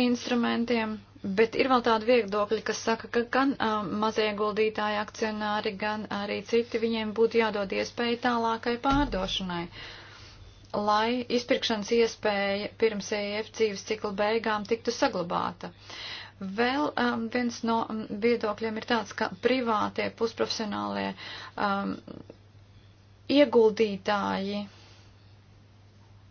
instrumentiem, Bet ir vēl tādi viedokļi, kas saka, ka gan um, mazie ieguldītāji akcionāri, gan arī citi viņiem būtu jādod iespēja tālākai pārdošanai, lai izpirkšanas iespēja pirms EIF dzīves cikla beigām tiktu saglabāta. Vēl um, viens no viedokļiem ir tāds, ka privātie pusprofesionālie um, ieguldītāji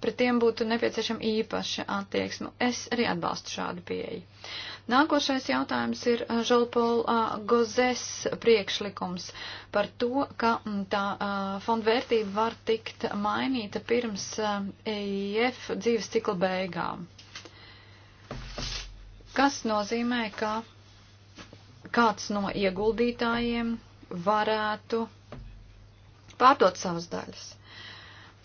pret tiem būtu nepieciešama īpaša attieksme. Es arī atbalstu šādu pieeju. Uh, Nākošais jautājums ir Žalpola eh, eh, Gozes priekšlikums par to, ka mm, tā eh, fonda vērtība var tikt mainīta pirms EIF e dzīves cikla beigām. Kas nozīmē, ka kāds no ieguldītājiem varētu pārdot savas daļas.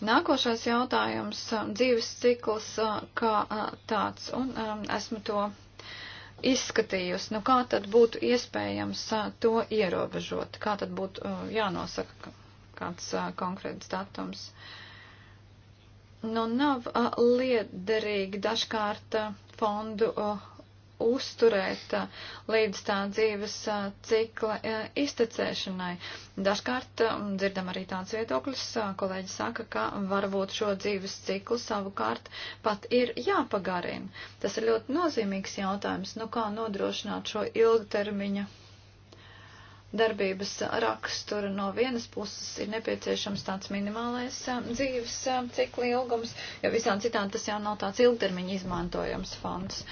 Nākošais jautājums - dzīves cikls kā tāds, un esmu to izskatījusi, nu kā tad būtu iespējams to ierobežot, kā tad būtu jānosaka kāds konkrēts datums. Nu, nav liederīgi dažkārt fondu uzturēt līdz tā dzīves cikla iztecēšanai. Dažkārt dzirdam arī tāds viedoklis, kolēģi saka, ka varbūt šo dzīves ciklu savukārt pat ir jāpagarina. Tas ir ļoti nozīmīgs jautājums, nu kā nodrošināt šo ilgtermiņa darbības rakstura no vienas puses ir nepieciešams tāds minimālais um, dzīves um, cikla ilgums, jo visām citām tas jau nav tāds ilgtermiņa izmantojams fonds.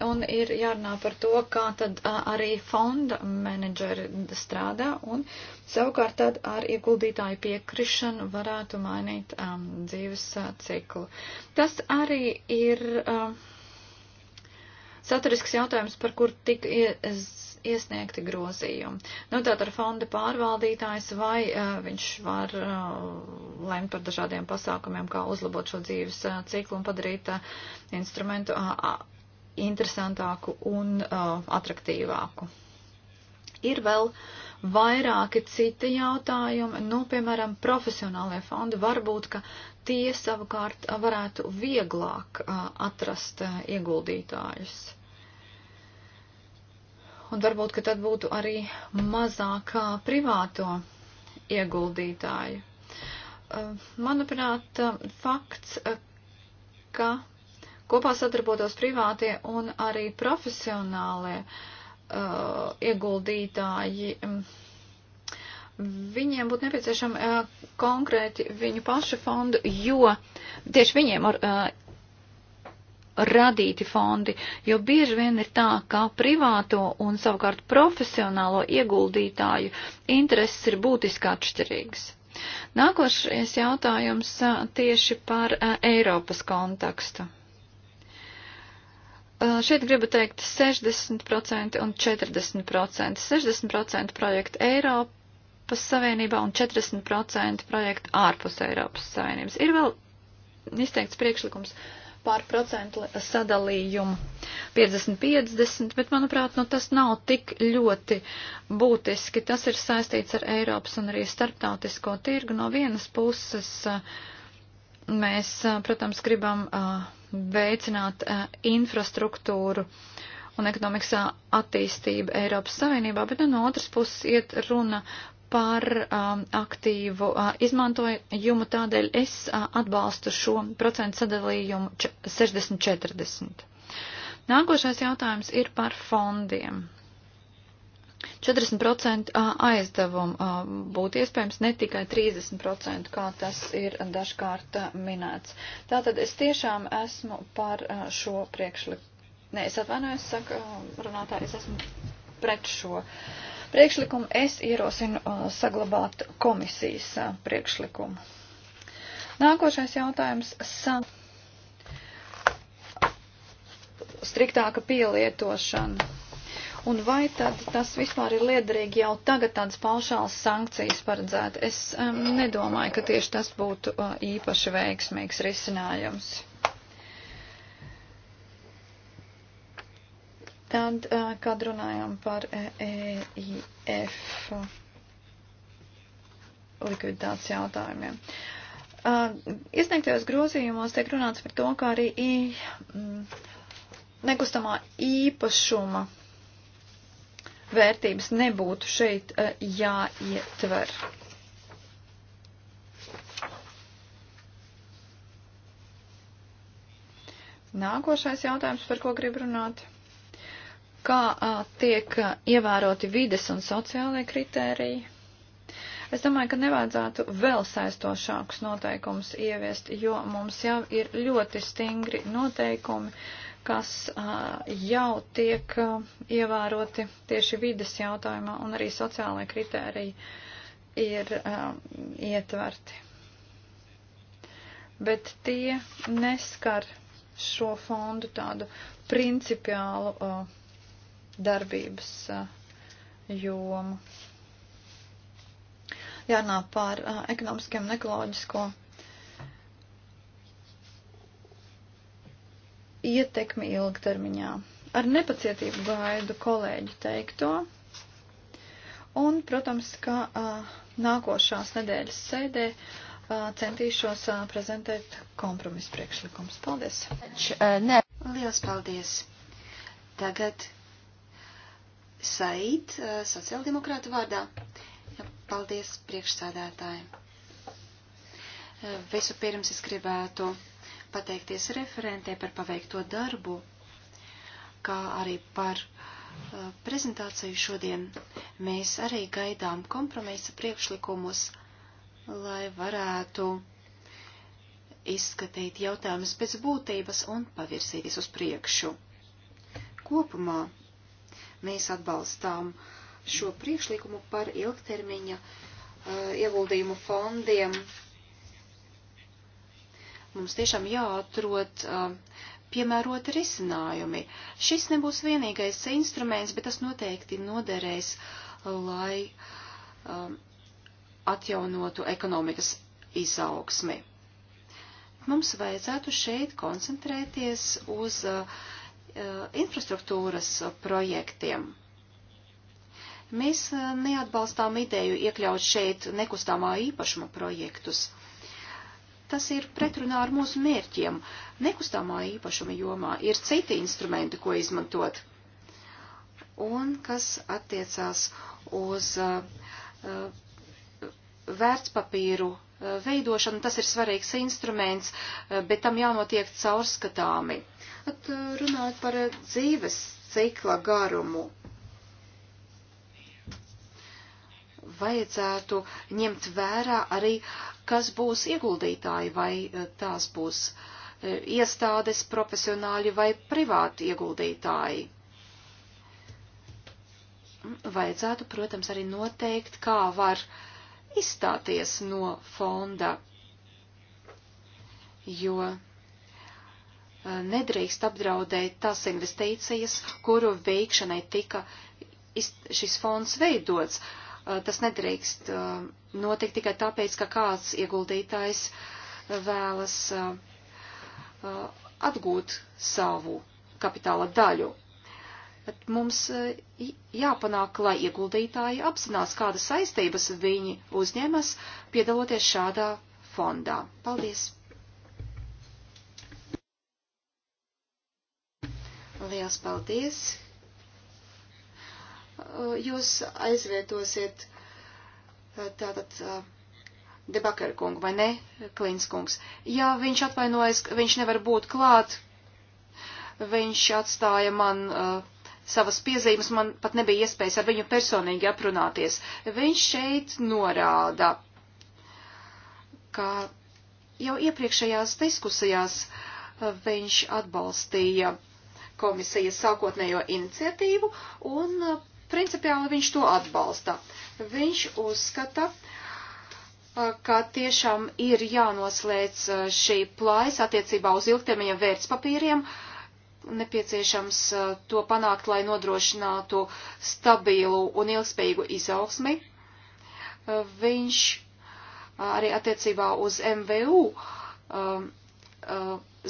Un ir jārunā par to, kā tad arī fonda menedžeri strādā un savukārt tad ar ieguldītāju piekrišanu varētu mainīt um, dzīves ciklu. Tas arī ir. Um, saturiskais jautājums, par kur tika iesniegti grozījumi. Nu, tātad fonda pārvaldītājs vai uh, viņš var uh, lemt par dažādiem pasākumiem, kā uzlabot šo dzīves uh, ciklu un padarīt uh, instrumentu uh, interesantāku un uh, atraktīvāku. Ir vēl vairāki citi jautājumi, nu, piemēram, profesionālie fondi varbūt, ka tie savukārt varētu vieglāk uh, atrast uh, ieguldītājus. Un varbūt, ka tad būtu arī mazāk privāto ieguldītāju. Eh, manuprāt, eh, fakts, eh, ka kopā sadarbotos privātie un arī profesionālie uh, ieguldītāji. Mm, viņiem būtu nepieciešama uh, konkrēti viņu pašu fondu, jo tieši viņiem ar uh, radīti fondi, jo bieži vien ir tā, ka privāto un savukārt profesionālo ieguldītāju intereses ir būtiski atšķirīgas. Nākošais jautājums tieši par Eiropas kontekstu. Šeit gribu teikt 60% un 40%. 60% projektu Eiropas Savienībā un 40% projektu ārpus Eiropas Savienības. Ir vēl izteikts priekšlikums uh, par procentu sadalījumu 50-50, bet manuprāt, nu, tas nav tik ļoti būtiski. Tas ir saistīts ar Eiropas un arī starptautisko tirgu. No vienas puses eh, mēs, eh, protams, gribam eh, veicināt infrastruktūru un ekonomikas attīstību Eiropas Savienībā, bet nu, no otras puses iet runa par um, aktīvu uh, izmantojumu, tādēļ es uh, atbalstu šo procentu sadalījumu 60-40. Nākošais jautājums ir par fondiem. 40% uh, aizdevumu uh, būtu iespējams ne tikai 30%, kā tas ir dažkārt uh, minēts. Tātad es tiešām esmu par šo priekšlikumu. Nē, es atvainojos, saka runātāji, es esmu pret šo uh, priekšlikumu, es ierosinu uh, saglabāt komisijas uh, priekšlikumu. Nākošais jautājums sam. Striktāka pielietošana. Un vai tad tas vispār ir liederīgi jau tagad tādas paušālas sankcijas paredzēt? Es um, nedomāju, ka tieši tas būtu uh, īpaši veiksmīgs risinājums. Tad, kad runājam par EIF likviditātes jautājumiem. Iesniegtajos grozījumos tiek runāts par to, kā arī mm, nekustamā īpašuma vērtības nebūtu šeit jāietver. Nākošais jautājums, par ko gribu runāt kā a, tiek ievēroti vides un sociālai kritēriji. Es domāju, ka nevajadzētu vēl saistošākus noteikumus ieviest, jo mums jau ir ļoti stingri noteikumi, kas a, jau tiek a, ievēroti tieši vides jautājumā, un arī sociālai kritēriji ir a, ietverti. Bet tie neskar šo fondu tādu principiālu. A, darbības eh, jomu. Jārunā par eh, ekonomiskiem un ekoloģisko ietekmi ilgtermiņā. Ar nepacietību gaidu kolēģi teikto. Un, protams, ka eh, nākošās nedēļas sēdē centīšos prezentēt kompromisu priekšlikums. Paldies! Liels paldies! Tagad Said eh, sociāldemokrātu vārdā. Paldies priekšsādātāji. Eh, visu pirms es gribētu pateikties referentē par paveikto darbu, kā arī par eh, prezentāciju šodien. Mēs arī gaidām kompromisa priekšlikumus, lai varētu izskatīt jautājumus pēc būtības un pavirzīties uz priekšu. Kopumā Mēs atbalstām šo priekšlikumu par ilgtermiņa uh, ieguldījumu fondiem. Mums tiešām jāatrod uh, piemēroti risinājumi. Šis nebūs vienīgais instruments, bet tas noteikti noderēs, eh, lai um, atjaunotu ekonomikas izaugsmi. Mums vajadzētu šeit koncentrēties uz uh, Eh, infrastruktūras projektiem. Mēs eh, neatbalstām ideju iekļaut šeit nekustamā īpašuma projektus. Tas ir pretrunā ar mūsu mērķiem. Nekustamā īpašuma jomā ir citi instrumenti, ko izmantot, un kas attiecās uz uh, vērtspapīru veidošanu. Tas ir svarīgs instruments, eh, bet tam jānotiek caurskatāmi. At eh, runājot par dzīves cikla garumu. Vajadzētu ņemt vērā arī, kas būs ieguldītāji, vai eh, tās būs iestādes, profesionāļi vai privāti ieguldītāji. Vajadzētu, protams, arī noteikt, kā var uh, izstāties no fonda, jo uh, nedrīkst apdraudēt tās investīcijas, kuru veikšanai tika šis fonds veidots. Uh, tas nedrīkst uh, notikt tikai tāpēc, ka kāds ieguldītājs vēlas atgūt savu kapitāla daļu. Bet mums e, jāpanāk, lai ieguldītāji apzinās, kādas saistības viņi uzņemas, piedaloties šādā fondā. Paldies! Liels paldies! E, jūs aizvietosiet e, tātad debakaru kungu, vai ne, Klīns kungs? Jā, viņš atvainojas, viņš nevar būt klāt, viņš atstāja man uh, savas piezīmes, man pat nebija iespējas ar viņu personīgi aprunāties. Viņš šeit norāda, ka jau iepriekšējās diskusijās uh, viņš atbalstīja komisijas sākotnējo iniciatīvu un uh, principiāli viņš to atbalsta. Viņš uzskata, uh, ka tiešām ir jānoslēdz šī plājas attiecībā uz ilgtermiņa vērtspapīriem, uh, nepieciešams eh, to panākt, lai nodrošinātu stabilu un ilgspējīgu izaugsmi. Eh, viņš eh, arī attiecībā uz MVU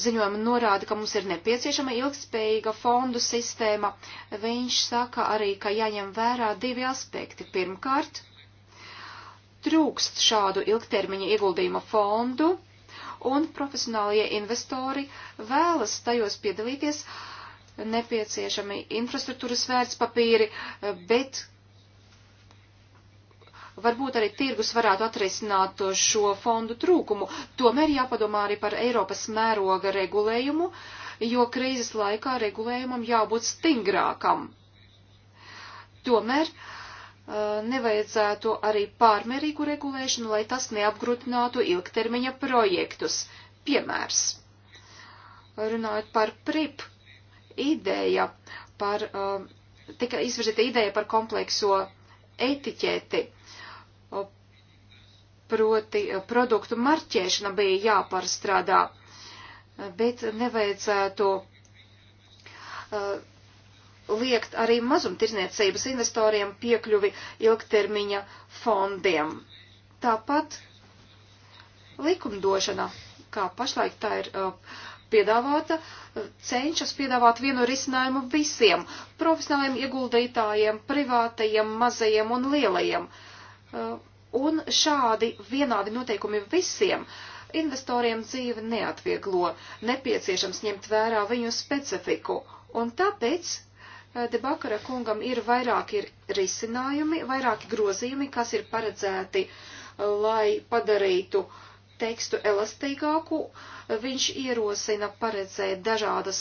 ziņojumu norāda, ka mums ir nepieciešama ilgspējīga fondu sistēma. Viņš saka arī, ka jāņem vērā divi aspekti. Pirmkārt, trūkst šādu ilgtermiņa ieguldījuma fondu un profesionālie investori vēlas tajos piedalīties nepieciešami infrastruktūras vērts papīri, bet varbūt arī tirgus varētu atrisināt šo fondu trūkumu. Tomēr jāpadomā arī par Eiropas mēroga regulējumu, jo krīzes laikā regulējumam jābūt stingrākam. Tomēr uh, nevajadzētu arī pārmērīgu regulēšanu, lai tas neapgrūtinātu ilgtermiņa projektus. Piemērs. Runājot par PRIP, ideja par, tika izvirzīta ideja par komplekso etiķeti, proti produktu marķēšana bija jāpārstrādā, bet nevajadzētu liekt arī mazumtirdzniecības investoriem piekļuvi ilgtermiņa fondiem. Tāpat likumdošana, kā pašlaik tā ir uh, piedāvāta, uh, cenšas piedāvāt vienu risinājumu visiem - profesionāliem ieguldītājiem, privātajiem, mazajiem un lielajiem. Uh, un šādi vienādi noteikumi visiem investoriem dzīve neatvieglo, nepieciešams ņemt vērā viņu specifiku. Un tāpēc Eh, Debakara kungam ir vairāki risinājumi, vairāki grozījumi, kas ir paredzēti, eh, lai padarītu tekstu elastīgāku. Eh, viņš ierosina paredzēt dažādas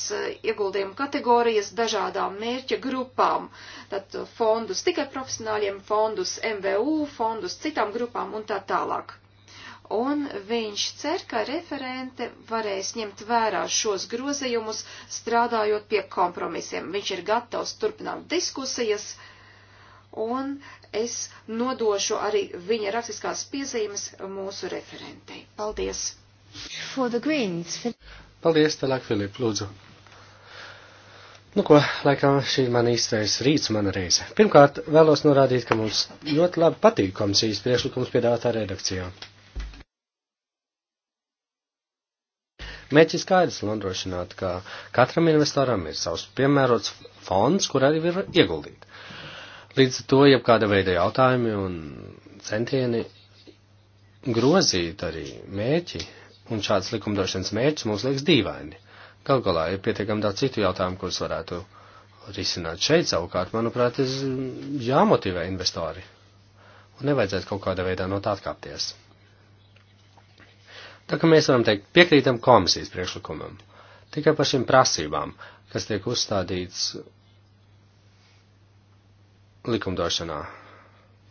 ieguldījumu kategorijas dažādām mērķa grupām, tad fondus tikai profesionāļiem, fondus MVU, fondus citām grupām un tā tālāk un viņš cer, ka referente varēs ņemt vērā šos grozījumus, strādājot pie kompromisiem. Viņš ir gatavs turpināt diskusijas, un es nodošu arī viņa rakstiskās piezīmes mūsu referentei. Paldies! Paldies, tālāk, Filip, lūdzu! Nu, ko, laikam šī ir mana īstais rīts, mana reize. Pirmkārt, vēlos norādīt, ka mums ļoti labi patīk komisijas priekšlikums piedāvātā redakcijā. Mērķis skaidrs ir nodrošināt, ka katram investoram ir savs piemērots fonds, kur arī var ieguldīt. Līdz ar to, ja kāda veida jautājumi un centieni grozīt arī mērķi un šāds likumdošanas mērķis mums liekas dīvaini. Gal galā ir pietiekami daudz citu jautājumu, kurus varētu risināt šeit savukārt, manuprāt, ir jāmotivē investori. Un nevajadzētu kaut kādā veidā no tā atkāpties. Tā kā mēs varam teikt, piekrītam komisijas priekšlikumam. Tikai par šīm prasībām, kas tiek uzstādīts likumdošanā.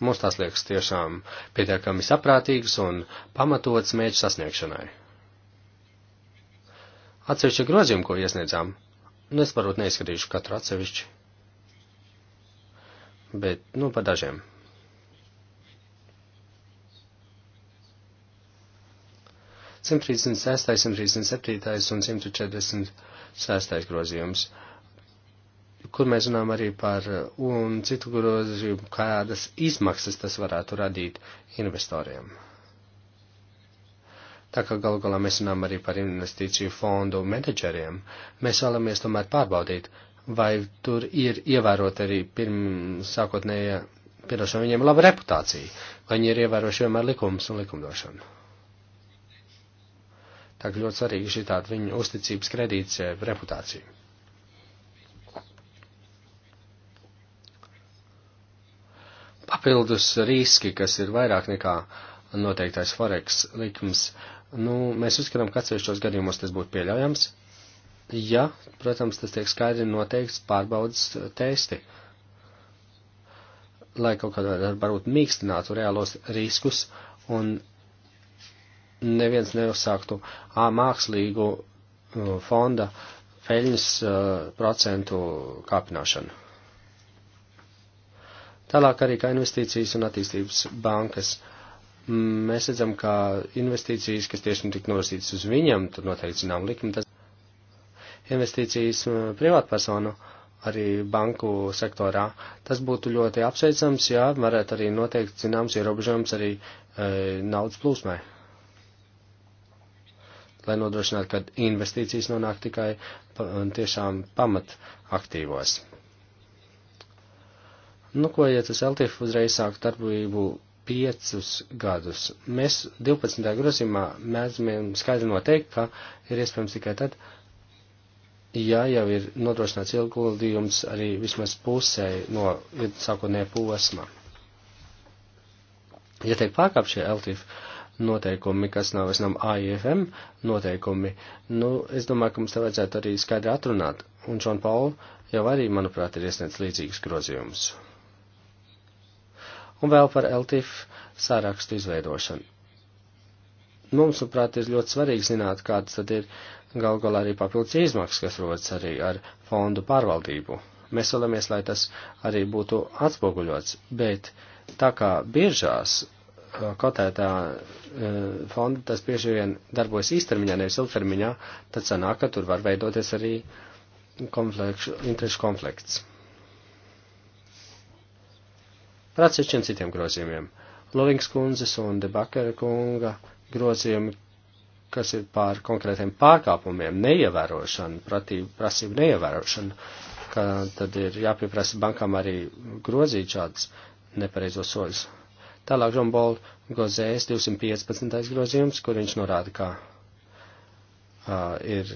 Mums tās liekas tiešām pietiekami saprātīgas un pamatotas mērķu sasniegšanai. Atsevišķi grozījumi, ko iesniedzām, nu es varbūt neizskatīšu katru atsevišķi, bet, nu, par dažiem. 136, 137 un 146 grozījums, kur mēs runājam arī par un citu grozījumu, kādas izmaksas tas varētu radīt investoriem. Tā kā galu galā mēs runājam arī par investīciju fondu menedžeriem, mēs vēlamies tomēr pārbaudīt, vai tur ir ievērot arī pirm, sākotnēja, piedošana viņiem laba reputācija, vai viņi ir ievēroši vienmēr likums un likumdošanu. Tā kā ļoti svarīgi šī tāda viņu uzticības kredīts eh, reputācija. Papildus riski, kas ir vairāk nekā noteiktais Forex likums, nu, mēs uzskatām, ka atsevišķos gadījumos tas būtu pieļaujams, ja, protams, tas tiek skaidri noteikts pārbaudas testi, lai kaut kādā veidā varbūt mīkstinātu reālos riskus un neviens neuzsāktu mākslīgu uh, fonda peļņas uh, procentu kāpināšanu. Tālāk arī kā investīcijas un attīstības bankas. Mm, mēs redzam, ka investīcijas, kas tieši nu tika novirzītas uz viņiem, tur noteikti zinām likmi, tas investīcijas uh, privātpersonu arī banku sektorā. Tas būtu ļoti apsveicams, jā, varētu arī noteikt zināms ierobežojums arī e, naudas plūsmai lai nodrošinātu, ka investīcijas nonāk tikai tiešām pamat aktīvos. Nu, ko, ja tas LTF uzreiz sāk darbību piecus gadus. Mēs 12. grozījumā mēdzam skaidri noteikt, ka ir iespējams tikai tad, ja jau ir nodrošināts ilguldījums arī vismaz pusē no sākotnē posma. Ja tiek pārkāpšie LTIF, noteikumi, kas nav vairs nav AIFM noteikumi, nu, es domāju, ka mums te vajadzētu arī skaidri atrunāt. Un Džon Paul jau arī, manuprāt, ir iesniedz līdzīgus grozījumus. Un vēl par LTIF sārakstu izveidošanu. Mums, manuprāt, ir ļoti svarīgi zināt, kādas tad ir gal galā arī papildus izmaksas, kas rodas arī ar fondu pārvaldību. Mēs vēlamies, lai tas arī būtu atspoguļots, bet tā kā biežās kotētā fonda, tas bieži vien darbojas īstermiņā, nevis ilgtermiņā, tad sanāk, ka tur var veidoties arī konflikts, interešu konflikts. Par atsevišķiem citiem grozījumiem. Lovings kundzes un debakera kunga grozījumi, kas ir pār konkrētiem pārkāpumiem, neievērošana, pratību, prasību neievērošana, ka tad ir jāpieprasa bankām arī grozīt šādas nepareizos soļus. Tālāk Žombola Gozēs 215. grozījums, kur viņš norāda, ka uh, ir,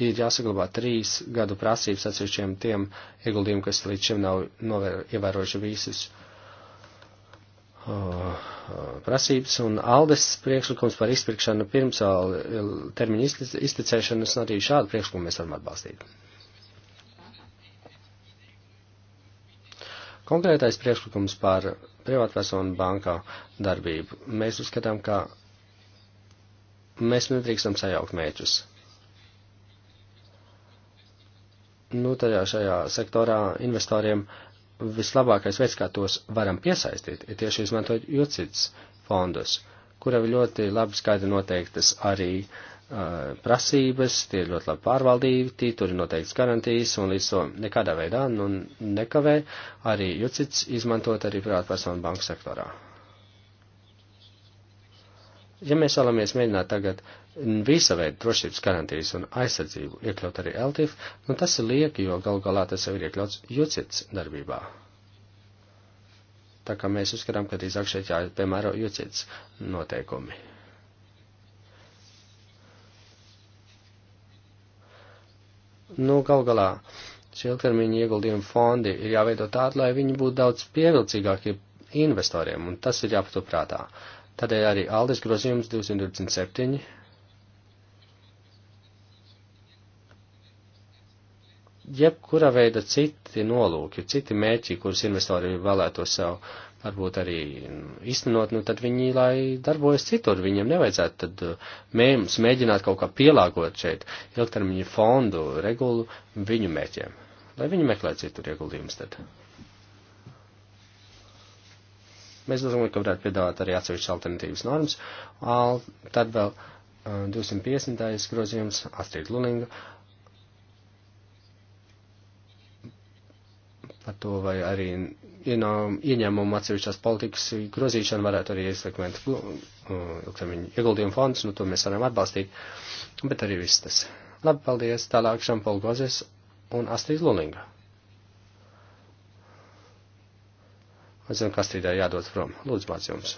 ir jāsaglabā trīs gadu prasības atsevišķiem tiem ieguldījumiem, kas līdz šim nav novēr, ievērojuši visus uh, prasības, un Aldes priekšlikums par izpirkšanu pirms termiņa izticēšanas arī šādu priekšlikumu mēs varam atbalstīt. Konkrētais priekšlikums par privātpersonu bankā darbību. Mēs uzskatām, ka mēs nedrīkstam sajaukt mērķus. Nu, tajā šajā sektorā investoriem vislabākais veids, kā tos varam piesaistīt, ir tieši izmantojot jūcits fondus, kura ļoti labi skaidri noteiktas arī uh, prasības, tie ir ļoti labi pārvaldīti, tur ir noteikts garantijas un līdz to nekādā veidā nu, nekavē arī jucits izmantot arī privātpersonu banku sektorā. Ja mēs vēlamies mēģināt tagad visa veida drošības garantijas un aizsardzību iekļaut arī LTIF, nu tas ir lieki, jo gal galā tas jau ir iekļauts jucits darbībā. Tā kā mēs uzskatām, ka drīzāk šeit jāpiemēro jucits noteikumi. nu, gal galā šie ilgtermiņa ieguldījumu fondi ir jāveido tādi, lai viņi būtu daudz pievilcīgāki investoriem, un tas ir jāpatur prātā. Tādēļ arī Aldis grozījums 227. Jebkura veida citi nolūki, citi mēķi, kurus investori vēlētos sev varbūt arī iztenot, nu tad viņi, lai darbojas citur, viņiem nevajadzētu tad uh, mēms mēģināt kaut kā pielāgot šeit ilgtermiņu fondu regulu viņu mēķiem, lai viņi meklē citur ieguldījumus tad. Mēs domājam, ka varētu piedāvāt arī atsevišķas alternatīvas normas, Al, tad vēl 250. Uh, grozījums Astrid Lulinga ar to, vai arī ieņēmumu atsevišķās politikas grozīšana varētu arī iesekmēt uh, ilgtermiņu ieguldījumu fondus, nu to mēs varam atbalstīt, bet arī viss tas. Labi, paldies, tālāk Šampola Gozes un Astrid Lulinga. Es zinu, ka Astridai jādod prom. Lūdzu, māc jums.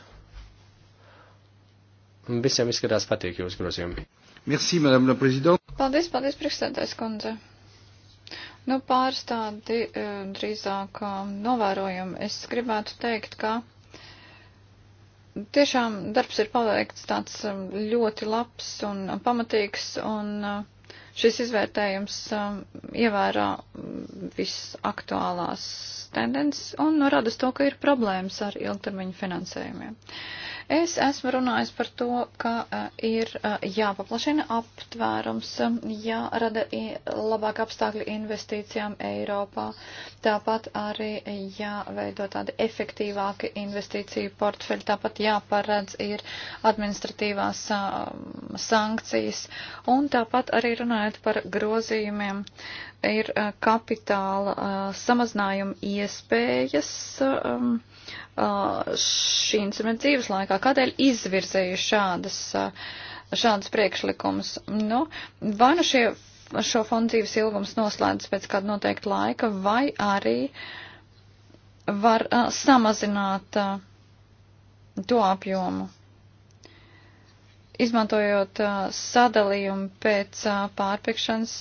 Visiem izskatās patīk jūsu grozījumi. Merci, madame la présidente. Paldies, paldies, priekšstādājs kundze. Nu, pāris tādi e, drīzāk e, novērojumi. Es gribētu teikt, ka tiešām darbs ir paveikts tāds e, ļoti labs un pamatīgs, un Šis izvērtējums um, ievērā mm, visaktuālās tendences un norādas to, ka ir problēmas ar ilgtermiņu finansējumiem. Es esmu runājis par to, ka uh, ir uh, jāpaplašina aptvērums, um, jārada labāk apstākļi investīcijām Eiropā, tāpat arī jāveido tādi efektīvāki investīciju portfeļi, tāpat jāparedz ir administratīvās uh, sankcijas un tāpat arī runājot runājot par grozījumiem, ir uh, kapitāla uh, samazinājuma iespējas um, uh, šī instrumenta dzīves laikā. Kādēļ izvirzēju šādas, šādas priekšlikumus? Nu, vai nu šie, šo fondu dzīves ilgums noslēdz pēc kāda noteikta laika, vai arī var samazināt to apjomu? izmantojot sadalījumu pēc pārpirkšanas,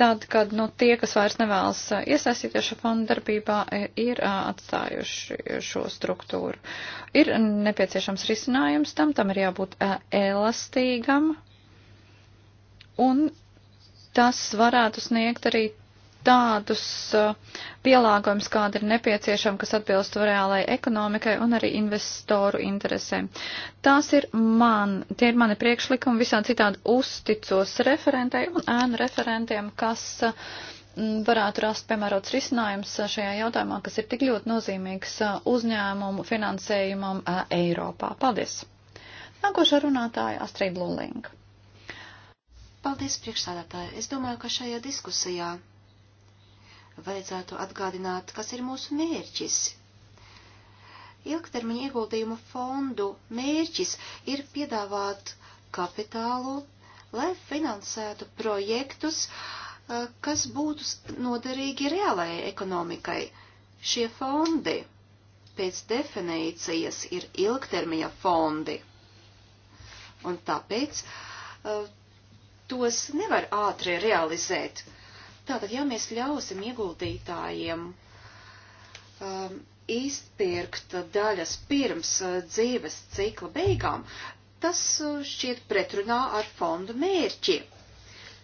tad, kad nu, tie, kas vairs nevēlas iesaistīties šajā fonda darbībā, ir atstājuši šo struktūru. Ir nepieciešams risinājums tam, tam ir jābūt elastīgam, un tas varētu sniegt arī tādus uh, pielāgojumus, kāda ir nepieciešama, kas atbilst reālai ekonomikai un arī investoru interesēm. Tās ir man, tie ir mani priekšlikumi, visā citādi uzticos referentei un ēnu referentiem, kas uh, varētu rast piemērots risinājums uh, šajā jautājumā, kas ir tik ļoti nozīmīgs uzņēmumu finansējumam Eiropā. Paldies! Nākošā runātāja Astrid Lulinga. Paldies, priekšsādātāji. Es domāju, ka šajā diskusijā vajadzētu atgādināt, kas ir mūsu mērķis. Ilgtermiņa ieguldījumu fondu mērķis ir piedāvāt kapitālu, lai finansētu projektus, eh, kas būtu noderīgi reālajai ekonomikai. Šie fondi pēc definīcijas ir ilgtermiņa fondi. Un tāpēc uh, tos nevar ātri realizēt. Uh, Tātad, ja mēs ļausim ieguldītājiem um, izpirkt daļas pirms uh, dzīves cikla beigām, tas uh, šķiet pretrunā ar fondu mērķi.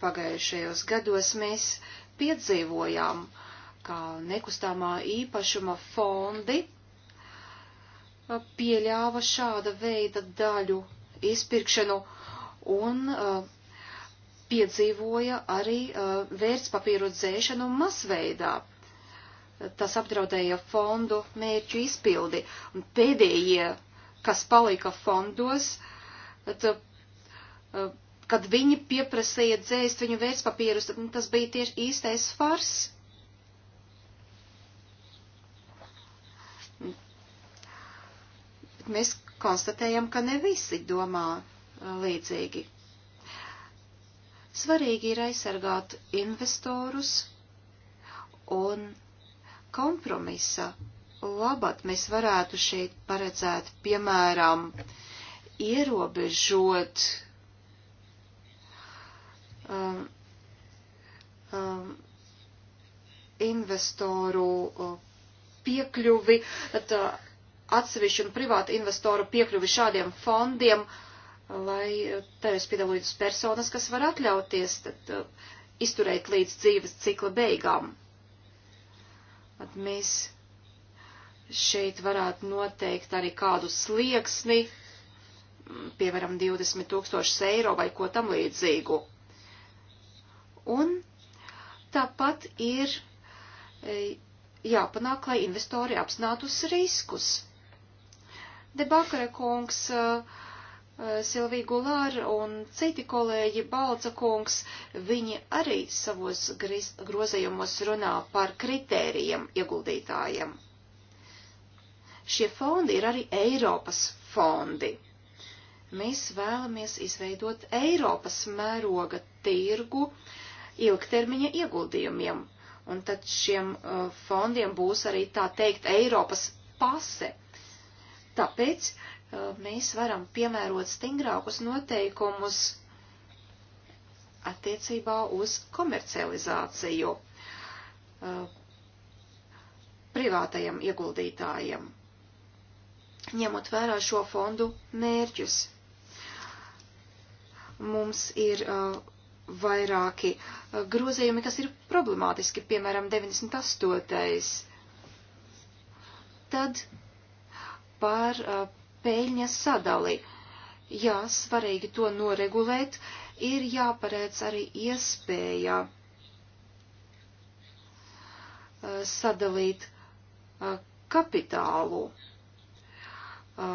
Pagājušajos gados mēs piedzīvojām, ka nekustāmā īpašuma fondi uh, pieļāva šāda veida daļu izpirkšanu un uh, piedzīvoja arī uh, vērtspapīru dzēšanu masveidā. Tas apdraudēja fondu mērķu izpildi. Un pēdējie, kas palika fondos, tad, uh, kad viņi pieprasīja dzēst viņu vērtspapīrus, nu, tas bija tieši īstais fars. Bet mēs konstatējam, ka ne visi domā uh, līdzīgi. Svarīgi ir aizsargāt investorus un kompromisa labad mēs varētu šeit paredzēt, piemēram, ierobežot um, um, investoru uh, piekļuvi, uh, atsevišķu un privātu investoru piekļuvi šādiem fondiem uh, lai eh, tajos piedalītos personas, kas var atļauties tad, uh, izturēt līdz dzīves cikla beigām. Tad mēs šeit varētu noteikt arī kādu slieksni, mm, piemēram, 20 tūkstošus eiro vai ko tam līdzīgu. Un tāpat ir eh, jāpanāk, lai investori apzinātos riskus. Debakare kungs uh, Eh, Silvija Gulāra un citi kolēģi Balca kungs, viņi arī savos grozījumos runā par kritērijiem ieguldītājiem. Šie fondi ir arī Eiropas fondi. Mēs vēlamies izveidot Eiropas mēroga tirgu ilgtermiņa ieguldījumiem, un tad šiem uh, fondiem būs arī tā teikt Eiropas pase. Tāpēc uh, Uh, mēs varam piemērot stingrākus noteikumus attiecībā uz komercializāciju uh, privātajiem ieguldītājiem, ņemot vērā šo fondu mērķus. Mums ir uh, vairāki uh, grozījumi, kas ir problemātiski, piemēram, 98. Tad par uh, peļņas sadali. Jā, svarīgi to noregulēt, ir jāparēc arī iespēja eh, sadalīt eh, kapitālu. Eh,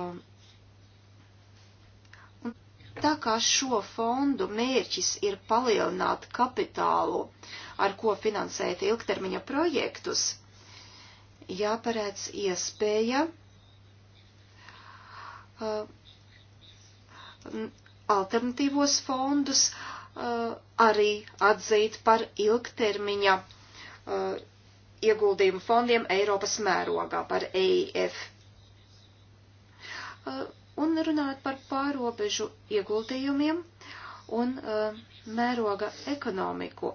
un tā kā šo fondu mērķis ir palielināt kapitālu, ar ko finansēt ilgtermiņa projektus, jāparēc iespēja uh, Uh, alternatīvos fondus uh, arī atzīt par ilgtermiņa uh, ieguldījumu fondiem Eiropas mērogā, par EIF. Un runāt par pārobežu ieguldījumiem un mēroga ekonomiku.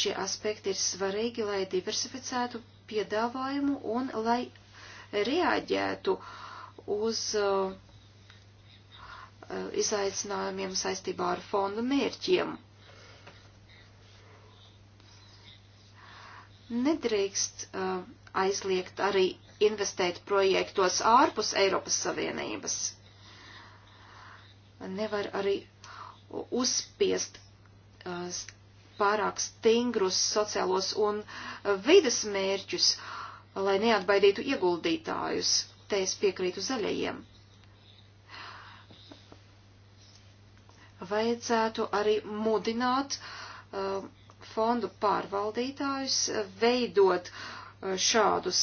Šie aspekti ir svarīgi, lai diversificētu piedāvājumu un lai reaģētu uh, uz uh, izaicinājumiem saistībā ar fondu mērķiem. Nedrīkst uh, aizliegt arī investēt projektos ārpus Eiropas Savienības. Nevar arī uzspiest uh, pārāk stingrus sociālos un vides mērķus, lai neatbaidītu ieguldītājus Te es piekrītu zaļajiem. Vajadzētu arī mudināt uh, fondu pārvaldītājus veidot uh, šādus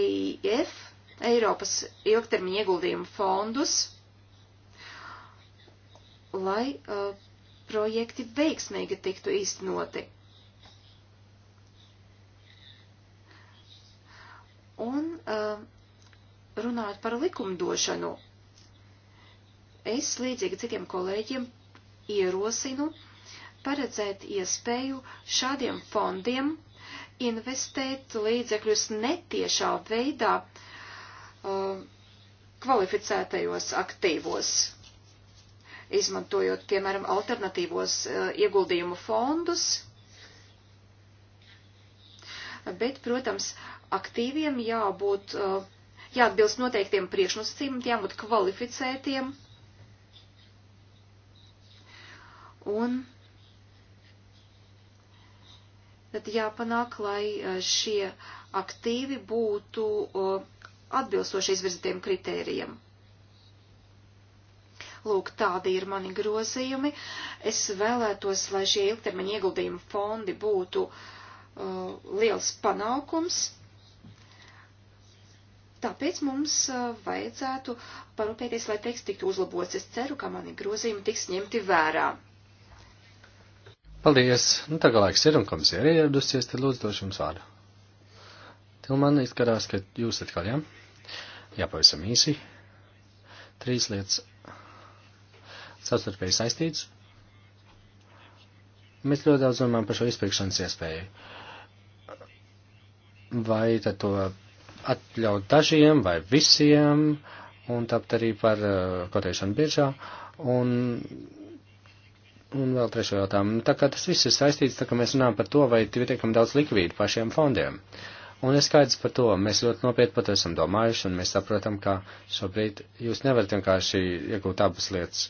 EIF, Eiropas ilgtermiņa ieguldījumu fondus, lai uh, projekti veiksmīgi tiktu īstenoti. Un uh, runāt par likumdošanu. Es, līdzīgi citiem kolēģiem, ierosinu paredzēt iespēju šādiem fondiem investēt līdzekļus netiešā veidā uh, kvalificētajos aktīvos, izmantojot, piemēram, alternatīvos uh, ieguldījumu fondus. Bet, protams, aktīviem jābūt uh, jāatbilst noteiktiem priekšnosacījumiem, jābūt kvalificētiem. Un tad jāpanāk, lai eh, šie aktīvi būtu eh, atbilstoši izvirzītiem kritērijiem. Lūk, tādi ir mani grozījumi. Es vēlētos, lai šie ilgtermiņa ieguldījumu fondi būtu uh, liels panākums. Tāpēc mums uh, vajadzētu parūpēties, lai teksts tiktu uzlabots. Es ceru, ka mani grozījumi tiks ņemti vērā. Paldies! Nu, tā kā laiks ir un komisija ir ieradusies, tad lūdzu došu jums vārdu. Til man izskatās, ka jūs atkal, jā? Ja? Jā, pavisam īsi. Trīs lietas savstarpēji saistīts. Mēs ļoti daudz domājam par šo izpirkšanas iespēju. Vai tad to atļaut dažiem vai visiem, un tāpat arī par eh, kotēšanu biežā, un, un vēl trešo jautājumu. Tā kā tas viss ir saistīts, tā kā mēs runājam par to, vai pietiekam daudz likvīdu pašiem fondiem. Un ir skaidrs par to, mēs ļoti nopietni par to esam domājuši, un mēs saprotam, ka šobrīd jūs nevarat vienkārši iegūt abas lietas.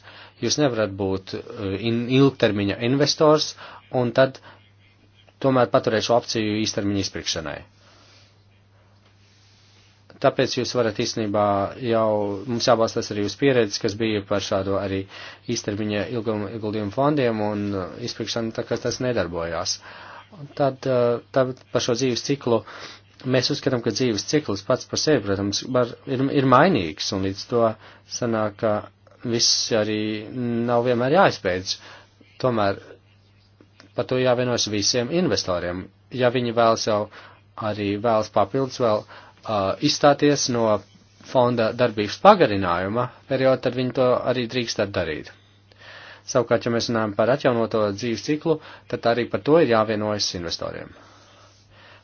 Jūs nevarat būt eh, in, ilgtermiņa investors un tad tomēr paturēt šo opciju īstermiņa izpirkšanai. Tāpēc jūs varat īstenībā jau, mums jābalstās arī uz pieredzi, kas bija par šādo arī īstermiņa ieguldījumu fondiem un uh, izpirkšanu, tā kā tas nedarbojās. Tad, uh, tad par šo dzīves ciklu mēs uzskatām, ka dzīves cikls pats par sevi, protams, var, ir, ir mainīgs un līdz to sanāk, ka viss arī nav vienmēr jāizpēc. Tomēr par to jāvienos visiem investoriem. Ja viņi vēlas jau arī vēlas papildus vēl Uh, izstāties no fonda darbības pagarinājuma perioda, tad viņi to arī drīkstētu darīt. Savukārt, ja mēs runājam par atjaunoto dzīves ciklu, tad arī par to ir jāvienojas investoriem.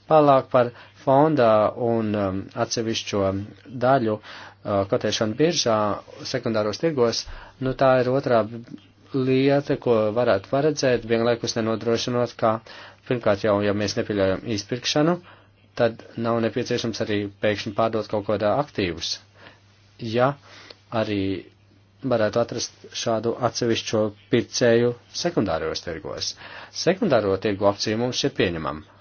Pārlāk par fonda un um, atsevišķo daļu uh, kotēšanu biržā, sekundāros tirgos, nu tā ir otrā lieta, ko varētu paredzēt, vienlaikus nenodrošinot, kā pirmkārt jau, ja mēs nepieļaujam izpirkšanu, uh, tad nav nepieciešams arī pēkšņi pārdot kaut kādā aktīvus. Ja arī varētu atrast šādu atsevišķo pircēju sekundārajos tirgos. Sekundāro tirgu opcija mums ir pieņemama.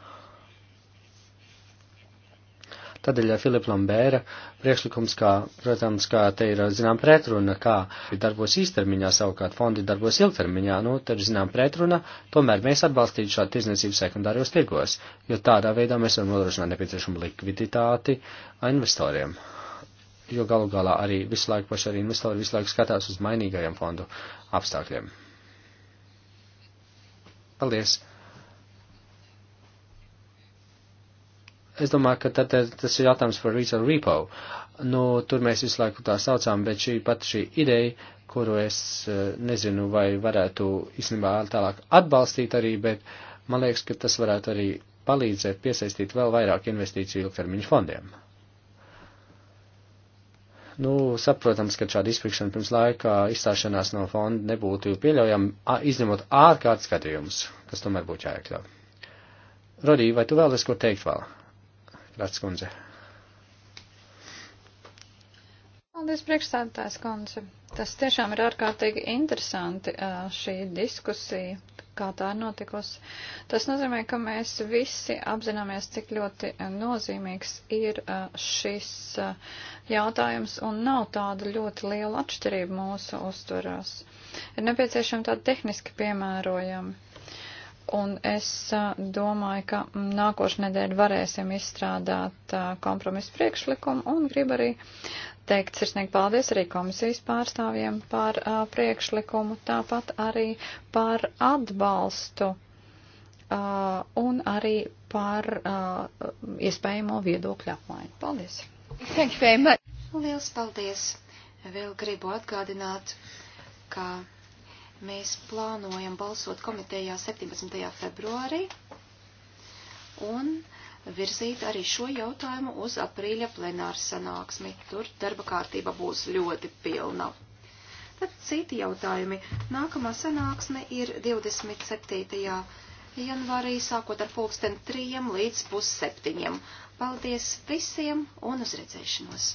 Tādēļ ja Filipa Lambēra priekšlikums, kā, protams, kā te ir, zinām, pretruna, kā darbos īstermiņā, savukārt fondi darbos ilgtermiņā, nu, tad, zinām, pretruna, tomēr mēs atbalstītu šādu tirzniecību sekundāros tirgos, jo tādā veidā mēs varam nodrošināt nepieciešamu likviditāti investoriem. Jo galu galā arī visu laiku paši arī investori visu laiku skatās uz mainīgajiem fondu apstākļiem. Paldies! es domāju, ka tad tas ir jautājums par retail repo. Nu, tur mēs visu laiku tā saucām, bet šī pat šī ideja, kuru es eh, nezinu, vai varētu īstenībā tālāk atbalstīt arī, bet man liekas, ka tas varētu arī palīdzēt piesaistīt vēl vairāk investīciju ilgtermiņu fondiem. Nu, saprotams, ka šāda izpirkšana pirms laika izstāšanās no fonda nebūtu pieļaujama, izņemot ārkārtas skatījumus, kas tomēr būtu jāiekļauj. Rodī, vai tu vēlies ko teikt vēl? Ratskundze. Paldies, priekšsēdētājs kundze. Tas tiešām ir ārkārtīgi interesanti šī diskusija, kā tā ir notikusi. Tas nozīmē, ka mēs visi apzināmies, cik ļoti nozīmīgs ir šis jautājums un nav tāda ļoti liela atšķirība mūsu uzturās. Ir nepieciešama tāda tehniski piemērojama Un es domāju, ka nākošu nedēļu varēsim izstrādāt kompromisu priekšlikumu un gribu arī teikt sirsnīgi paldies arī komisijas pārstāvjiem par uh, priekšlikumu, tāpat arī par atbalstu uh, un arī par uh, iespējamo viedokļu apmaiņu. Paldies! Thank you very much! Liels paldies! Vēl gribu atgādināt, ka Mēs plānojam balsot komitejā 17. februārī un virzīt arī šo jautājumu uz aprīļa plenāru sanāksmi. Tur darba kārtība būs ļoti pilna. Tad citi jautājumi. Nākamā sanāksme ir 27. janvārī, sākot ar pulksten 3 līdz pusseptiņiem. Paldies visiem un uz redzēšanos!